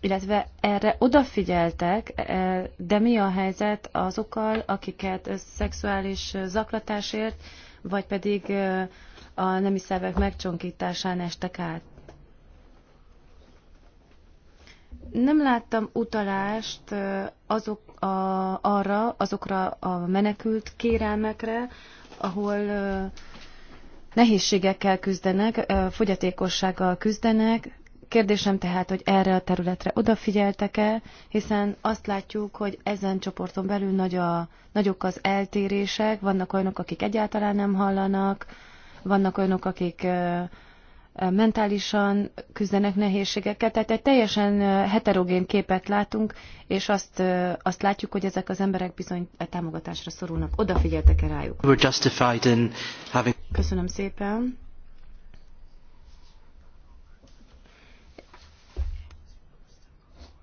illetve erre odafigyeltek, e, de mi a helyzet azokkal, akiket szexuális zaklatásért vagy pedig a nemi szervek megcsonkításán estek át. Nem láttam utalást azok a, arra, azokra a menekült kérelmekre, ahol nehézségekkel küzdenek, fogyatékossággal küzdenek, Kérdésem tehát, hogy erre a területre odafigyeltek-e, hiszen azt látjuk, hogy ezen csoporton belül nagy a, nagyok az eltérések, vannak olyanok, akik egyáltalán nem hallanak, vannak olyanok, akik mentálisan küzdenek nehézségekkel, tehát egy teljesen heterogén képet látunk, és azt, azt látjuk, hogy ezek az emberek bizony támogatásra szorulnak. Odafigyeltek-e rájuk? Köszönöm szépen.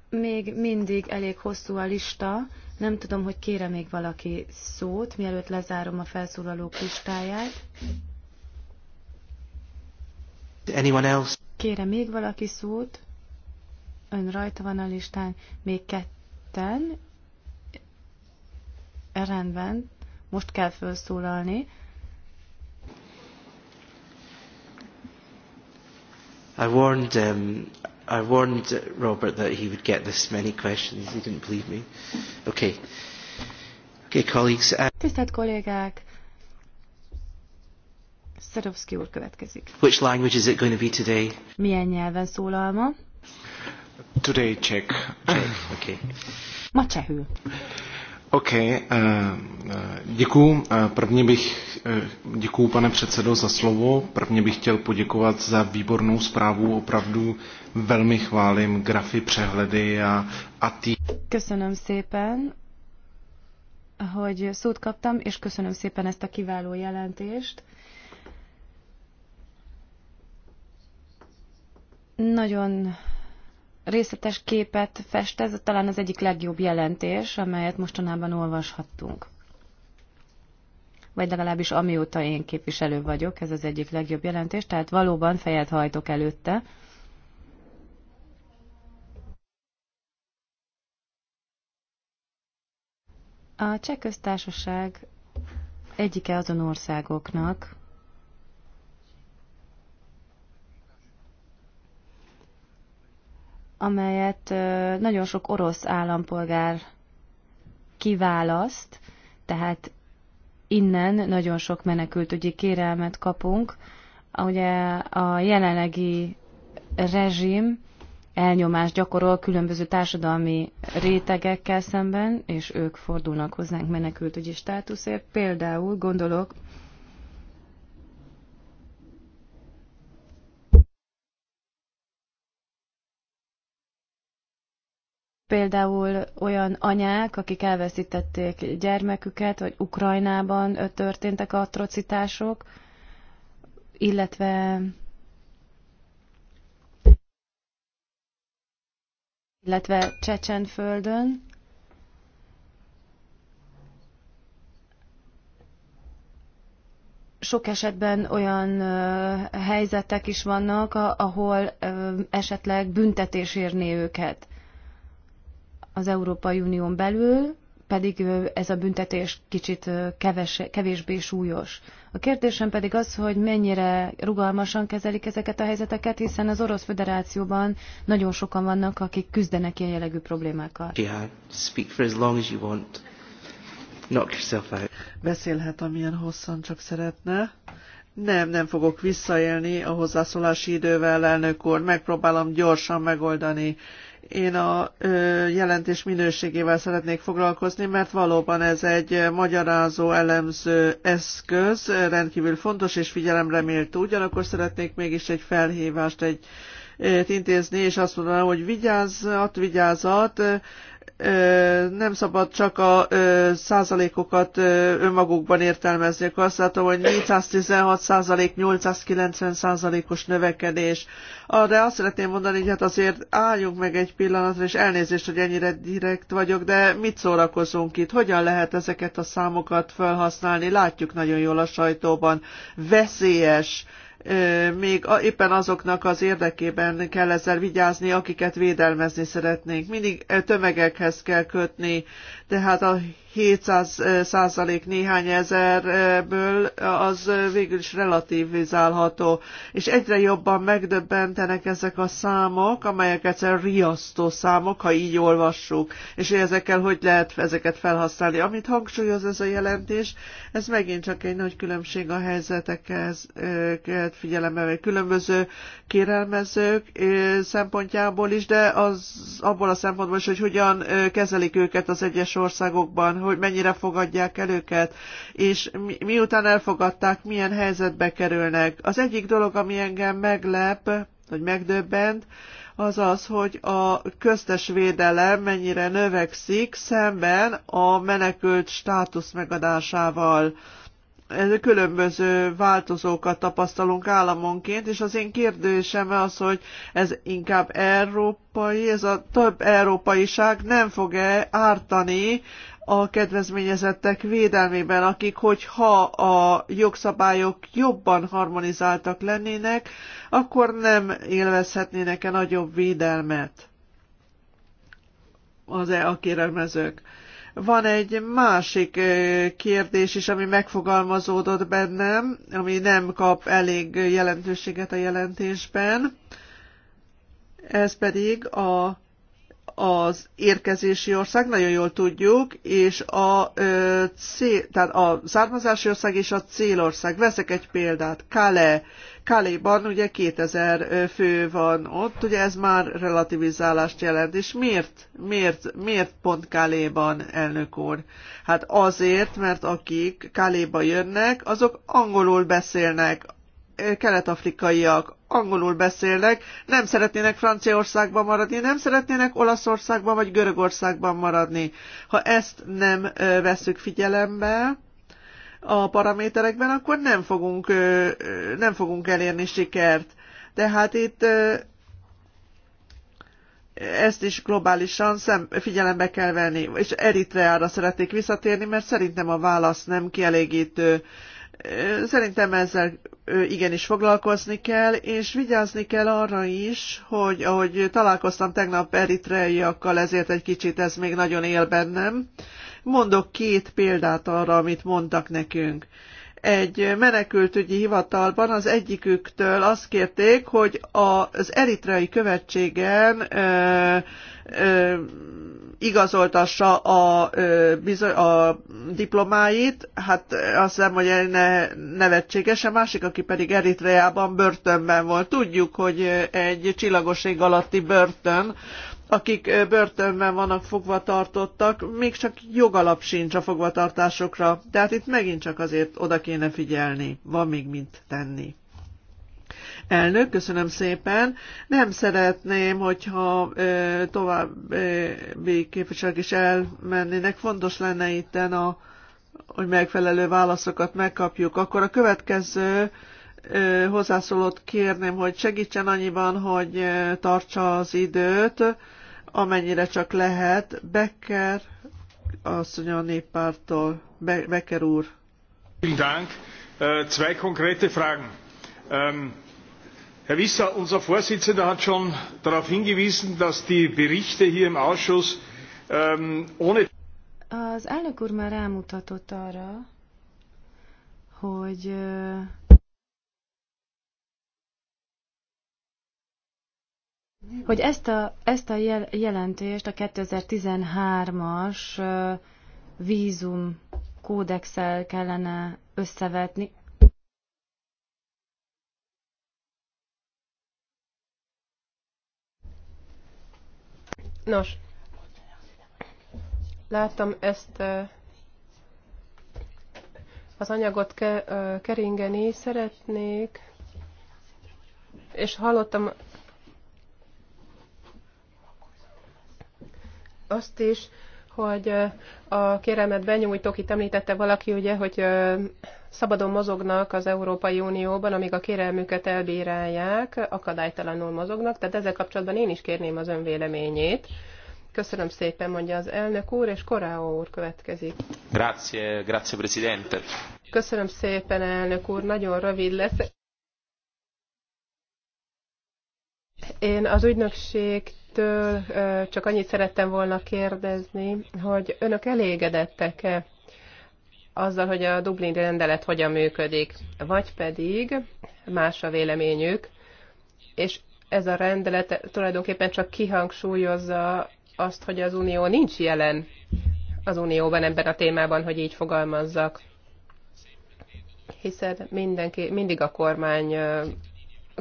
Még mindig elég hosszú a lista. Nem tudom, hogy kére még valaki szót, mielőtt lezárom a felszólalók listáját. Anyone else? Kére még valaki szót? Ön rajta van a listán. Még ketten. Rendben. Most kell felszólalni. I warned um, I warned Robert that he would get this many questions. He didn't believe me. Okay. Okay, colleagues. Uh... Tisztelt kollégák! Szerovszki úr következik. Which language is it going to be today? Milyen nyelven szólal ma? Today Czech. Czech. okay. Ma csehül. OK, eh, eh, děkuju. Eh, prvně bych, děkuju pane předsedo za slovo. Prvně bych chtěl poděkovat za výbornou zprávu. Opravdu velmi chválím grafy, přehledy a, a tý... Köszönöm szépen, hogy szót kaptam, és köszönöm szépen ezt a kiváló jelentést. Nagyon részletes képet fest, ez talán az egyik legjobb jelentés, amelyet mostanában olvashattunk. Vagy legalábbis amióta én képviselő vagyok, ez az egyik legjobb jelentés, tehát valóban fejet hajtok előtte. A cseh köztársaság egyike azon országoknak, amelyet nagyon sok orosz állampolgár kiválaszt, tehát innen nagyon sok menekültügyi kérelmet kapunk. Ugye a jelenlegi rezsim elnyomást gyakorol különböző társadalmi rétegekkel szemben, és ők fordulnak hozzánk menekültügyi státuszért. Például gondolok Például olyan anyák, akik elveszítették gyermeküket, vagy Ukrajnában történtek atrocitások, illetve illetve Csecsenföldön. Sok esetben olyan helyzetek is vannak, ahol esetleg büntetés érné őket az Európai Unión belül, pedig ez a büntetés kicsit keves, kevésbé súlyos. A kérdésem pedig az, hogy mennyire rugalmasan kezelik ezeket a helyzeteket, hiszen az Orosz Föderációban nagyon sokan vannak, akik küzdenek ilyen jellegű problémákkal. Beszélhet, amilyen hosszan csak szeretne. Nem, nem fogok visszaélni a hozzászólási idővel, elnök úr. Megpróbálom gyorsan megoldani én a jelentés minőségével szeretnék foglalkozni, mert valóban ez egy magyarázó, elemző eszköz, rendkívül fontos és figyelemre méltó. Ugyanakkor szeretnék mégis egy felhívást, egy intézni, és azt mondanám, hogy vigyázat, vigyázat, nem szabad csak a százalékokat önmagukban értelmezni. Azt látom, hogy 416 százalék, 890 százalékos növekedés. De azt szeretném mondani, hogy hát azért álljunk meg egy pillanatra, és elnézést, hogy ennyire direkt vagyok, de mit szórakozunk itt? Hogyan lehet ezeket a számokat felhasználni? Látjuk nagyon jól a sajtóban. Veszélyes még éppen azoknak az érdekében kell ezzel vigyázni, akiket védelmezni szeretnénk. Mindig tömegekhez kell kötni tehát a 700 százalék néhány ezerből az végül is relativizálható. És egyre jobban megdöbbentenek ezek a számok, amelyek egyszer riasztó számok, ha így olvassuk, és hogy ezekkel hogy lehet ezeket felhasználni. Amit hangsúlyoz ez a jelentés, ez megint csak egy nagy különbség a helyzetekhez figyelembe, vagy különböző kérelmezők szempontjából is, de az abból a szempontból is, hogy hogyan kezelik őket az egyes országokban, hogy mennyire fogadják el őket, és mi, miután elfogadták, milyen helyzetbe kerülnek. Az egyik dolog, ami engem meglep, vagy megdöbbent, az az, hogy a köztes védelem mennyire növekszik szemben a menekült státusz megadásával különböző változókat tapasztalunk államonként, és az én kérdésem az, hogy ez inkább európai, ez a több európaiság nem fog-e ártani a kedvezményezettek védelmében, akik, hogyha a jogszabályok jobban harmonizáltak lennének, akkor nem élvezhetnének-e nagyobb védelmet az -e a kérelmezők. Van egy másik kérdés is, ami megfogalmazódott bennem, ami nem kap elég jelentőséget a jelentésben. Ez pedig a az érkezési ország, nagyon jól tudjuk, és a, cél, tehát a származási ország és a célország. Veszek egy példát. Kale Kaléban ugye 2000 fő van ott, ugye ez már relativizálást jelent, és miért, miért, miért pont Kaléban, elnök úr? Hát azért, mert akik Kaléba jönnek, azok angolul beszélnek, kelet-afrikaiak angolul beszélnek, nem szeretnének Franciaországban maradni, nem szeretnének Olaszországban vagy Görögországban maradni. Ha ezt nem veszük figyelembe, a paraméterekben, akkor nem fogunk, nem fogunk elérni sikert. Tehát itt ezt is globálisan szem, figyelembe kell venni, és Eritreára szeretnék visszatérni, mert szerintem a válasz nem kielégítő. Szerintem ezzel igenis foglalkozni kell, és vigyázni kell arra is, hogy ahogy találkoztam tegnap eritreiakkal, ezért egy kicsit ez még nagyon él bennem. Mondok két példát arra, amit mondtak nekünk. Egy menekültügyi hivatalban az egyiküktől azt kérték, hogy az Eritrei követségen ö, ö, igazoltassa a, a diplomáit, hát azt hiszem, hogy ne, nevetséges, a másik, aki pedig Eritreában börtönben volt. Tudjuk, hogy egy csillagoség alatti börtön, akik börtönben vannak fogvatartottak, még csak jogalap sincs a fogvatartásokra. Tehát itt megint csak azért oda kéne figyelni, van még mint tenni. Elnök, köszönöm szépen. Nem szeretném, hogyha e, további képviselők is elmennének. Fontos lenne itten a hogy megfelelő válaszokat megkapjuk. Akkor a következő e, hozzászólót kérném, hogy segítsen annyiban, hogy e, tartsa az időt, amennyire csak lehet. Becker, azt mondja a néppártól. Be, Becker úr. Köszönöm. Äh, zwei konkrete Fragen. Ähm, herr wissa unser vorsitzender hat schon darauf hingewiesen dass die berichte hier im ausschuss ähm, ohne. az elnök úr már rámutatott arra hogy hogy ezt a, ezt a jel, jelentést a 2013-as euh, vízum kódexel kellene összevetni, Nos, láttam ezt az anyagot ke, keringeni, szeretnék, és hallottam azt is, hogy a kérelmet benyújtok, itt említette valaki, ugye, hogy szabadon mozognak az Európai Unióban, amíg a kérelmüket elbírálják, akadálytalanul mozognak, tehát ezzel kapcsolatban én is kérném az ön véleményét. Köszönöm szépen, mondja az elnök úr, és Koráó úr következik. Grazie, grazie, presidente. Köszönöm szépen, elnök úr, nagyon rövid lesz. Én az ügynökségtől csak annyit szerettem volna kérdezni, hogy önök elégedettek-e azzal, hogy a Dublin rendelet hogyan működik, vagy pedig más a véleményük, és ez a rendelet tulajdonképpen csak kihangsúlyozza azt, hogy az Unió nincs jelen az Unióban ebben a témában, hogy így fogalmazzak. Hiszen mindenki, mindig a kormány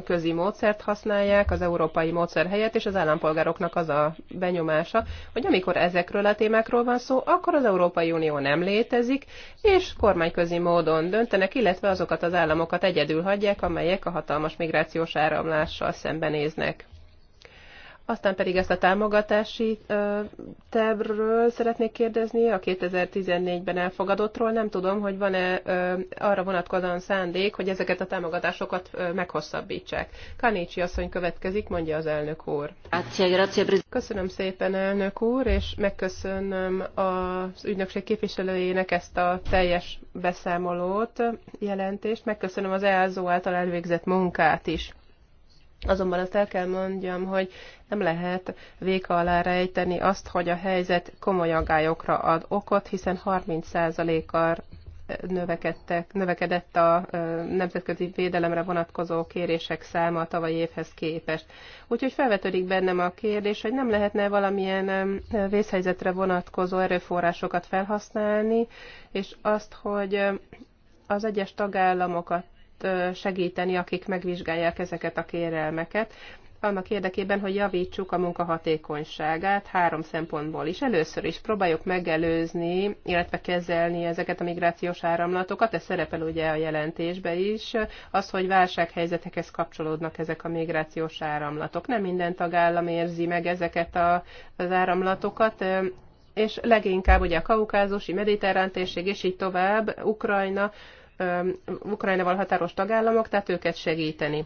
közi módszert használják az európai módszer helyett, és az állampolgároknak az a benyomása, hogy amikor ezekről a témákról van szó, akkor az Európai Unió nem létezik, és kormányközi módon döntenek, illetve azokat az államokat egyedül hagyják, amelyek a hatalmas migrációs áramlással szembenéznek. Aztán pedig ezt a támogatási tervről szeretnék kérdezni, a 2014-ben elfogadottról. Nem tudom, hogy van-e arra vonatkozóan szándék, hogy ezeket a támogatásokat meghosszabbítsák. Kanécsi asszony következik, mondja az elnök úr. Köszönöm szépen, elnök úr, és megköszönöm az ügynökség képviselőjének ezt a teljes beszámolót, jelentést. Megköszönöm az EASO által elvégzett munkát is. Azonban azt el kell mondjam, hogy nem lehet véka alá rejteni azt, hogy a helyzet komoly agályokra ad okot, hiszen 30%-kal növekedtek, növekedett a nemzetközi védelemre vonatkozó kérések száma a tavalyi évhez képest. Úgyhogy felvetődik bennem a kérdés, hogy nem lehetne valamilyen vészhelyzetre vonatkozó erőforrásokat felhasználni, és azt, hogy az egyes tagállamokat segíteni, akik megvizsgálják ezeket a kérelmeket, annak érdekében, hogy javítsuk a munka hatékonyságát három szempontból is. Először is próbáljuk megelőzni, illetve kezelni ezeket a migrációs áramlatokat, ez szerepel ugye a jelentésbe is, az, hogy válsághelyzetekhez kapcsolódnak ezek a migrációs áramlatok. Nem minden tagállam érzi meg ezeket a, az áramlatokat, és leginkább ugye a kaukázusi, mediterrán térség, és így tovább, Ukrajna, Ukrajnával határos tagállamok, tehát őket segíteni.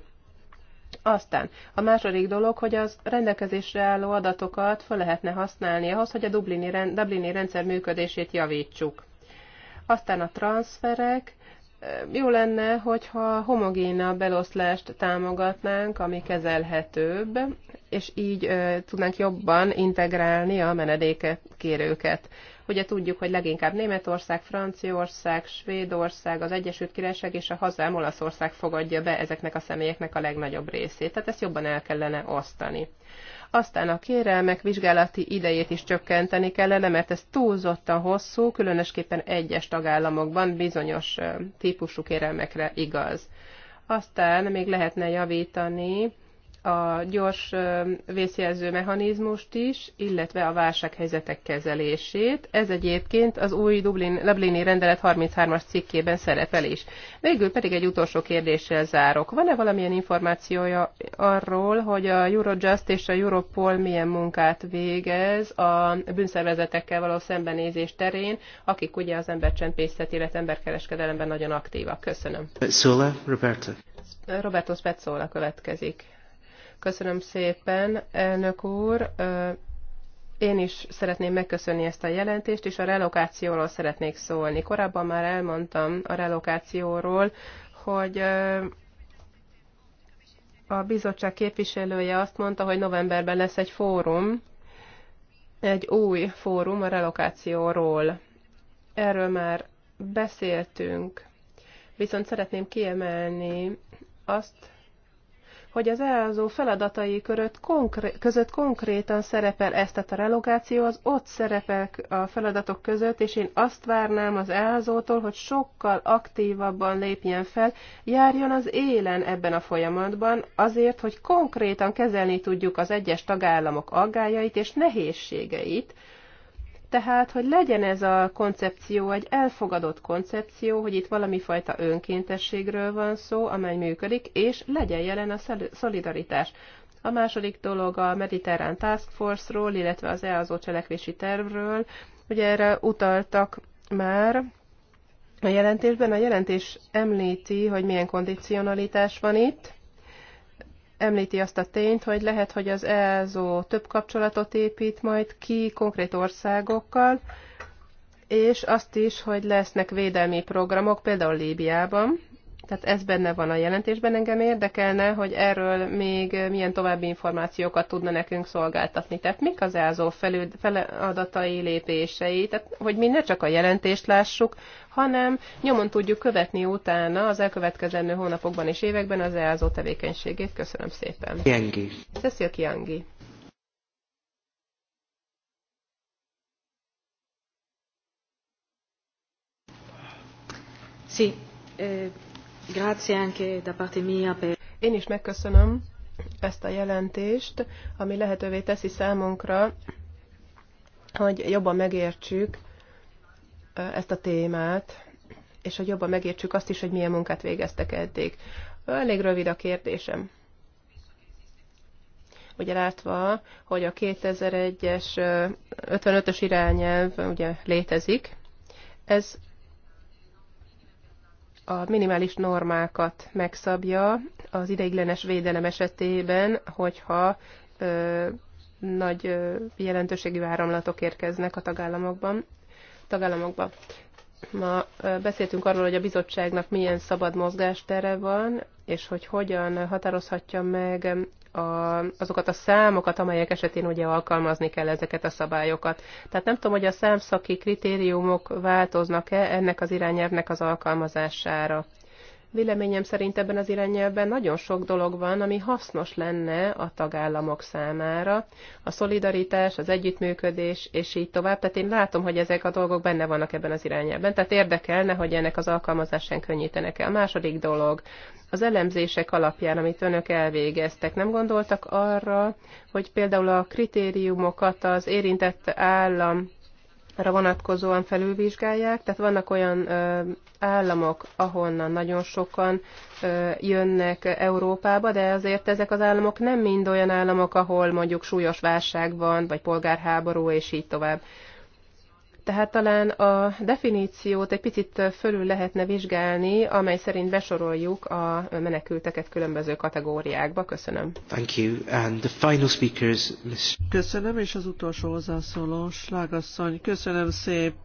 Aztán a második dolog, hogy az rendelkezésre álló adatokat fel lehetne használni ahhoz, hogy a Dublini, rend, Dublini rendszer működését javítsuk. Aztán a transferek. Jó lenne, hogyha homogénabb beloszlást támogatnánk, ami kezelhetőbb, és így tudnánk jobban integrálni a menedéket kérőket. Ugye tudjuk, hogy leginkább Németország, Franciaország, Svédország, az Egyesült Királyság és a hazám Olaszország fogadja be ezeknek a személyeknek a legnagyobb részét. Tehát ezt jobban el kellene osztani. Aztán a kérelmek vizsgálati idejét is csökkenteni kellene, mert ez túlzottan hosszú, különösképpen egyes tagállamokban bizonyos típusú kérelmekre igaz. Aztán még lehetne javítani a gyors vészjelző mechanizmust is, illetve a válsághelyzetek kezelését. Ez egyébként az új Dublin, Dublini rendelet 33-as cikkében szerepel is. Végül pedig egy utolsó kérdéssel zárok. Van-e valamilyen információja arról, hogy a Eurojust és a Europol milyen munkát végez a bűnszervezetekkel való szembenézés terén, akik ugye az embercsempészet, illetve emberkereskedelemben nagyon aktívak? Köszönöm. Szóla, Roberto. Roberto Spezzola következik. Köszönöm szépen, elnök úr. Én is szeretném megköszönni ezt a jelentést, és a relokációról szeretnék szólni. Korábban már elmondtam a relokációról, hogy a bizottság képviselője azt mondta, hogy novemberben lesz egy fórum, egy új fórum a relokációról. Erről már beszéltünk, viszont szeretném kiemelni azt, hogy az EASO feladatai között, konkrét, között konkrétan szerepel ezt, a relokáció az ott szerepel a feladatok között, és én azt várnám az easo hogy sokkal aktívabban lépjen fel, járjon az élen ebben a folyamatban, azért, hogy konkrétan kezelni tudjuk az egyes tagállamok aggájait és nehézségeit, tehát, hogy legyen ez a koncepció egy elfogadott koncepció, hogy itt valami fajta önkéntességről van szó, amely működik, és legyen jelen a szolidaritás. A második dolog a Mediterrán Task Force-ról, illetve az EASO cselekvési tervről. Ugye erre utaltak már a jelentésben. A jelentés említi, hogy milyen kondicionalitás van itt említi azt a tényt, hogy lehet, hogy az ELZO több kapcsolatot épít majd ki konkrét országokkal, és azt is, hogy lesznek védelmi programok, például Líbiában, tehát ez benne van a jelentésben, engem érdekelne, hogy erről még milyen további információkat tudna nekünk szolgáltatni. Tehát mik az ázó feladatai lépései, tehát hogy mi ne csak a jelentést lássuk, hanem nyomon tudjuk követni utána az elkövetkezendő hónapokban és években az ázó tevékenységét. Köszönöm szépen. Kiangi. Köszönjük, Kiangi. Sí. Eh én is megköszönöm ezt a jelentést, ami lehetővé teszi számunkra, hogy jobban megértsük ezt a témát, és hogy jobban megértsük azt is, hogy milyen munkát végeztek eddig. Elég rövid a kérdésem. Ugye látva, hogy a 2001-es 55-ös irányelv ugye létezik, ez a minimális normákat megszabja az ideiglenes védelem esetében, hogyha ö, nagy ö, jelentőségű áramlatok érkeznek a tagállamokban, tagállamokban, Ma beszéltünk arról, hogy a bizottságnak milyen szabad mozgástere van, és hogy hogyan határozhatja meg a, azokat a számokat, amelyek esetén ugye alkalmazni kell ezeket a szabályokat. Tehát nem tudom, hogy a számszaki kritériumok változnak-e ennek az irányelvnek az alkalmazására. Véleményem szerint ebben az irányelben nagyon sok dolog van, ami hasznos lenne a tagállamok számára. A szolidaritás, az együttműködés, és így tovább. Tehát én látom, hogy ezek a dolgok benne vannak ebben az irányelben. Tehát érdekelne, hogy ennek az alkalmazásán könnyítenek el. A második dolog, az elemzések alapján, amit önök elvégeztek, nem gondoltak arra, hogy például a kritériumokat az érintett állam vonatkozóan felülvizsgálják, tehát vannak olyan ö, államok, ahonnan nagyon sokan ö, jönnek Európába, de azért ezek az államok nem mind olyan államok, ahol mondjuk súlyos válság van, vagy polgárháború, és így tovább. Tehát talán a definíciót egy picit fölül lehetne vizsgálni, amely szerint besoroljuk a menekülteket különböző kategóriákba. Köszönöm. Thank you. And the final speakers, Ms. Köszönöm, és az utolsó hozzászóló, Slágasszony. Köszönöm szépen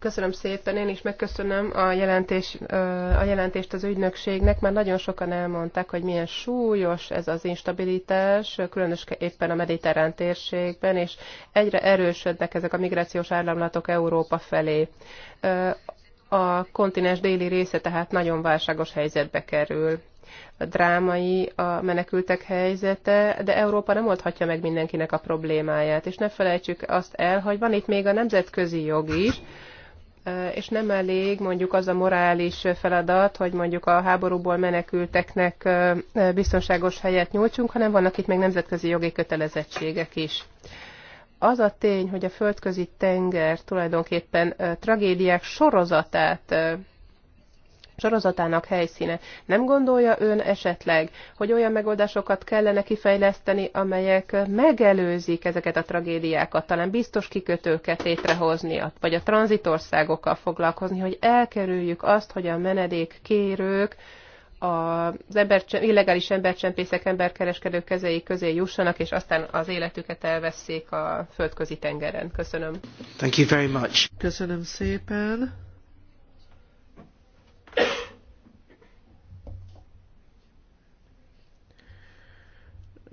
Köszönöm szépen, én is megköszönöm a, jelentés, a jelentést az ügynökségnek. Már nagyon sokan elmondták, hogy milyen súlyos ez az instabilitás, különösen éppen a mediterrán térségben, és egyre erősödnek ezek a migrációs áramlatok Európa felé. A kontinens déli része tehát nagyon válságos helyzetbe kerül drámai a menekültek helyzete, de Európa nem oldhatja meg mindenkinek a problémáját. És ne felejtsük azt el, hogy van itt még a nemzetközi jog is, és nem elég mondjuk az a morális feladat, hogy mondjuk a háborúból menekülteknek biztonságos helyet nyújtsunk, hanem vannak itt még nemzetközi jogi kötelezettségek is. Az a tény, hogy a földközi tenger tulajdonképpen tragédiák sorozatát sorozatának helyszíne. Nem gondolja ön esetleg, hogy olyan megoldásokat kellene kifejleszteni, amelyek megelőzik ezeket a tragédiákat, talán biztos kikötőket létrehozni, vagy a tranzitországokkal foglalkozni, hogy elkerüljük azt, hogy a menedék kérők az embercse- illegális embercsempészek, emberkereskedők kezei közé jussanak, és aztán az életüket elveszik a földközi tengeren. Köszönöm. Thank you very much. Köszönöm szépen.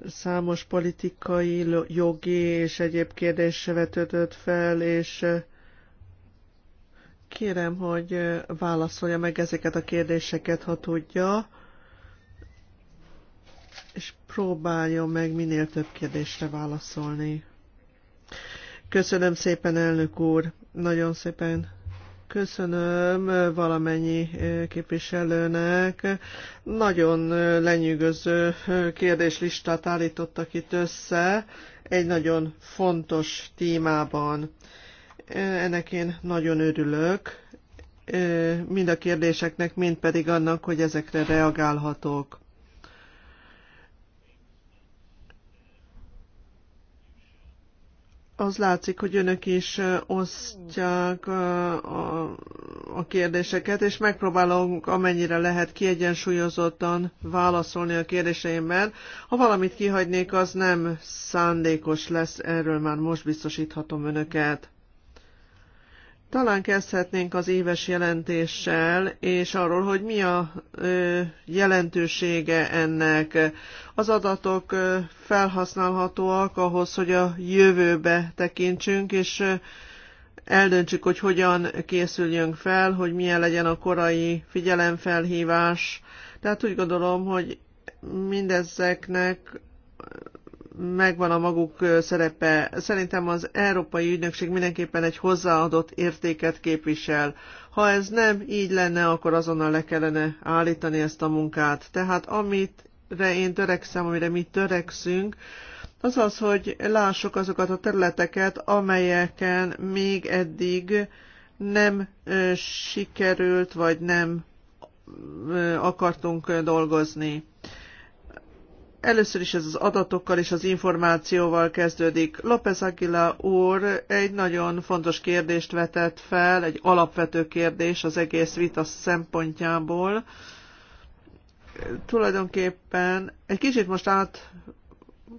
Számos politikai, jogi és egyéb kérdés vetődött fel, és kérem, hogy válaszolja meg ezeket a kérdéseket, ha tudja, és próbáljon meg minél több kérdésre válaszolni. Köszönöm szépen, elnök úr! Nagyon szépen Köszönöm valamennyi képviselőnek. Nagyon lenyűgöző kérdéslistát állítottak itt össze egy nagyon fontos témában. Ennek én nagyon örülök, mind a kérdéseknek, mind pedig annak, hogy ezekre reagálhatok. az látszik, hogy önök is osztják a, a, a kérdéseket, és megpróbálunk amennyire lehet kiegyensúlyozottan válaszolni a kérdéseimben. Ha valamit kihagynék, az nem szándékos lesz, erről már most biztosíthatom önöket. Talán kezdhetnénk az éves jelentéssel, és arról, hogy mi a jelentősége ennek. Az adatok felhasználhatóak ahhoz, hogy a jövőbe tekintsünk, és eldöntsük, hogy hogyan készüljünk fel, hogy milyen legyen a korai figyelemfelhívás. Tehát úgy gondolom, hogy mindezeknek megvan a maguk szerepe. Szerintem az Európai Ügynökség mindenképpen egy hozzáadott értéket képvisel. Ha ez nem így lenne, akkor azonnal le kellene állítani ezt a munkát. Tehát amit én törekszem, amire mi törekszünk, az az, hogy lássuk azokat a területeket, amelyeken még eddig nem sikerült, vagy nem akartunk dolgozni. Először is ez az adatokkal és az információval kezdődik. López Aguila úr egy nagyon fontos kérdést vetett fel, egy alapvető kérdés az egész vita szempontjából. Tulajdonképpen egy kicsit most át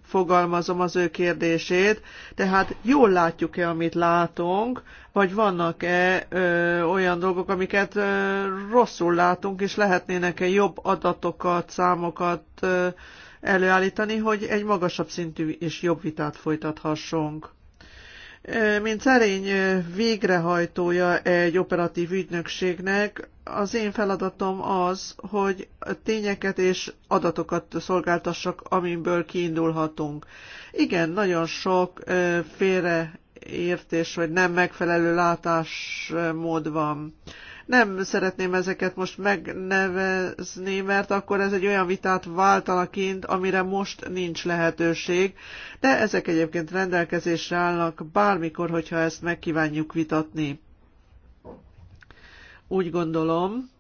fogalmazom az ő kérdését, tehát jól látjuk-e, amit látunk, vagy vannak-e olyan dolgok, amiket ö, rosszul látunk, és lehetnének-e jobb adatokat, számokat ö, előállítani, hogy egy magasabb szintű és jobb vitát folytathassunk. Mint szerény végrehajtója egy operatív ügynökségnek, az én feladatom az, hogy tényeket és adatokat szolgáltassak, amiből kiindulhatunk. Igen, nagyon sok félreértés vagy nem megfelelő látásmód van. Nem szeretném ezeket most megnevezni, mert akkor ez egy olyan vitát váltana kint, amire most nincs lehetőség, de ezek egyébként rendelkezésre állnak bármikor, hogyha ezt megkívánjuk vitatni. Úgy gondolom,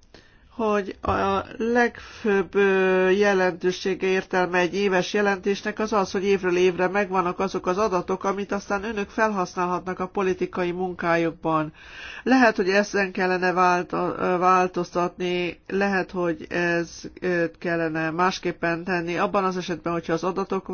hogy a legfőbb jelentősége értelme egy éves jelentésnek az az, hogy évről évre megvannak azok az adatok, amit aztán önök felhasználhatnak a politikai munkájukban. Lehet, hogy ezen kellene változtatni, lehet, hogy ez kellene másképpen tenni. Abban az esetben, hogyha az adatok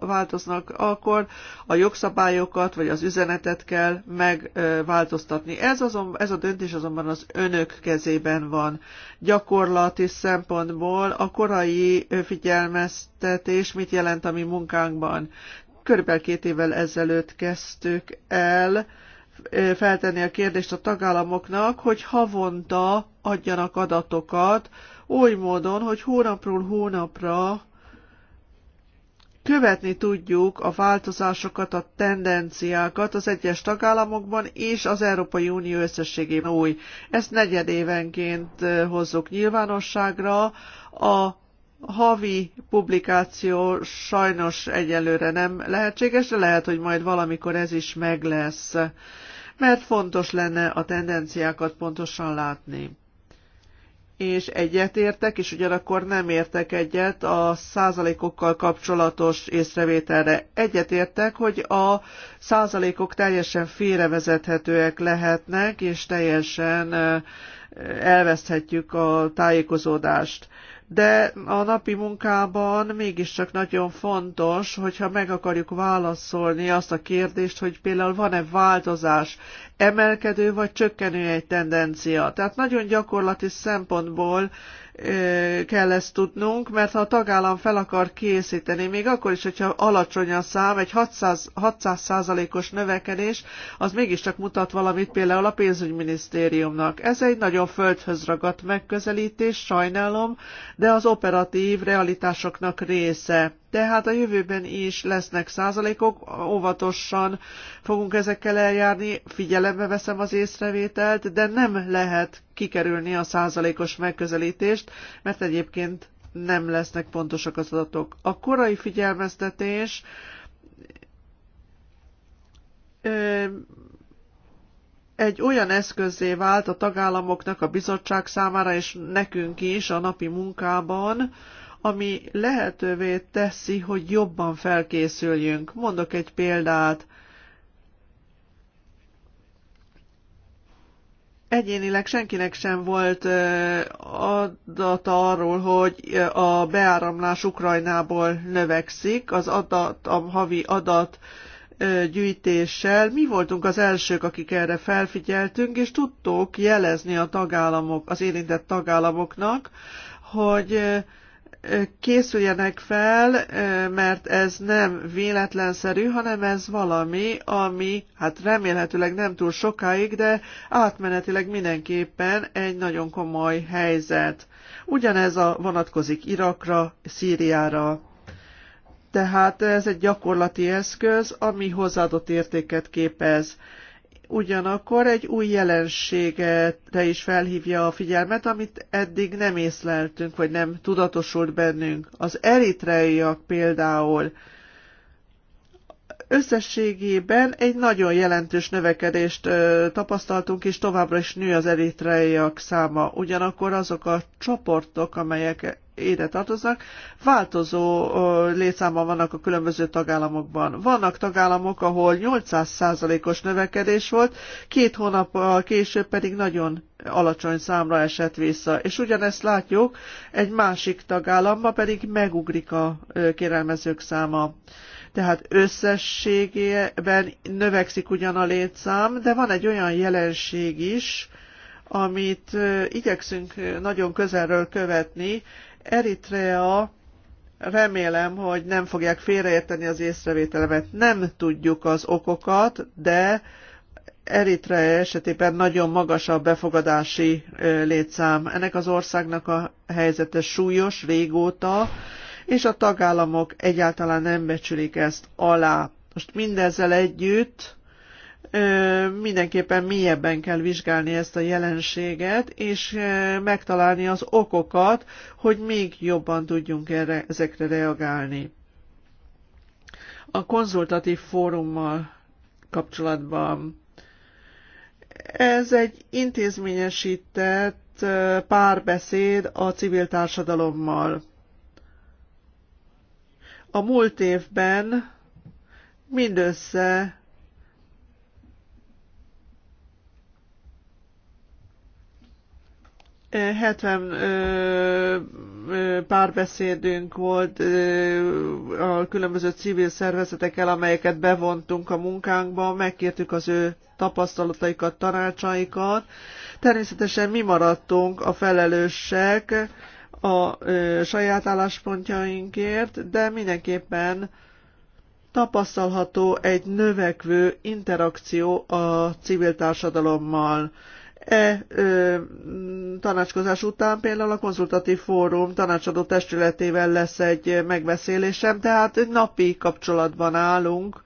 változnak, akkor a jogszabályokat vagy az üzenetet kell megváltoztatni. Ez, azon, ez a döntés azonban az önök kezében van gyakorlati szempontból a korai figyelmeztetés mit jelent a mi munkánkban. Körülbelül két évvel ezelőtt kezdtük el feltenni a kérdést a tagállamoknak, hogy havonta adjanak adatokat, oly módon, hogy hónapról hónapra követni tudjuk a változásokat, a tendenciákat az egyes tagállamokban és az Európai Unió összességében új. Ezt negyedévenként hozzuk nyilvánosságra. A havi publikáció sajnos egyelőre nem lehetséges, de lehet, hogy majd valamikor ez is meg lesz, mert fontos lenne a tendenciákat pontosan látni és egyet értek, és ugyanakkor nem értek egyet a százalékokkal kapcsolatos észrevételre. Egyet értek, hogy a százalékok teljesen félrevezethetőek lehetnek, és teljesen eh, elveszthetjük a tájékozódást de a napi munkában mégiscsak nagyon fontos, hogyha meg akarjuk válaszolni azt a kérdést, hogy például van-e változás, emelkedő vagy csökkenő egy tendencia. Tehát nagyon gyakorlati szempontból kell ezt tudnunk, mert ha a tagállam fel akar készíteni, még akkor is, hogyha alacsony a szám, egy 600, 600%-os növekedés, az mégiscsak mutat valamit például a pénzügyminisztériumnak. Ez egy nagyon földhöz ragadt megközelítés, sajnálom, de az operatív realitásoknak része tehát a jövőben is lesznek százalékok, óvatosan fogunk ezekkel eljárni, figyelembe veszem az észrevételt, de nem lehet kikerülni a százalékos megközelítést, mert egyébként nem lesznek pontosak az adatok. A korai figyelmeztetés egy olyan eszközé vált a tagállamoknak, a bizottság számára és nekünk is a napi munkában, ami lehetővé teszi, hogy jobban felkészüljünk. Mondok egy példát. Egyénileg senkinek sem volt adata arról, hogy a beáramlás Ukrajnából növekszik, az adat, a havi adat gyűjtéssel. Mi voltunk az elsők, akik erre felfigyeltünk, és tudtuk jelezni a tagállamok, az érintett tagállamoknak, hogy készüljenek fel, mert ez nem véletlenszerű, hanem ez valami, ami hát remélhetőleg nem túl sokáig, de átmenetileg mindenképpen egy nagyon komoly helyzet. Ugyanez a vonatkozik Irakra, Szíriára. Tehát ez egy gyakorlati eszköz, ami hozzáadott értéket képez ugyanakkor egy új jelenségre is felhívja a figyelmet, amit eddig nem észleltünk, vagy nem tudatosult bennünk. Az eritreiak például összességében egy nagyon jelentős növekedést tapasztaltunk, és továbbra is nő az eritreiak száma. Ugyanakkor azok a csoportok, amelyek ide tartoznak, változó létszámban vannak a különböző tagállamokban. Vannak tagállamok, ahol 800%-os növekedés volt, két hónap később pedig nagyon alacsony számra esett vissza. És ugyanezt látjuk, egy másik tagállamban pedig megugrik a kérelmezők száma tehát összességében növekszik ugyan a létszám, de van egy olyan jelenség is, amit igyekszünk nagyon közelről követni. Eritrea remélem, hogy nem fogják félreérteni az észrevételemet. Nem tudjuk az okokat, de Eritrea esetében nagyon magas a befogadási létszám. Ennek az országnak a helyzete súlyos régóta, és a tagállamok egyáltalán nem becsülik ezt alá. Most mindezzel együtt mindenképpen mélyebben kell vizsgálni ezt a jelenséget, és megtalálni az okokat, hogy még jobban tudjunk erre, ezekre reagálni. A konzultatív fórummal kapcsolatban ez egy intézményesített párbeszéd a civil társadalommal a múlt évben mindössze Hetven párbeszédünk volt a különböző civil szervezetekkel, amelyeket bevontunk a munkánkba, megkértük az ő tapasztalataikat, tanácsaikat. Természetesen mi maradtunk a felelősek, a saját álláspontjainkért, de mindenképpen tapasztalható egy növekvő interakció a civil társadalommal. E ö, tanácskozás után például a konzultatív fórum tanácsadó testületével lesz egy megbeszélésem, tehát napi kapcsolatban állunk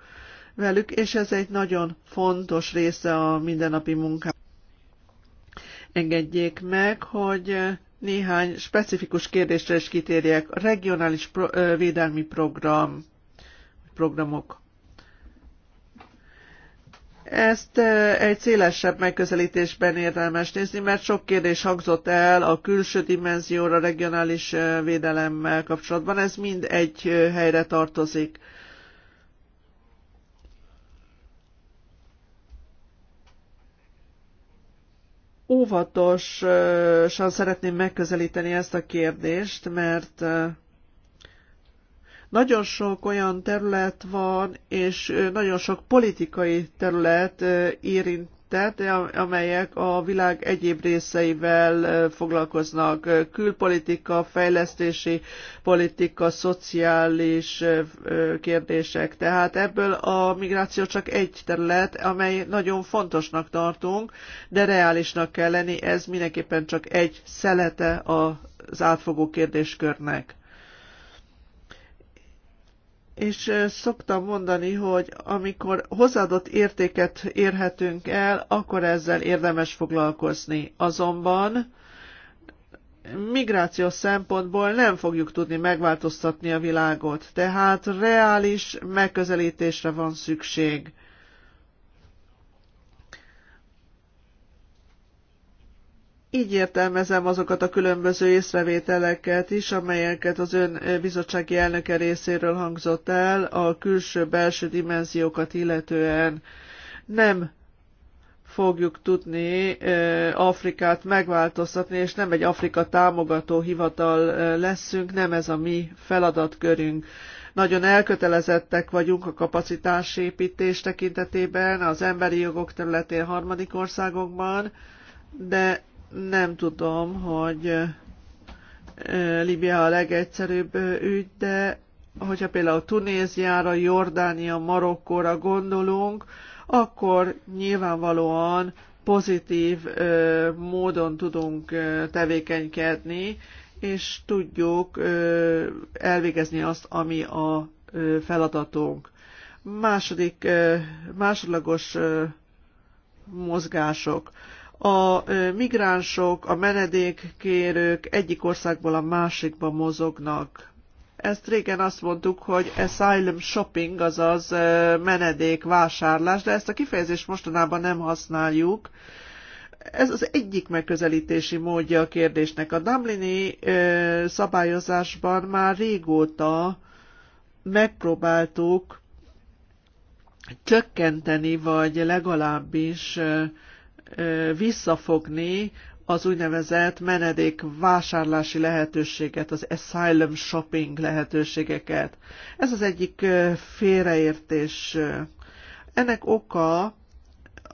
velük, és ez egy nagyon fontos része a mindennapi munkának. Engedjék meg, hogy néhány specifikus kérdésre is kitérjek. A regionális pro, ö, védelmi program, programok. Ezt egy szélesebb megközelítésben érdemes nézni, mert sok kérdés hangzott el a külső dimenzióra, regionális védelemmel kapcsolatban. Ez mind egy helyre tartozik. óvatosan szeretném megközelíteni ezt a kérdést, mert nagyon sok olyan terület van, és nagyon sok politikai terület érint tett, eh, amelyek a világ egyéb részeivel eh, foglalkoznak. Eh, külpolitika, fejlesztési politika, szociális kérdések. Tehát ebből a migráció csak egy terület, amely nagyon fontosnak tartunk, de reálisnak kell lenni. Ez mindenképpen csak egy szelete az átfogó kérdéskörnek és szoktam mondani, hogy amikor hozzáadott értéket érhetünk el, akkor ezzel érdemes foglalkozni. Azonban migrációs szempontból nem fogjuk tudni megváltoztatni a világot, tehát reális megközelítésre van szükség. Így értelmezem azokat a különböző észrevételeket is, amelyeket az ön bizottsági elnöke részéről hangzott el a külső-belső dimenziókat illetően. Nem fogjuk tudni Afrikát megváltoztatni, és nem egy Afrika támogató hivatal leszünk, nem ez a mi feladatkörünk. Nagyon elkötelezettek vagyunk a kapacitásépítés tekintetében, az emberi jogok területén harmadik országokban, de nem tudom, hogy Libia a legegyszerűbb ügy, de hogyha például Tunéziára, Jordánia, Marokkóra gondolunk, akkor nyilvánvalóan pozitív módon tudunk tevékenykedni, és tudjuk elvégezni azt, ami a feladatunk. Második, másodlagos mozgások a migránsok, a menedékkérők egyik országból a másikba mozognak. Ezt régen azt mondtuk, hogy asylum shopping, azaz menedék vásárlás, de ezt a kifejezést mostanában nem használjuk. Ez az egyik megközelítési módja a kérdésnek. A Dublini szabályozásban már régóta megpróbáltuk csökkenteni, vagy legalábbis visszafogni az úgynevezett menedék vásárlási lehetőséget, az asylum shopping lehetőségeket. Ez az egyik félreértés. Ennek oka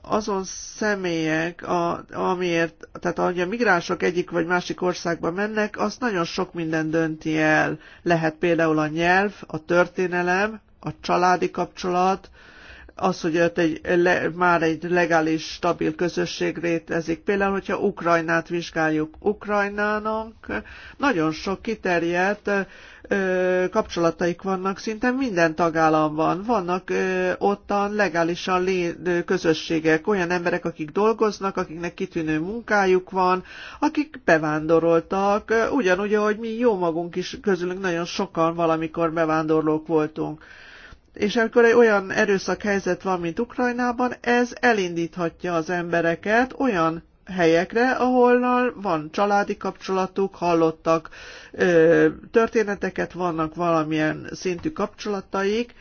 azon személyek, a, amiért, tehát ahogy a migránsok egyik vagy másik országba mennek, az nagyon sok minden dönti el. Lehet például a nyelv, a történelem, a családi kapcsolat, az, hogy ott egy, le, már egy legális, stabil közösség létezik. Például, hogyha Ukrajnát vizsgáljuk, Ukrajnának nagyon sok kiterjedt ö, kapcsolataik vannak szinte minden tagállamban. Vannak ö, ottan legálisan ö, közösségek, olyan emberek, akik dolgoznak, akiknek kitűnő munkájuk van, akik bevándoroltak, ugyanúgy, ahogy mi jó magunk is közülünk nagyon sokan valamikor bevándorlók voltunk és amikor egy olyan helyzet van, mint Ukrajnában, ez elindíthatja az embereket olyan helyekre, ahol van családi kapcsolatuk, hallottak ö, történeteket, vannak valamilyen szintű kapcsolataik,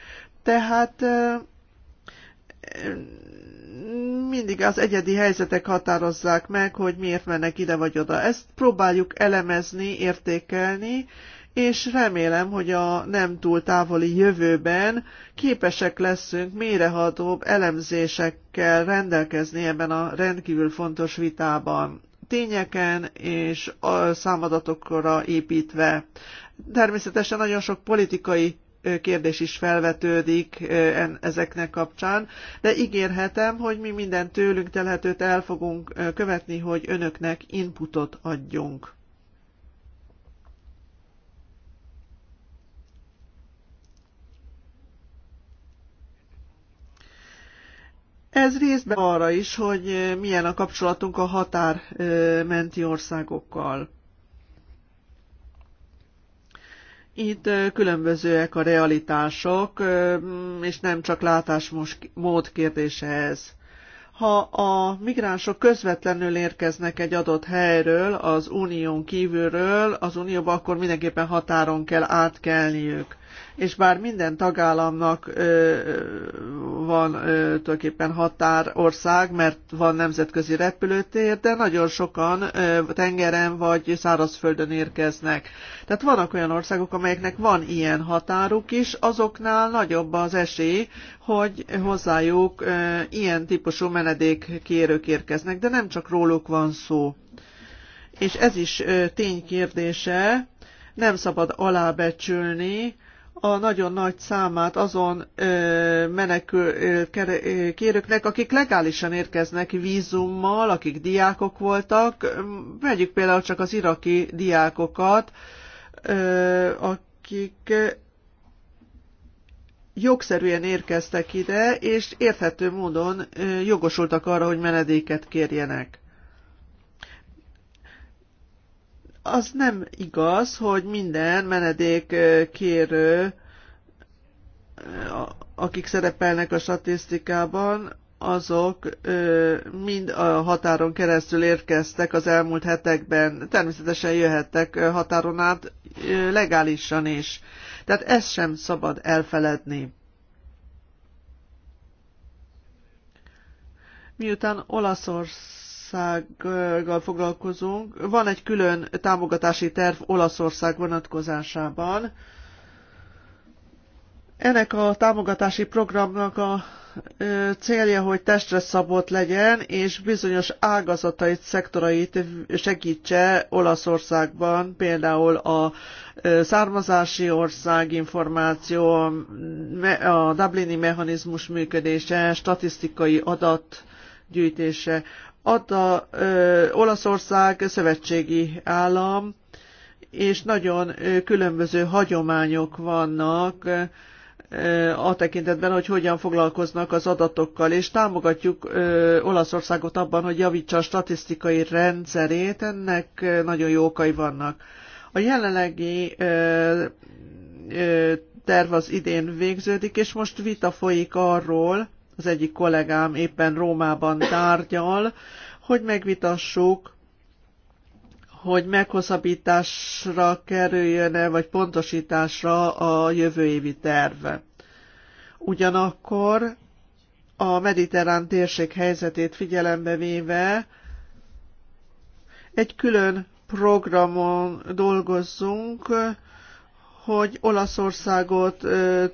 tehát ö, mindig az egyedi helyzetek határozzák meg, hogy miért mennek ide vagy oda. Ezt próbáljuk elemezni, értékelni, és remélem, hogy a nem túl távoli jövőben képesek leszünk mérehatóbb elemzésekkel rendelkezni ebben a rendkívül fontos vitában tényeken és a számadatokra építve. Természetesen nagyon sok politikai kérdés is felvetődik ezeknek kapcsán, de ígérhetem, hogy mi minden tőlünk telhetőt el fogunk követni, hogy önöknek inputot adjunk. Ez részben arra is, hogy milyen a kapcsolatunk a határmenti országokkal. Itt különbözőek a realitások, és nem csak látásmód kérdése ez. Ha a migránsok közvetlenül érkeznek egy adott helyről, az unión kívülről, az unióba, akkor mindenképpen határon kell átkelniük. És bár minden tagállamnak van tulajdonképpen határország, mert van nemzetközi repülőtér, de nagyon sokan tengeren vagy szárazföldön érkeznek. Tehát vannak olyan országok, amelyeknek van ilyen határuk is, azoknál nagyobb az esély, hogy hozzájuk ilyen típusú menedékkérők érkeznek, de nem csak róluk van szó. És ez is ténykérdése, nem szabad alábecsülni, a nagyon nagy számát azon menekült kérőknek, akik legálisan érkeznek vízummal, akik diákok voltak. Vegyük például csak az iraki diákokat, akik jogszerűen érkeztek ide, és érthető módon jogosultak arra, hogy menedéket kérjenek. az nem igaz, hogy minden menedékkérő, akik szerepelnek a statisztikában, azok ö, mind a határon keresztül érkeztek az elmúlt hetekben. Természetesen jöhettek határon át ö, legálisan is. Tehát ezt sem szabad elfeledni. Miután Olaszország Olaszországgal foglalkozunk. Van egy külön támogatási terv Olaszország vonatkozásában. Ennek a támogatási programnak a célja, hogy testre szabott legyen, és bizonyos ágazatait, szektorait segítse Olaszországban, például a származási ország információ, a Dublini mechanizmus működése, statisztikai adat gyűjtése. A ö, Olaszország szövetségi állam, és nagyon különböző hagyományok vannak a tekintetben, hogy hogyan foglalkoznak az adatokkal, és támogatjuk Olaszországot abban, hogy javítsa a statisztikai rendszerét, ennek nagyon jó okai vannak. A jelenlegi terv az idén végződik, és most vita folyik arról, az egyik kollégám éppen Rómában tárgyal, hogy megvitassuk, hogy meghosszabbításra kerüljön-e, vagy pontosításra a jövő évi terve. Ugyanakkor a mediterrán térség helyzetét figyelembe véve egy külön programon dolgozzunk, hogy Olaszországot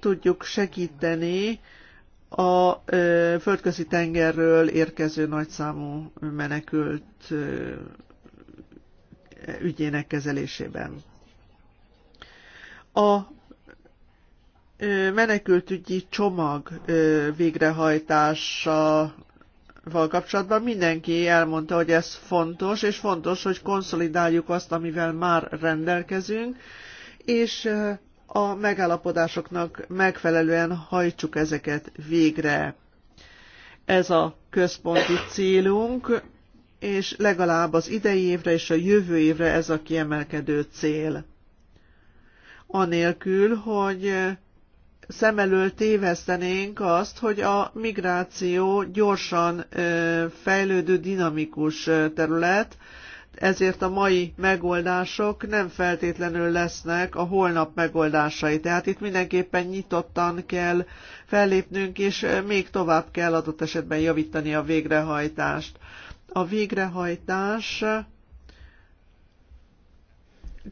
tudjuk segíteni a földközi tengerről érkező nagyszámú menekült ügyének kezelésében. A menekültügyi csomag végrehajtása val kapcsolatban mindenki elmondta, hogy ez fontos, és fontos, hogy konszolidáljuk azt, amivel már rendelkezünk, és a megállapodásoknak megfelelően hajtsuk ezeket végre. Ez a központi célunk, és legalább az idei évre és a jövő évre ez a kiemelkedő cél. Anélkül, hogy szem elől tévesztenénk azt, hogy a migráció gyorsan fejlődő dinamikus terület, ezért a mai megoldások nem feltétlenül lesznek a holnap megoldásai. Tehát itt mindenképpen nyitottan kell fellépnünk, és még tovább kell adott esetben javítani a végrehajtást. A végrehajtás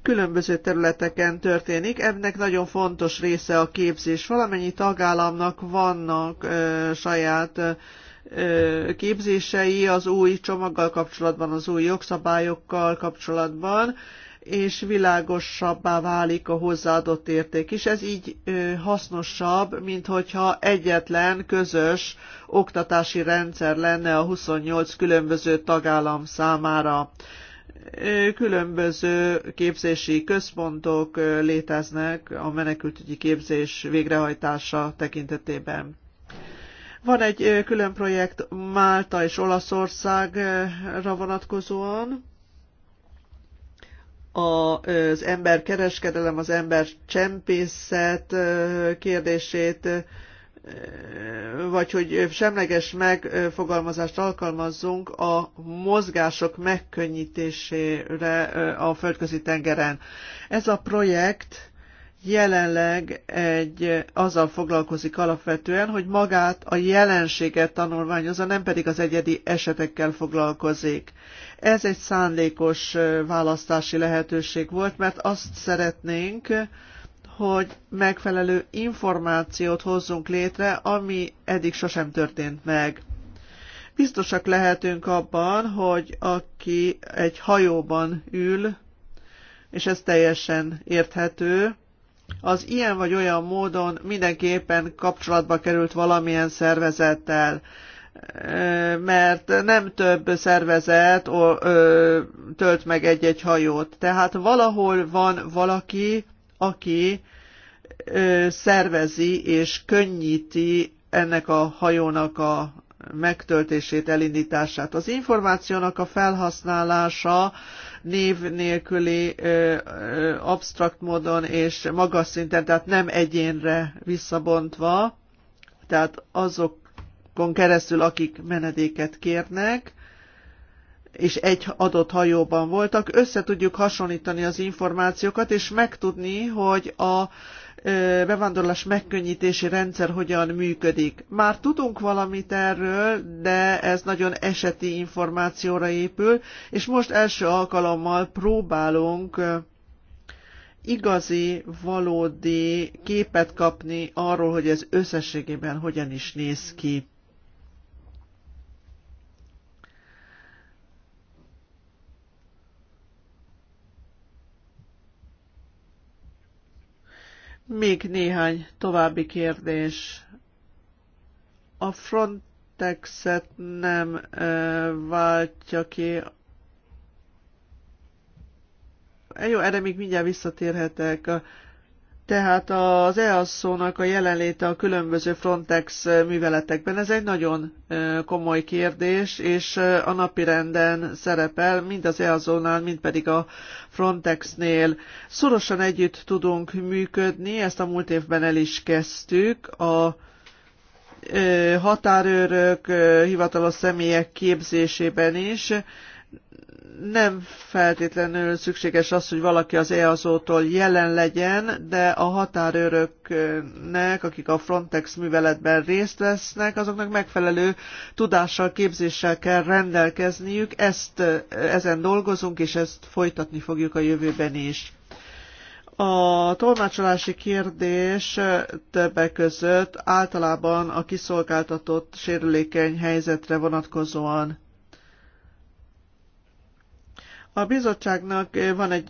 különböző területeken történik. Ennek nagyon fontos része a képzés. Valamennyi tagállamnak vannak ö, saját ö, képzései az új csomaggal kapcsolatban, az új jogszabályokkal kapcsolatban, és világosabbá válik a hozzáadott érték is. Ez így hasznosabb, mint hogyha egyetlen közös oktatási rendszer lenne a 28 különböző tagállam számára. Különböző képzési központok léteznek a menekültügyi képzés végrehajtása tekintetében. Van egy külön projekt Málta és Olaszországra vonatkozóan, az emberkereskedelem, az ember csempészet kérdését, vagy hogy semleges megfogalmazást alkalmazzunk a mozgások megkönnyítésére a földközi tengeren. Ez a projekt jelenleg egy, azzal foglalkozik alapvetően, hogy magát a jelenséget tanulmányozza, nem pedig az egyedi esetekkel foglalkozik. Ez egy szándékos választási lehetőség volt, mert azt szeretnénk, hogy megfelelő információt hozzunk létre, ami eddig sosem történt meg. Biztosak lehetünk abban, hogy aki egy hajóban ül, és ez teljesen érthető, az ilyen vagy olyan módon mindenképpen kapcsolatba került valamilyen szervezettel, mert nem több szervezet tölt meg egy-egy hajót. Tehát valahol van valaki, aki szervezi és könnyíti ennek a hajónak a megtöltését, elindítását. Az információnak a felhasználása név nélküli, absztrakt módon és magas szinten, tehát nem egyénre visszabontva, tehát azokon keresztül, akik menedéket kérnek, és egy adott hajóban voltak, össze tudjuk hasonlítani az információkat, és megtudni, hogy a bevándorlás megkönnyítési rendszer hogyan működik. Már tudunk valamit erről, de ez nagyon eseti információra épül, és most első alkalommal próbálunk igazi, valódi képet kapni arról, hogy ez összességében hogyan is néz ki. Még néhány további kérdés. A Frontexet nem váltja ki jó, erre még mindjárt visszatérhetek. Tehát az EASZ-nak a jelenléte a különböző Frontex műveletekben, ez egy nagyon komoly kérdés, és a napi renden szerepel, mind az EASZ-nál, mind pedig a Frontexnél. Szorosan együtt tudunk működni, ezt a múlt évben el is kezdtük. A határőrök, hivatalos személyek képzésében is, nem feltétlenül szükséges az, hogy valaki az EASO-tól jelen legyen, de a határőröknek, akik a Frontex műveletben részt vesznek, azoknak megfelelő tudással, képzéssel kell rendelkezniük. Ezt, ezen dolgozunk, és ezt folytatni fogjuk a jövőben is. A tolmácsolási kérdés többek között általában a kiszolgáltatott sérülékeny helyzetre vonatkozóan a bizottságnak van egy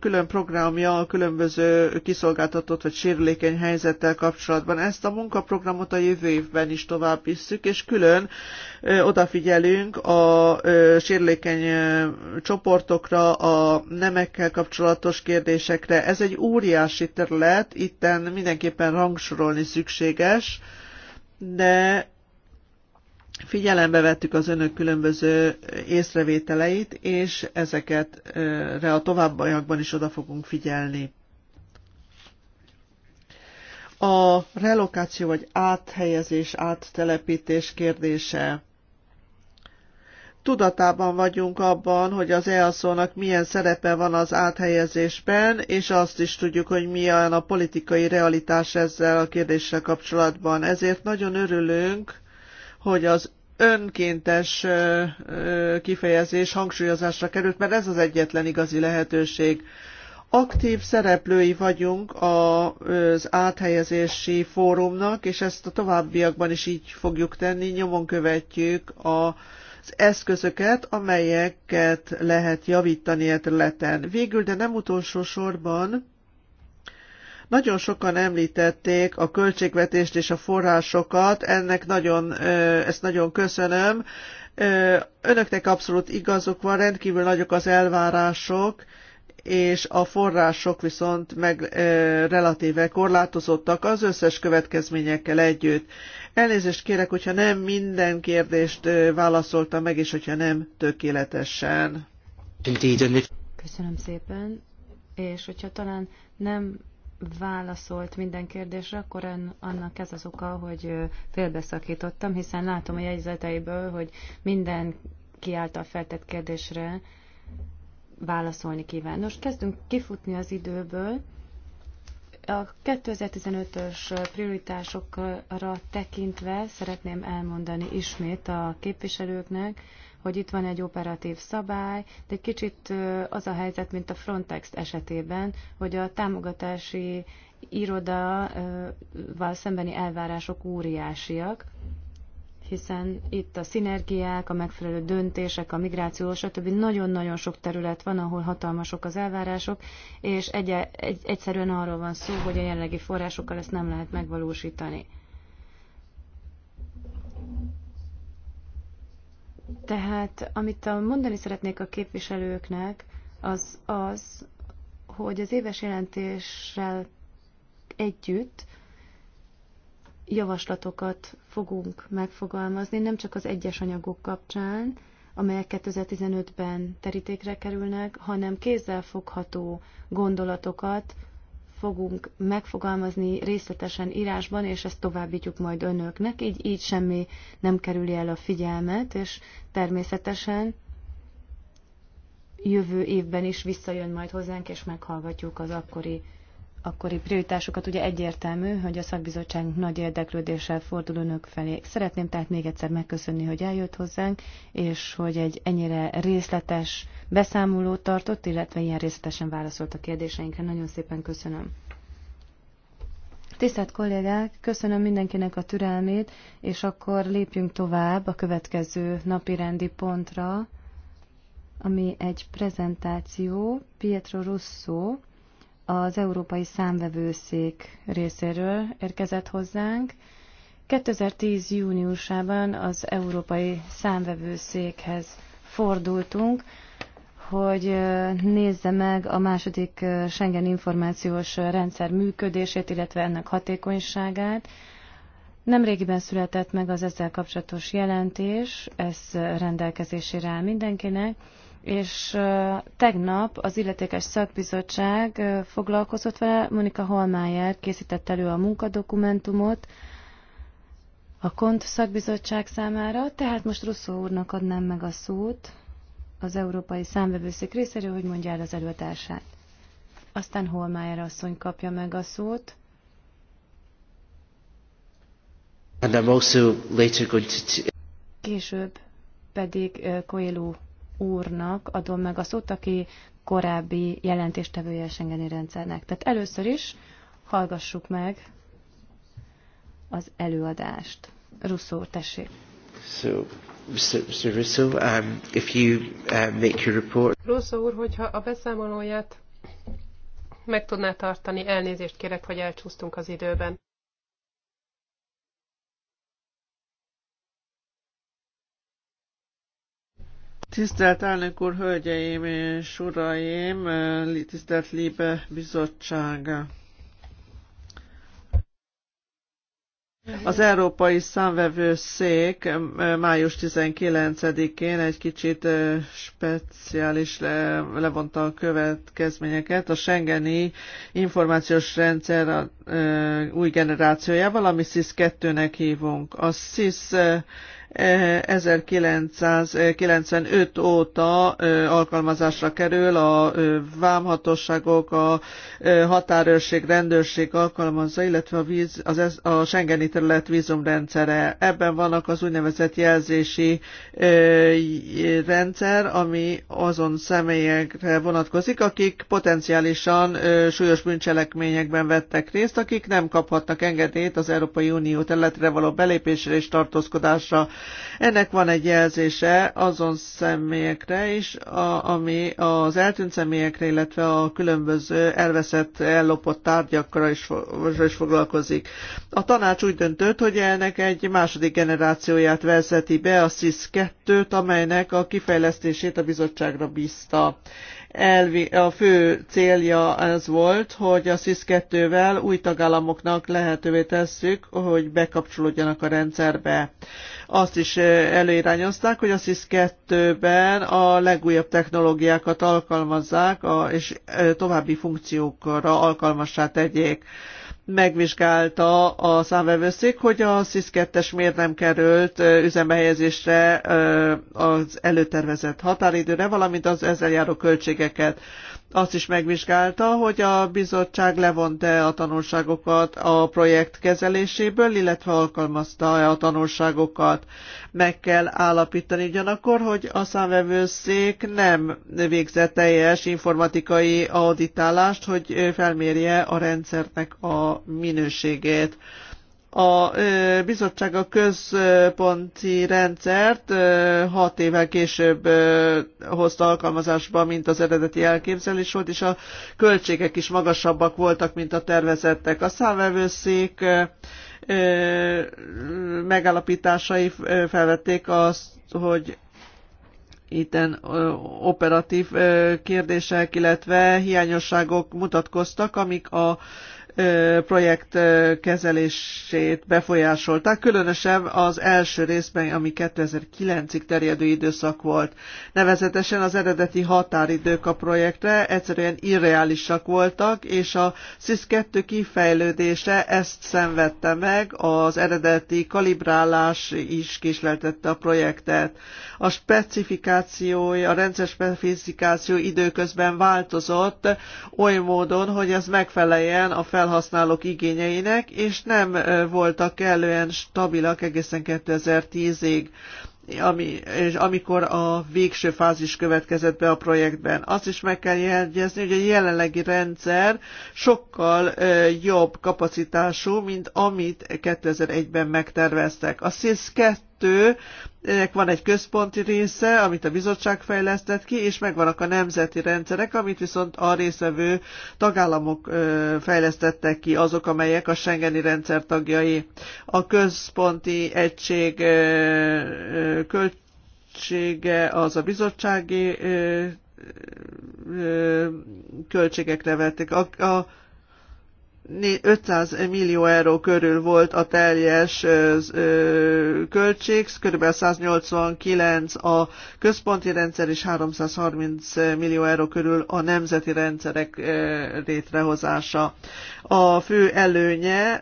külön programja a különböző kiszolgáltatott vagy sérülékeny helyzettel kapcsolatban. Ezt a munkaprogramot a jövő évben is tovább visszük, és külön odafigyelünk a sérülékeny csoportokra, a nemekkel kapcsolatos kérdésekre. Ez egy óriási terület, itten mindenképpen rangsorolni szükséges, de Figyelembe vettük az önök különböző észrevételeit, és ezeket re a továbbiakban is oda fogunk figyelni. A relokáció vagy áthelyezés, áttelepítés kérdése tudatában vagyunk abban, hogy az EASZ-nak milyen szerepe van az áthelyezésben, és azt is tudjuk, hogy milyen a politikai realitás ezzel a kérdéssel kapcsolatban. Ezért nagyon örülünk, hogy az önkéntes kifejezés hangsúlyozásra került, mert ez az egyetlen igazi lehetőség. Aktív szereplői vagyunk az áthelyezési fórumnak, és ezt a továbbiakban is így fogjuk tenni, nyomon követjük a az eszközöket, amelyeket lehet javítani a területen. Végül, de nem utolsó sorban, nagyon sokan említették a költségvetést és a forrásokat, ennek nagyon, ezt nagyon köszönöm. Önöknek abszolút igazuk van, rendkívül nagyok az elvárások, és a források viszont meg e, relatíve korlátozottak az összes következményekkel együtt. Elnézést kérek, hogyha nem minden kérdést e, válaszoltam meg, és hogyha nem tökéletesen. Köszönöm szépen, és hogyha talán nem válaszolt minden kérdésre, akkor annak ez az oka, hogy félbeszakítottam, hiszen látom a jegyzeteiből, hogy minden kiáltal feltett kérdésre válaszolni kíván. Nos, kezdünk kifutni az időből. A 2015-ös prioritásokra tekintve szeretném elmondani ismét a képviselőknek, hogy itt van egy operatív szabály, de egy kicsit az a helyzet, mint a Frontex esetében, hogy a támogatási irodával szembeni elvárások óriásiak, hiszen itt a szinergiák, a megfelelő döntések, a migráció, stb. nagyon-nagyon sok terület van, ahol hatalmasok az elvárások, és egy- egy- egyszerűen arról van szó, hogy a jelenlegi forrásokkal ezt nem lehet megvalósítani. Tehát amit mondani szeretnék a képviselőknek, az az, hogy az éves jelentéssel együtt javaslatokat fogunk megfogalmazni, nem csak az egyes anyagok kapcsán, amelyek 2015-ben terítékre kerülnek, hanem kézzelfogható gondolatokat fogunk megfogalmazni részletesen írásban, és ezt továbbítjuk majd önöknek, így, így semmi nem kerüli el a figyelmet, és természetesen jövő évben is visszajön majd hozzánk, és meghallgatjuk az akkori akkori prioritásokat ugye egyértelmű, hogy a szakbizottság nagy érdeklődéssel fordul önök felé. Szeretném tehát még egyszer megköszönni, hogy eljött hozzánk, és hogy egy ennyire részletes beszámolót tartott, illetve ilyen részletesen válaszolt a kérdéseinkre. Nagyon szépen köszönöm. Tisztelt kollégák, köszönöm mindenkinek a türelmét, és akkor lépjünk tovább a következő napi rendi pontra, ami egy prezentáció Pietro Russo, az Európai Számvevőszék részéről érkezett hozzánk. 2010. júniusában az Európai Számvevőszékhez fordultunk, hogy nézze meg a második Schengen információs rendszer működését, illetve ennek hatékonyságát. Nemrégiben született meg az ezzel kapcsolatos jelentés, ez rendelkezésére áll mindenkinek és tegnap az illetékes szakbizottság foglalkozott vele, Monika Holmájer készített elő a munkadokumentumot a KONT szakbizottság számára, tehát most Russzó úrnak adnám meg a szót az Európai Számvevőszék részéről, hogy mondja el az előadását. Aztán Holmájer asszony kapja meg a szót. And I'm also later going to... Később pedig Coelho úrnak adom meg a szót, aki korábbi jelentéstevője a Schengeni rendszernek. Tehát először is hallgassuk meg az előadást. Russzó, tessék. So, so, so Russo, um, if you uh, make your report... Russo úr, hogyha a beszámolóját meg tudná tartani, elnézést kérek, hogy elcsúsztunk az időben. Tisztelt elnök úr, hölgyeim és uraim, tisztelt Libe bizottsága! Az Európai Számvevőszék május 19-én egy kicsit speciális le, levonta a következményeket a Schengeni információs rendszer a, új generációjával, ami SIS-2-nek hívunk. A SIS 1995 óta alkalmazásra kerül, a vámhatóságok, a határőrség, rendőrség alkalmazza, illetve a, víz, az, a Schengeni terület vízumrendszere. Ebben vannak az úgynevezett jelzési rendszer, ami azon személyekre vonatkozik, akik potenciálisan súlyos bűncselekményekben vettek részt, akik nem kaphatnak engedélyt az Európai Unió területre való belépésre és tartózkodásra ennek van egy jelzése azon személyekre is, a, ami az eltűnt személyekre, illetve a különböző elveszett, ellopott tárgyakra is, is foglalkozik. A tanács úgy döntött, hogy ennek egy második generációját vezeti be, a SIS-2-t, amelynek a kifejlesztését a bizottságra bízta elvi, a fő célja ez volt, hogy a SZISZ 2-vel új tagállamoknak lehetővé tesszük, hogy bekapcsolódjanak a rendszerbe. Azt is előirányozták, hogy a SZISZ 2-ben a legújabb technológiákat alkalmazzák, a és további funkciókra alkalmassá tegyék megvizsgálta a számvevőszék, hogy a SZISZ 2 miért nem került üzembehelyezésre az előtervezett határidőre, valamint az ezzel járó költségeket azt is megvizsgálta, hogy a bizottság levonta-e a tanulságokat a projekt kezeléséből, illetve alkalmazta-e a tanulságokat. Meg kell állapítani ugyanakkor, hogy a számvevőszék nem végzett teljes informatikai auditálást, hogy felmérje a rendszernek a minőségét. A bizottság a központi rendszert hat évvel később hozta alkalmazásba, mint az eredeti elképzelés volt, és a költségek is magasabbak voltak, mint a tervezettek. A számvevőszék megállapításai felvették azt, hogy itten operatív kérdések, illetve hiányosságok mutatkoztak, amik a projekt kezelését befolyásolták, különösen az első részben, ami 2009-ig terjedő időszak volt. Nevezetesen az eredeti határidők a projektre egyszerűen irreálisak voltak, és a SIS-2 kifejlődése ezt szenvedte meg, az eredeti kalibrálás is késleltette a projektet. A specifikációja, a rendszer specifikáció időközben változott oly módon, hogy ez megfeleljen a fel felhasználók igényeinek, és nem voltak kellően stabilak egészen 2010-ig ami, és amikor a végső fázis következett be a projektben. Azt is meg kell jegyezni, hogy a jelenlegi rendszer sokkal ö, jobb kapacitású, mint amit 2001-ben megterveztek. A SIS 2 kettő, ennek van egy központi része, amit a bizottság fejlesztett ki, és megvannak a nemzeti rendszerek, amit viszont a részvevő tagállamok fejlesztettek ki, azok, amelyek a Schengeni rendszer tagjai. A központi egység költsége az a bizottsági költségekre vették. A, a 500 millió euró körül volt a teljes költség, kb. 189 a központi rendszer és 330 millió euró körül a nemzeti rendszerek létrehozása. A fő előnye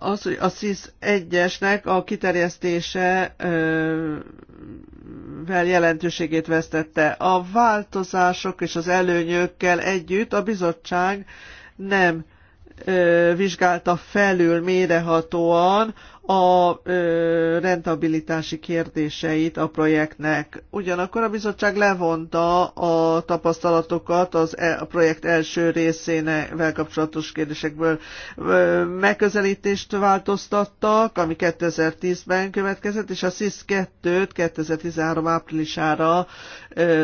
az, hogy a SIS 1-esnek a kiterjesztése vel jelentőségét vesztette. A változások és az előnyökkel együtt a bizottság nem vizsgálta felül mérehatóan a rentabilitási kérdéseit a projektnek. Ugyanakkor a bizottság levonta a tapasztalatokat az e, a projekt első részénevel kapcsolatos kérdésekből. Megközelítést változtattak, ami 2010-ben következett, és a SZISZ 2-t 2013 áprilisára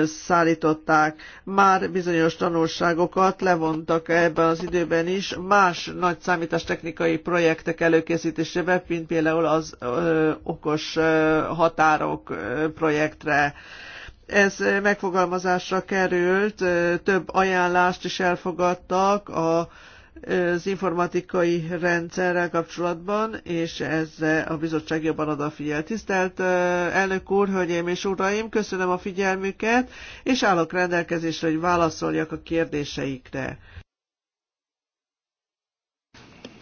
szállították. Már bizonyos tanulságokat levontak ebben az időben is más nagy számítástechnikai projektek előkészítésébe, mint például az ö, okos ö, határok ö, projektre. Ez megfogalmazásra került, ö, több ajánlást is elfogadtak a az informatikai rendszerrel kapcsolatban, és ez a bizottság jobban odafigyel. Tisztelt elnök úr, hölgyeim és uraim, köszönöm a figyelmüket, és állok rendelkezésre, hogy válaszoljak a kérdéseikre.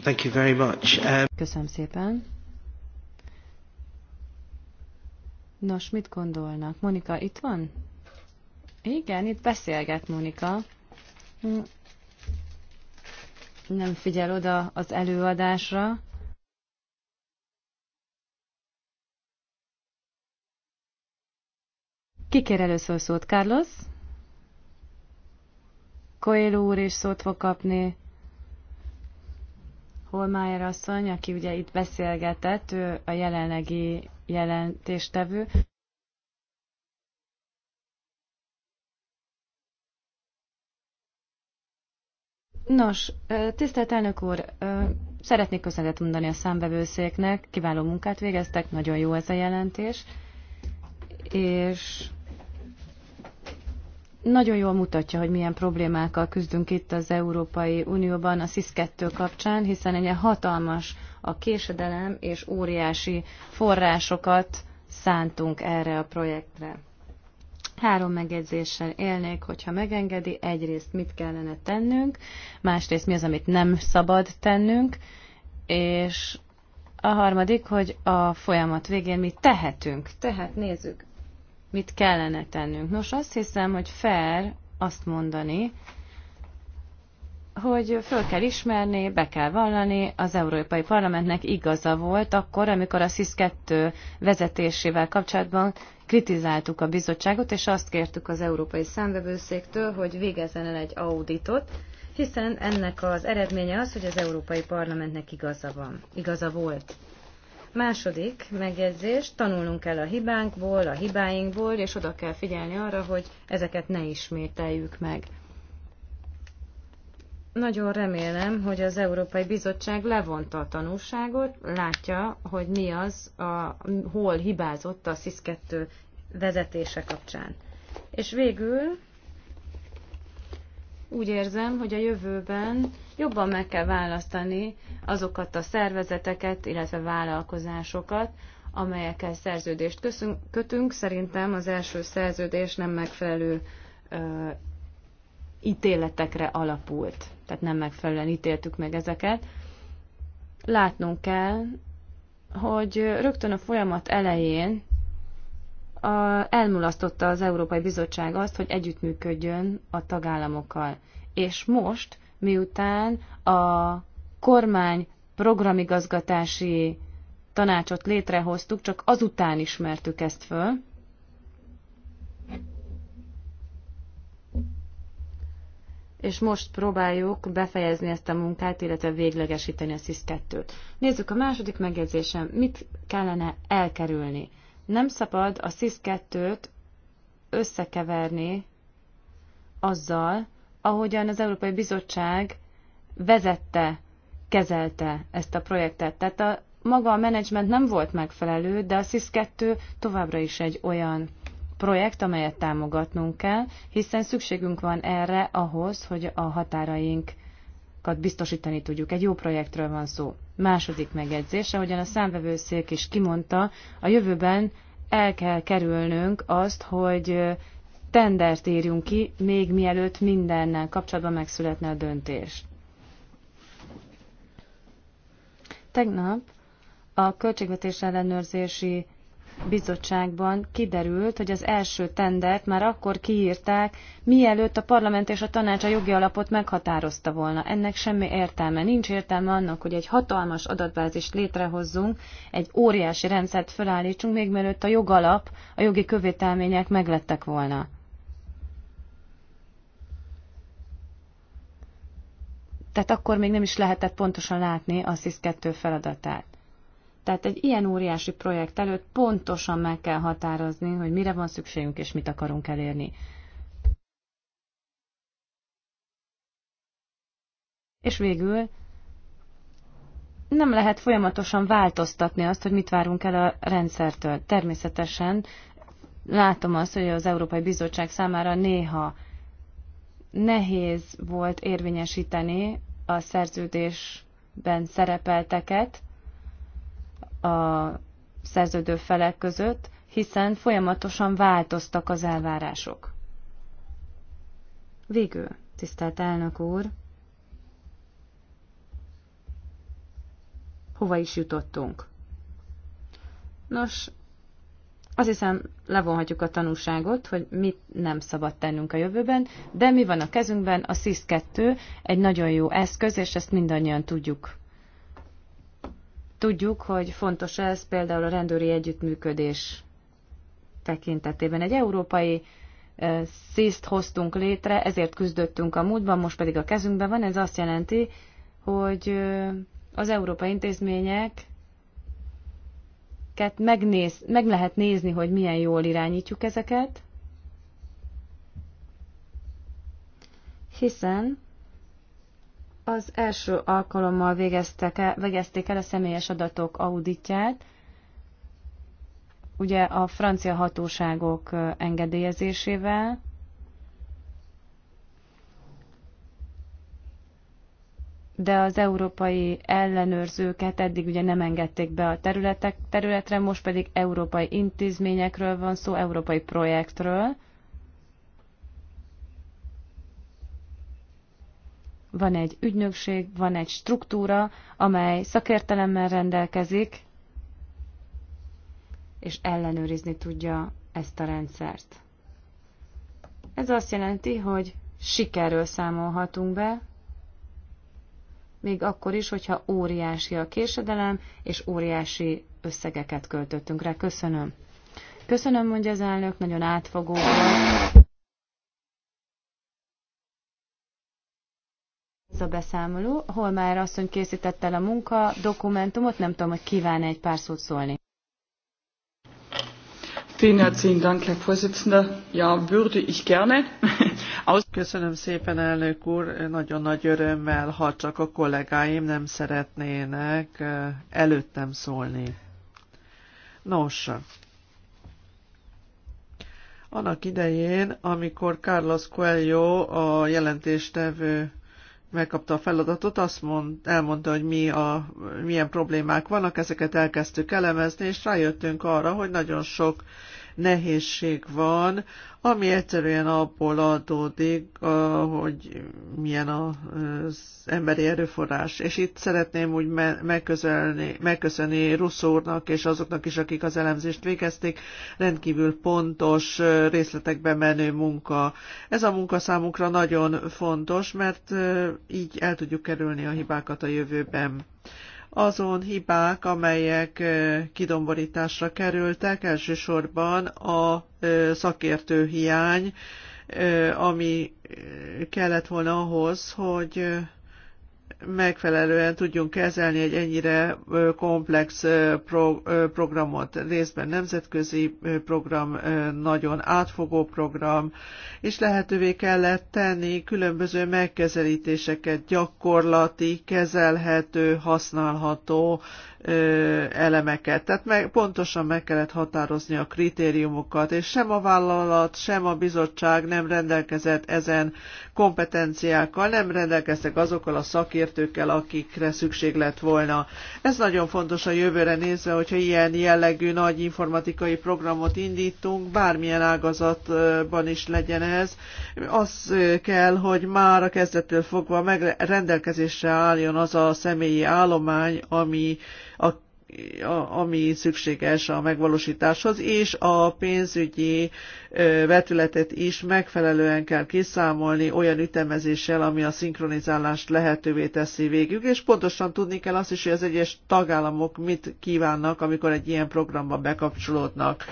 Thank you very much. Um... Köszönöm szépen. Nos, mit gondolnak? Monika itt van? Igen, itt beszélget Monika. Nem figyel oda az előadásra. Ki kér először szót, Carlos? Coelho úr is szót fog kapni. Holmájer asszony, aki ugye itt beszélgetett, ő a jelenlegi jelentéstevő. Nos, tisztelt elnök úr, szeretnék köszönetet mondani a számbevőszéknek, kiváló munkát végeztek, nagyon jó ez a jelentés, és nagyon jól mutatja, hogy milyen problémákkal küzdünk itt az Európai Unióban a SZISZ-2 kapcsán, hiszen egy hatalmas a késedelem és óriási forrásokat szántunk erre a projektre. Három megjegyzéssel élnék, hogyha megengedi, egyrészt mit kellene tennünk, másrészt mi az, amit nem szabad tennünk, és a harmadik, hogy a folyamat végén mit tehetünk. Tehát nézzük, mit kellene tennünk. Nos, azt hiszem, hogy fair azt mondani, hogy föl kell ismerni, be kell vallani, az Európai Parlamentnek igaza volt akkor, amikor a SZIS-2 vezetésével kapcsolatban kritizáltuk a bizottságot, és azt kértük az Európai Számvevőszéktől, hogy végezzen el egy auditot, hiszen ennek az eredménye az, hogy az Európai Parlamentnek igaza van, igaza volt. Második megjegyzés, tanulnunk kell a hibánkból, a hibáinkból, és oda kell figyelni arra, hogy ezeket ne ismételjük meg. Nagyon remélem, hogy az Európai Bizottság levonta a tanulságot, látja, hogy mi az, a, hol hibázott a SZISZ-2 vezetése kapcsán. És végül úgy érzem, hogy a jövőben jobban meg kell választani azokat a szervezeteket, illetve vállalkozásokat, amelyekkel szerződést kötünk. Szerintem az első szerződés nem megfelelő ítéletekre alapult. Tehát nem megfelelően ítéltük meg ezeket. Látnunk kell, hogy rögtön a folyamat elején a, elmulasztotta az Európai Bizottság azt, hogy együttműködjön a tagállamokkal. És most, miután a kormány programigazgatási tanácsot létrehoztuk, csak azután ismertük ezt föl, és most próbáljuk befejezni ezt a munkát, illetve véglegesíteni a SZISZ-2-t. Nézzük a második megjegyzésem, mit kellene elkerülni. Nem szabad a SZISZ-2-t összekeverni azzal, ahogyan az Európai Bizottság vezette, kezelte ezt a projektet. Tehát a, maga a menedzsment nem volt megfelelő, de a SZISZ-2 továbbra is egy olyan projekt, amelyet támogatnunk kell, hiszen szükségünk van erre ahhoz, hogy a határainkat biztosítani tudjuk. Egy jó projektről van szó. Második megjegyzés, ahogyan a számvevőszék is kimondta, a jövőben el kell kerülnünk azt, hogy tendert írjunk ki, még mielőtt mindennel kapcsolatban megszületne a döntés. Tegnap a Költségvetés Ellenőrzési bizottságban kiderült, hogy az első tendert már akkor kiírták, mielőtt a parlament és a tanács a jogi alapot meghatározta volna. Ennek semmi értelme. Nincs értelme annak, hogy egy hatalmas adatbázist létrehozzunk, egy óriási rendszert felállítsunk, még mielőtt a jogalap, a jogi követelmények meglettek volna. Tehát akkor még nem is lehetett pontosan látni a SZISZ 2 feladatát. Tehát egy ilyen óriási projekt előtt pontosan meg kell határozni, hogy mire van szükségünk és mit akarunk elérni. És végül nem lehet folyamatosan változtatni azt, hogy mit várunk el a rendszertől. Természetesen látom azt, hogy az Európai Bizottság számára néha nehéz volt érvényesíteni a szerződésben szerepelteket, a szerződő felek között, hiszen folyamatosan változtak az elvárások. Végül, tisztelt elnök úr, hova is jutottunk? Nos, azt hiszem, levonhatjuk a tanúságot, hogy mit nem szabad tennünk a jövőben, de mi van a kezünkben? A SIS-2 egy nagyon jó eszköz, és ezt mindannyian tudjuk Tudjuk, hogy fontos ez például a rendőri együttműködés tekintetében. Egy európai sziszt hoztunk létre, ezért küzdöttünk a múltban, most pedig a kezünkben van. Ez azt jelenti, hogy az európai intézmények megnéz, meg lehet nézni, hogy milyen jól irányítjuk ezeket, hiszen az első alkalommal végeztek el, végezték el a személyes adatok auditját, ugye a francia hatóságok engedélyezésével, de az európai ellenőrzőket eddig ugye nem engedték be a területek, területre, most pedig európai intézményekről van szó, európai projektről, van egy ügynökség, van egy struktúra, amely szakértelemmel rendelkezik, és ellenőrizni tudja ezt a rendszert. Ez azt jelenti, hogy sikerről számolhatunk be, még akkor is, hogyha óriási a késedelem, és óriási összegeket költöttünk rá. Köszönöm. Köszönöm, mondja az elnök, nagyon átfogó a beszámoló. Hol már asszony készítette el a munka dokumentumot, nem tudom, hogy kíván egy pár szót szólni. Köszönöm szépen, elnök úr. Nagyon nagy örömmel, ha csak a kollégáim nem szeretnének eh, előttem szólni. Nos, annak idején, amikor Carlos Coelho a jelentéstevő megkapta a feladatot, azt mond, elmondta, hogy mi a, milyen problémák vannak, ezeket elkezdtük elemezni, és rájöttünk arra, hogy nagyon sok nehézség van, ami egyszerűen abból adódik, hogy milyen az emberi erőforrás. És itt szeretném úgy megköszönni Russzó úrnak és azoknak is, akik az elemzést végezték, rendkívül pontos részletekbe menő munka. Ez a munka számunkra nagyon fontos, mert így el tudjuk kerülni a hibákat a jövőben azon hibák, amelyek kidomborításra kerültek, elsősorban a szakértő hiány, ami kellett volna ahhoz, hogy megfelelően tudjunk kezelni egy ennyire komplex programot. Részben nemzetközi program, nagyon átfogó program, és lehetővé kellett tenni különböző megkezelítéseket, gyakorlati, kezelhető, használható elemeket. Tehát meg, pontosan meg kellett határozni a kritériumokat, és sem a vállalat, sem a bizottság nem rendelkezett ezen kompetenciákkal, nem rendelkeztek azokkal a szakértőkkel, akikre szükség lett volna. Ez nagyon fontos a jövőre nézve, hogyha ilyen jellegű nagy informatikai programot indítunk, bármilyen ágazatban is legyen ez, az kell, hogy már a kezdettől fogva meg rendelkezésre álljon az a személyi állomány, ami ami szükséges a megvalósításhoz, és a pénzügyi vetületet is megfelelően kell kiszámolni olyan ütemezéssel, ami a szinkronizálást lehetővé teszi végük, és pontosan tudni kell azt is, hogy az egyes tagállamok mit kívánnak, amikor egy ilyen programba bekapcsolódnak.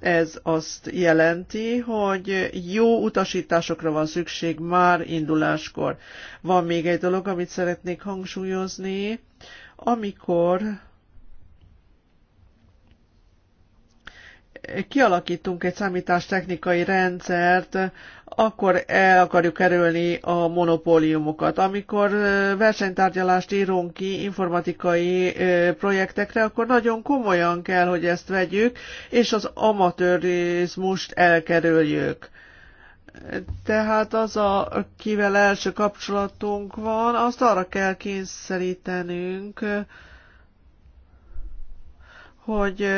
Ez azt jelenti, hogy jó utasításokra van szükség már induláskor. Van még egy dolog, amit szeretnék hangsúlyozni, amikor kialakítunk egy számítástechnikai rendszert, akkor el akarjuk kerülni a monopóliumokat. Amikor versenytárgyalást írunk ki informatikai projektekre, akkor nagyon komolyan kell, hogy ezt vegyük, és az amatőrizmust elkerüljük. Tehát az, a, kivel első kapcsolatunk van, azt arra kell kényszerítenünk, hogy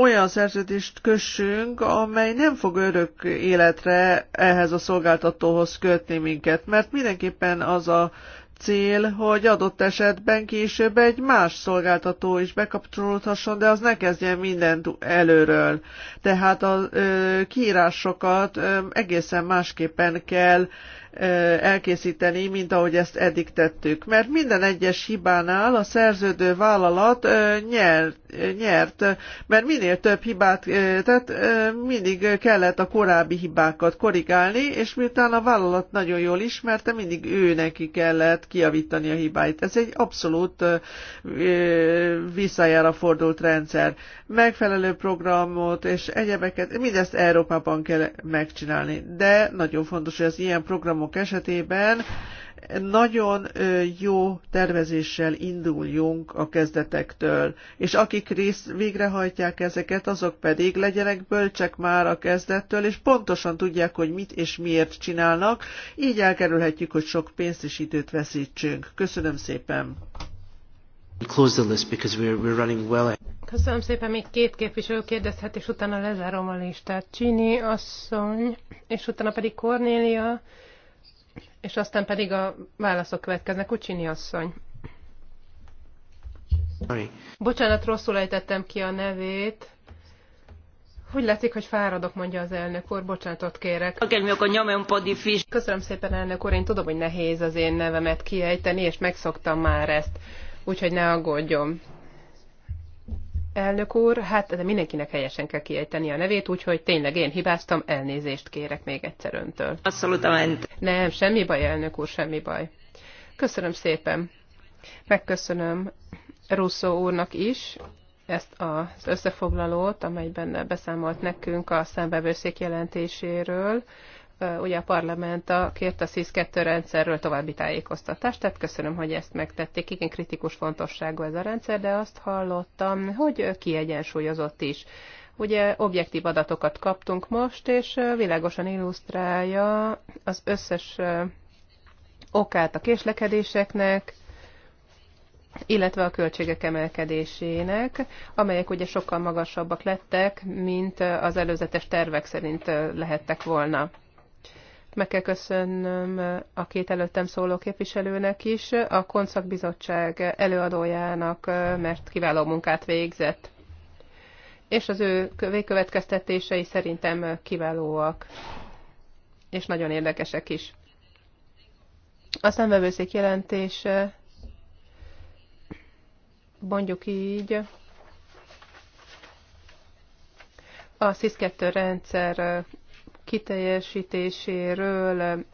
olyan szerződést kössünk, amely nem fog örök életre ehhez a szolgáltatóhoz kötni minket, mert mindenképpen az a cél, hogy adott esetben később egy más szolgáltató is bekapcsolódhasson, de az ne kezdjen mindent előről. Tehát a ö, kiírásokat ö, egészen másképpen kell elkészíteni, mint ahogy ezt eddig tettük. Mert minden egyes hibánál a szerződő vállalat nyert, nyert mert minél több hibát tett, mindig kellett a korábbi hibákat korrigálni, és miután a vállalat nagyon jól ismerte, mindig ő neki kellett kiavítani a hibáit. Ez egy abszolút visszajára fordult rendszer. Megfelelő programot és egyebeket, mindezt Európában kell megcsinálni. De nagyon fontos, hogy az ilyen programok programok esetében nagyon jó tervezéssel induljunk a kezdetektől, és akik részt végrehajtják ezeket, azok pedig legyenek bölcsek már a kezdettől, és pontosan tudják, hogy mit és miért csinálnak, így elkerülhetjük, hogy sok pénzt és időt veszítsünk. Köszönöm szépen! Köszönöm szépen, még két képviselő kérdezhet, és utána lezárom a listát. Csini asszony, és utána pedig Kornélia és aztán pedig a válaszok következnek. Ucsini asszony. Sorry. Bocsánat, rosszul ejtettem ki a nevét. Úgy látszik, hogy fáradok, mondja az elnök úr, bocsánatot kérek. Köszönöm szépen, elnök úr, én tudom, hogy nehéz az én nevemet kiejteni, és megszoktam már ezt, úgyhogy ne aggódjon. Elnök úr, hát de mindenkinek helyesen kell kiejteni a nevét, úgyhogy tényleg én hibáztam, elnézést kérek még egyszer öntől. Abszolút nem, semmi baj, elnök úr, semmi baj. Köszönöm szépen. Megköszönöm Russo úrnak is ezt az összefoglalót, amelyben beszámolt nekünk a szembevőszék jelentéséről. Ugye a parlament a kért a SZISZ 2 rendszerről további tájékoztatást, tehát köszönöm, hogy ezt megtették. Igen, kritikus fontosságú ez a rendszer, de azt hallottam, hogy kiegyensúlyozott is. Ugye objektív adatokat kaptunk most, és világosan illusztrálja az összes okát a késlekedéseknek, illetve a költségek emelkedésének, amelyek ugye sokkal magasabbak lettek, mint az előzetes tervek szerint lehettek volna. Meg kell köszönnöm a két előttem szóló képviselőnek is, a bizottság előadójának, mert kiváló munkát végzett és az ő végkövetkeztetései szerintem kiválóak, és nagyon érdekesek is. A szemvevőszék jelentése, mondjuk így, a SZISZ-2 rendszer kiteljesítéséről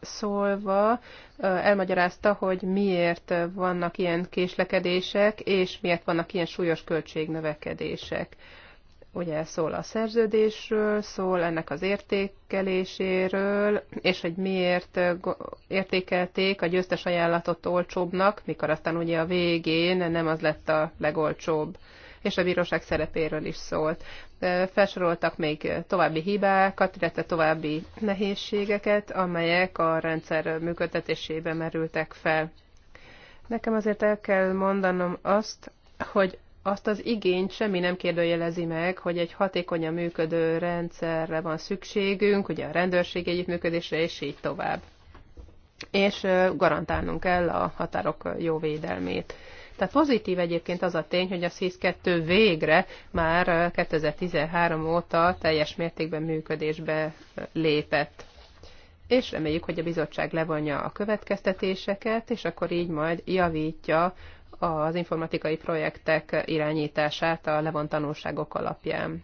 szólva elmagyarázta, hogy miért vannak ilyen késlekedések, és miért vannak ilyen súlyos költségnövekedések ugye szól a szerződésről, szól ennek az értékeléséről, és hogy miért értékelték a győztes ajánlatot olcsóbbnak, mikor aztán ugye a végén nem az lett a legolcsóbb és a bíróság szerepéről is szólt. Felsoroltak még további hibákat, illetve további nehézségeket, amelyek a rendszer működtetésében merültek fel. Nekem azért el kell mondanom azt, hogy azt az igényt semmi nem kérdőjelezi meg, hogy egy hatékonyan működő rendszerre van szükségünk, ugye a rendőrség együttműködésre, és így tovább. És garantálnunk kell a határok jó védelmét. Tehát pozitív egyébként az a tény, hogy a SZISZ 2 végre már 2013 óta teljes mértékben működésbe lépett. És reméljük, hogy a bizottság levonja a következtetéseket, és akkor így majd javítja az informatikai projektek irányítását a levont tanulságok alapján.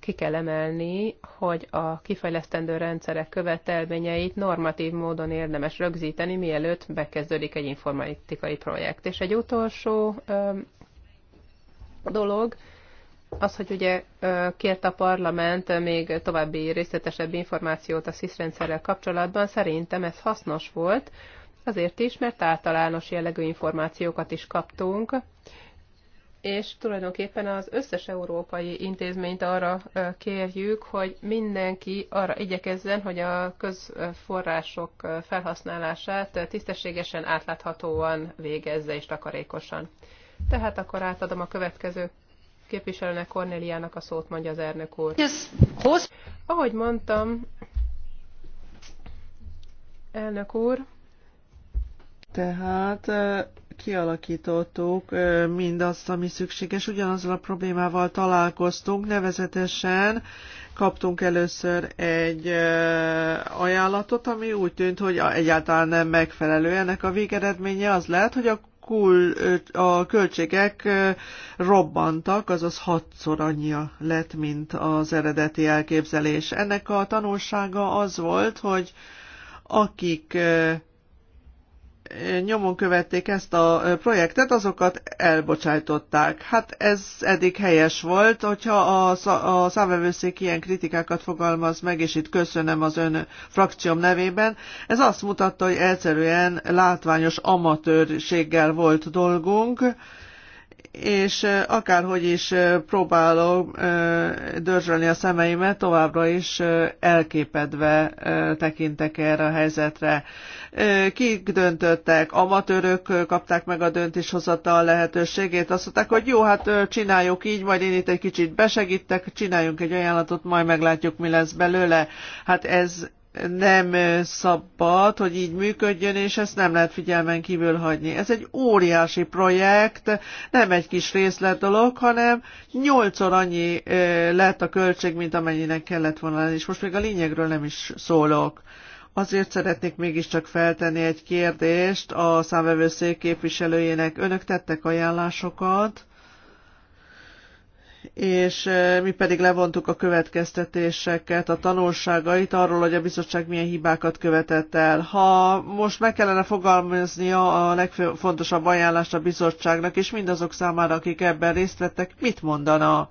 Ki kell emelni, hogy a kifejlesztendő rendszerek követelményeit normatív módon érdemes rögzíteni, mielőtt bekezdődik egy informatikai projekt. És egy utolsó dolog, az, hogy ugye kért a parlament még további részletesebb információt a SZISZ rendszerrel kapcsolatban, szerintem ez hasznos volt, Azért is, mert általános jellegű információkat is kaptunk, és tulajdonképpen az összes európai intézményt arra kérjük, hogy mindenki arra igyekezzen, hogy a közforrások felhasználását tisztességesen, átláthatóan végezze és takarékosan. Tehát akkor átadom a következő képviselőnek, Kornéliának a szót mondja az elnök úr. Ahogy mondtam, elnök úr, tehát kialakítottuk mindazt, ami szükséges. Ugyanazzal a problémával találkoztunk, nevezetesen kaptunk először egy ajánlatot, ami úgy tűnt, hogy egyáltalán nem megfelelő. Ennek a végeredménye az lehet, hogy a kul, a költségek robbantak, azaz hatszor annyia lett, mint az eredeti elképzelés. Ennek a tanulsága az volt, hogy akik nyomon követték ezt a projektet, azokat elbocsájtották. Hát ez eddig helyes volt, hogyha a, a számvevőszék ilyen kritikákat fogalmaz meg, és itt köszönöm az ön frakcióm nevében, ez azt mutatta, hogy egyszerűen látványos amatőrséggel volt dolgunk, és akárhogy is próbálom dörzsölni a szemeimet, továbbra is elképedve tekintek erre a helyzetre. Kik döntöttek? Amatőrök kapták meg a döntéshozatal lehetőségét. Azt mondták, hogy jó, hát csináljuk így, majd én itt egy kicsit besegítek, csináljunk egy ajánlatot, majd meglátjuk, mi lesz belőle. Hát ez nem szabad, hogy így működjön, és ezt nem lehet figyelmen kívül hagyni. Ez egy óriási projekt, nem egy kis részlet dolog, hanem nyolcszor annyi lett a költség, mint amennyinek kellett volna. És most még a lényegről nem is szólok. Azért szeretnék mégiscsak feltenni egy kérdést a számvevőszék képviselőjének. Önök tettek ajánlásokat, és mi pedig levontuk a következtetéseket, a tanulságait arról, hogy a bizottság milyen hibákat követett el. Ha most meg kellene fogalmaznia a legfontosabb ajánlást a bizottságnak, és mindazok számára, akik ebben részt vettek, mit mondana?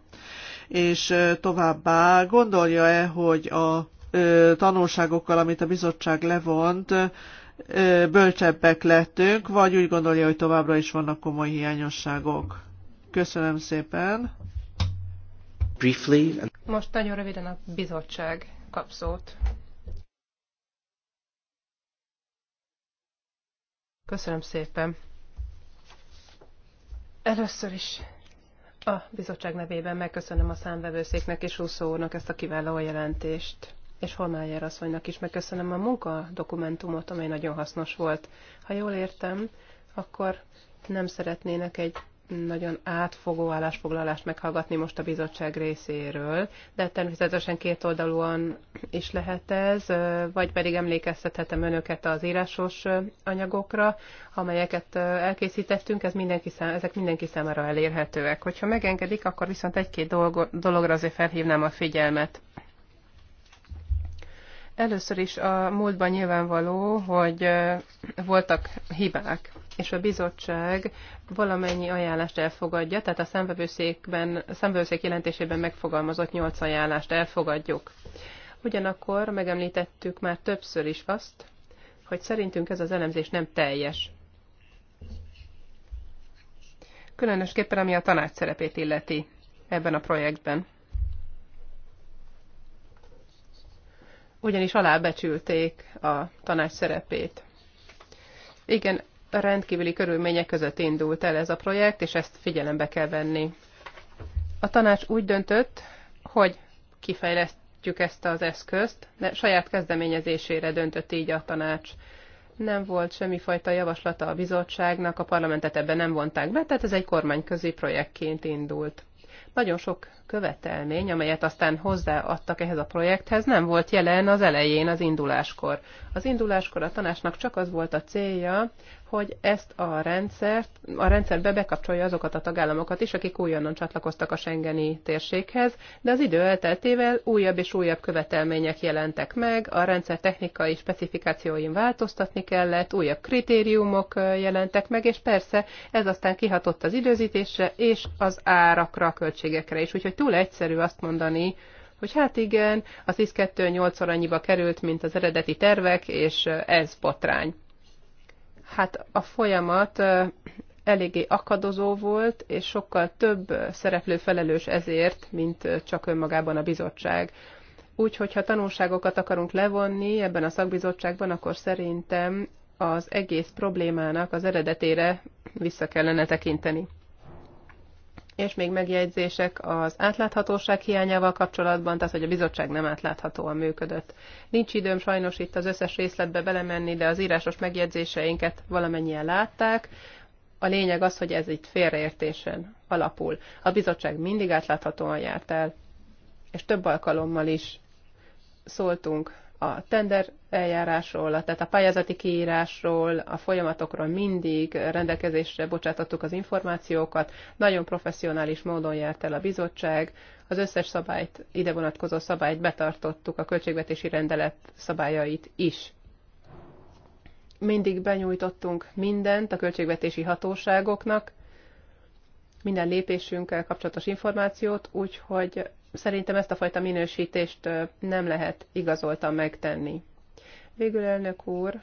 És továbbá gondolja-e, hogy a tanulságokkal, amit a bizottság levont, bölcsebbek lettünk, vagy úgy gondolja, hogy továbbra is vannak komoly hiányosságok? Köszönöm szépen! briefly. Most nagyon röviden a bizottság kap szót. Köszönöm szépen. Először is a bizottság nevében megköszönöm a számvevőszéknek és Russzó úrnak ezt a kiváló jelentést, és Holmájer asszonynak is megköszönöm a munka dokumentumot, amely nagyon hasznos volt. Ha jól értem, akkor nem szeretnének egy nagyon átfogó állásfoglalást meghallgatni most a bizottság részéről, de természetesen két oldalúan is lehet ez, vagy pedig emlékeztethetem önöket az írásos anyagokra, amelyeket elkészítettünk, ez mindenki szám, ezek mindenki számára elérhetőek. Hogyha megengedik, akkor viszont egy-két dologra azért felhívnám a figyelmet. Először is a múltban nyilvánvaló, hogy voltak hibák és a bizottság valamennyi ajánlást elfogadja, tehát a számvevőszékben, a jelentésében megfogalmazott nyolc ajánlást elfogadjuk. Ugyanakkor megemlítettük már többször is azt, hogy szerintünk ez az elemzés nem teljes. Különösképpen ami a tanács szerepét illeti ebben a projektben. Ugyanis alábecsülték a tanács szerepét. Igen, rendkívüli körülmények között indult el ez a projekt, és ezt figyelembe kell venni. A tanács úgy döntött, hogy kifejlesztjük ezt az eszközt, de saját kezdeményezésére döntött így a tanács. Nem volt semmifajta javaslata a bizottságnak, a parlamentet ebben nem vonták be, tehát ez egy kormányközi projektként indult. Nagyon sok követelmény, amelyet aztán hozzáadtak ehhez a projekthez, nem volt jelen az elején, az induláskor. Az induláskor a tanácsnak csak az volt a célja, hogy ezt a rendszert, a rendszerbe bekapcsolja azokat a tagállamokat is, akik újonnan csatlakoztak a Schengeni térséghez, de az idő elteltével újabb és újabb követelmények jelentek meg, a rendszer technikai specifikációin változtatni kellett, újabb kritériumok jelentek meg, és persze ez aztán kihatott az időzítésre és az árakra, a költségekre is, úgyhogy túl egyszerű azt mondani, hogy hát igen, az is 2 8 annyiba került, mint az eredeti tervek, és ez botrány. Hát a folyamat eléggé akadozó volt, és sokkal több szereplő felelős ezért, mint csak önmagában a bizottság. Úgyhogy, ha tanulságokat akarunk levonni ebben a szakbizottságban, akkor szerintem az egész problémának az eredetére vissza kellene tekinteni és még megjegyzések az átláthatóság hiányával kapcsolatban, tehát hogy a bizottság nem átláthatóan működött. Nincs időm sajnos itt az összes részletbe belemenni, de az írásos megjegyzéseinket valamennyien látták. A lényeg az, hogy ez itt félreértésen alapul. A bizottság mindig átláthatóan járt el, és több alkalommal is szóltunk a tender eljárásról, tehát a pályázati kiírásról, a folyamatokról mindig rendelkezésre bocsátottuk az információkat. Nagyon professzionális módon járt el a bizottság, az összes szabályt, ide vonatkozó szabályt betartottuk, a költségvetési rendelet szabályait is. Mindig benyújtottunk mindent a költségvetési hatóságoknak, minden lépésünkkel kapcsolatos információt, úgyhogy szerintem ezt a fajta minősítést nem lehet igazoltan megtenni. Végül elnök úr,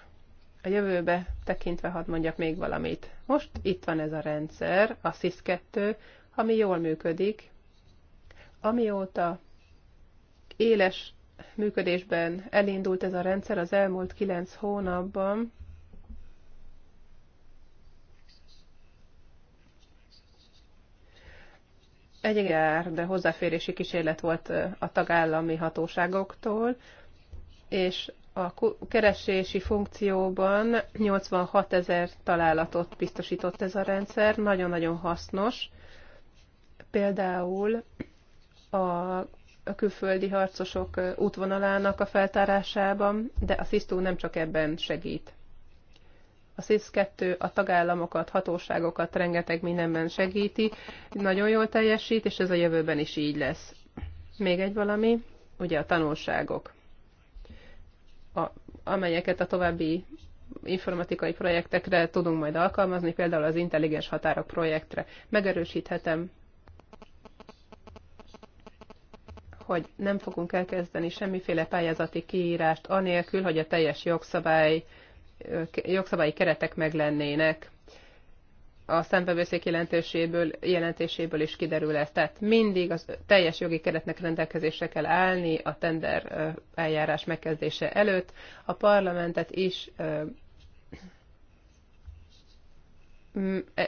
a jövőbe tekintve hadd mondjak még valamit. Most itt van ez a rendszer, a SIS-2, ami jól működik, amióta éles működésben elindult ez a rendszer az elmúlt kilenc hónapban, egy de hozzáférési kísérlet volt a tagállami hatóságoktól, és a keresési funkcióban 86 ezer találatot biztosított ez a rendszer, nagyon-nagyon hasznos. Például a külföldi harcosok útvonalának a feltárásában, de a SZISZTÓ nem csak ebben segít. A SISZ 2 a tagállamokat, hatóságokat rengeteg mindenben segíti, nagyon jól teljesít, és ez a jövőben is így lesz. Még egy valami, ugye a tanulságok a, amelyeket a további informatikai projektekre tudunk majd alkalmazni, például az intelligens határok projektre. Megerősíthetem, hogy nem fogunk elkezdeni semmiféle pályázati kiírást anélkül, hogy a teljes jogszabály, jogszabályi keretek meglennének a szembevőszék jelentéséből, jelentéséből is kiderül ez. Tehát mindig az teljes jogi keretnek rendelkezésre kell állni a tender eljárás megkezdése előtt. A parlamentet is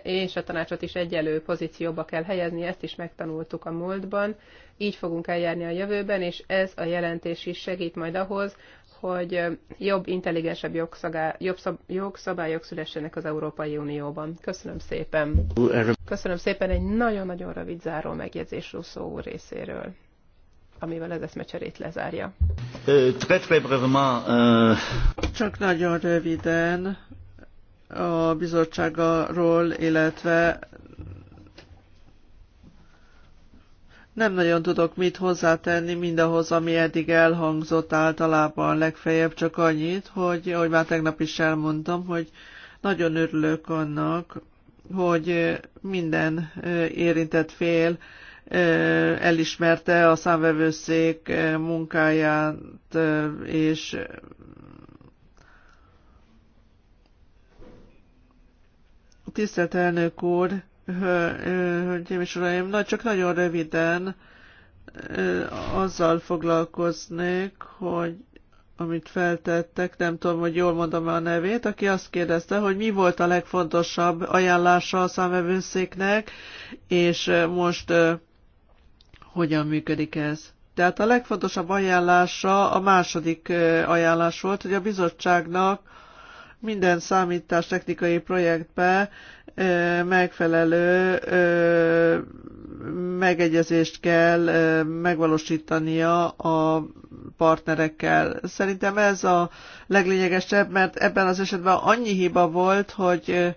és a tanácsot is egyelő pozícióba kell helyezni, ezt is megtanultuk a múltban, így fogunk eljárni a jövőben, és ez a jelentés is segít majd ahhoz, hogy jobb, intelligensebb jogszabály, jogszabályok szülessenek az Európai Unióban. Köszönöm szépen. Köszönöm szépen egy nagyon-nagyon rövid záró megjegyzés Russzó úr részéről amivel az eszmecserét lezárja. Csak nagyon röviden a bizottságról, illetve nem nagyon tudok mit hozzátenni mindahhoz, ami eddig elhangzott általában, legfeljebb csak annyit, hogy, ahogy már tegnap is elmondtam, hogy nagyon örülök annak, hogy minden érintett fél elismerte a számvevőszék munkáját, és tisztelt elnök úr, hölgyeim és uraim, na, csak nagyon röviden azzal foglalkoznék, hogy amit feltettek, nem tudom, hogy jól mondom -e a nevét, aki azt kérdezte, hogy mi volt a legfontosabb ajánlása a számvevőszéknek, és most hogyan működik ez. Tehát a legfontosabb ajánlása a második ajánlás volt, hogy a bizottságnak minden számítástechnikai projektbe megfelelő megegyezést kell megvalósítania a partnerekkel. Szerintem ez a leglényegesebb, mert ebben az esetben annyi hiba volt, hogy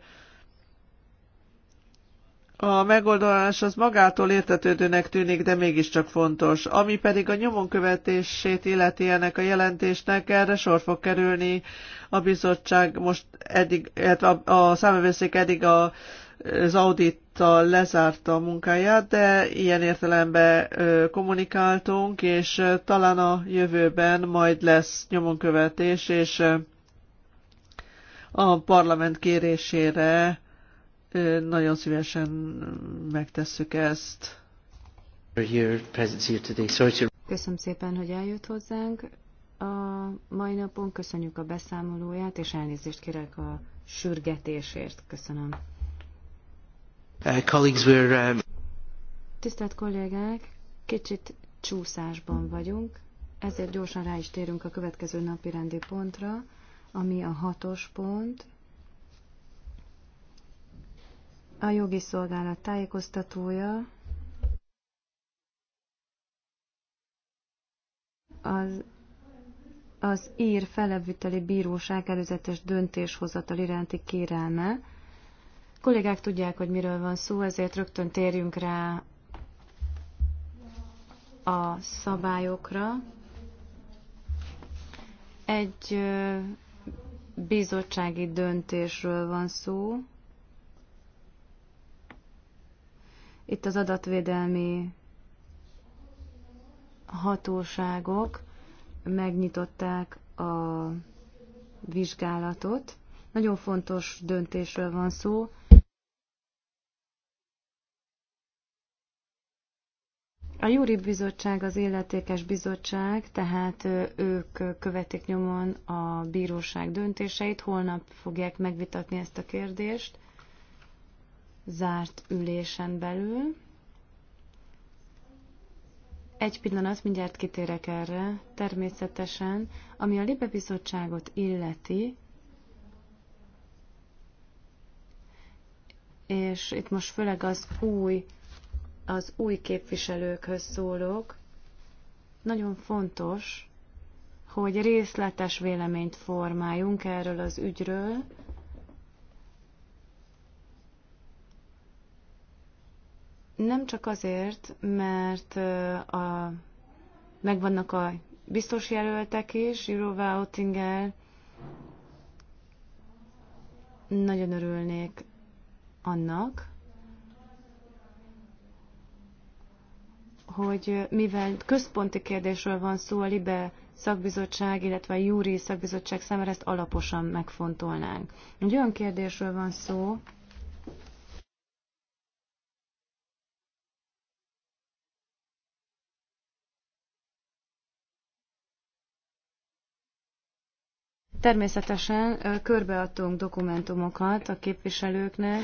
a megoldás az magától értetődőnek tűnik, de mégiscsak fontos. Ami pedig a nyomon követését illeti ennek a jelentésnek, erre sor fog kerülni a bizottság most eddig, illetve a, a számövőszék eddig a, az audittal lezárta a munkáját, de ilyen értelemben kommunikáltunk, és talán a jövőben majd lesz nyomonkövetés, és a parlament kérésére nagyon szívesen megtesszük ezt. Köszönöm szépen, hogy eljött hozzánk a mai napon. Köszönjük a beszámolóját, és elnézést kérek a sürgetésért. Köszönöm. Uh, um- Tisztelt kollégák, kicsit csúszásban vagyunk, ezért gyorsan rá is térünk a következő napi rendi pontra, ami a hatos pont, a jogi szolgálat tájékoztatója az, az ír felevviteli bíróság előzetes döntéshozatal iránti kérelme. Kollégák tudják, hogy miről van szó, ezért rögtön térjünk rá a szabályokra. Egy bizottsági döntésről van szó, Itt az adatvédelmi hatóságok megnyitották a vizsgálatot. Nagyon fontos döntésről van szó. A Júri Bizottság az illetékes bizottság, tehát ők követik nyomon a bíróság döntéseit, holnap fogják megvitatni ezt a kérdést zárt ülésen belül. Egy pillanat, mindjárt kitérek erre. Természetesen, ami a Libe Bizottságot illeti, és itt most főleg az új, az új képviselőkhöz szólok, nagyon fontos, hogy részletes véleményt formáljunk erről az ügyről, Nem csak azért, mert a, megvannak a biztos jelöltek is, Jurová Ottinger, nagyon örülnék annak, hogy mivel központi kérdésről van szó, a LIBE szakbizottság, illetve a Júri szakbizottság számára ezt alaposan megfontolnánk. Egy olyan kérdésről van szó, Természetesen körbeadtunk dokumentumokat a képviselőknek,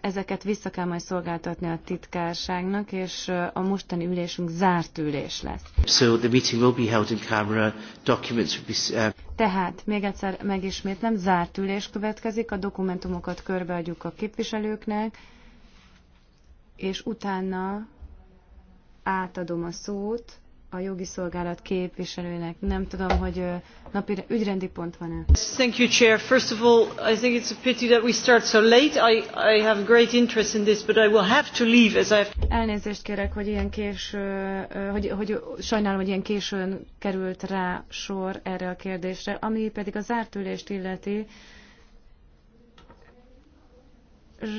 ezeket vissza kell majd szolgáltatni a titkárságnak, és a mostani ülésünk zárt ülés lesz. So the meeting will be held in camera. Documents will be, uh... Tehát, még egyszer megismétlem, zárt ülés következik, a dokumentumokat körbeadjuk a képviselőknek, és utána átadom a szót a jogi szolgálat képviselőnek. Nem tudom, hogy napi ügyrendi pont van-e. Thank you, Chair. First of all, I think it's a pity that we start so late. I, I have great interest in this, but I will have to leave as I have... Elnézést kérek, hogy ilyen késő, hogy, hogy sajnálom, hogy ilyen későn került rá sor erre a kérdésre, ami pedig a zárt ülést illeti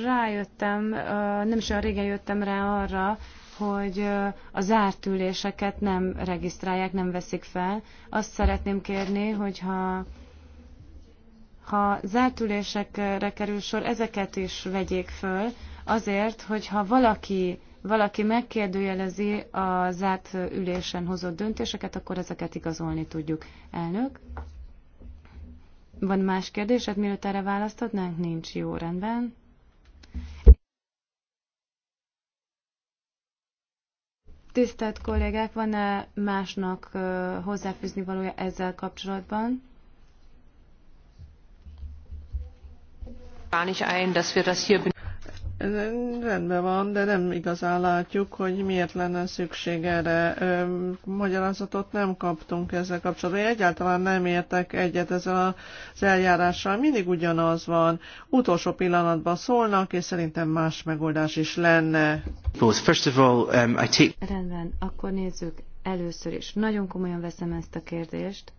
rájöttem, nem is olyan régen jöttem rá arra, hogy a zárt üléseket nem regisztrálják, nem veszik fel. Azt szeretném kérni, hogyha ha zárt ülésekre kerül sor, ezeket is vegyék föl, azért, hogyha valaki, valaki megkérdőjelezi a zárt ülésen hozott döntéseket, akkor ezeket igazolni tudjuk. Elnök? Van más kérdésed, mielőtt erre választodnánk? Nincs. Jó, rendben. Tisztelt kollégák, van-e másnak hozzáfűzni valója ezzel kapcsolatban? Gar nicht ein, dass wir das hier Rendben van, de nem igazán látjuk, hogy miért lenne szükség erre. magyarázatot nem kaptunk ezzel kapcsolatban. Én egyáltalán nem értek egyet ezzel az eljárással. Mindig ugyanaz van. Utolsó pillanatban szólnak, és szerintem más megoldás is lenne. First of all, um, I take... Rendben, akkor nézzük először is. Nagyon komolyan veszem ezt a kérdést.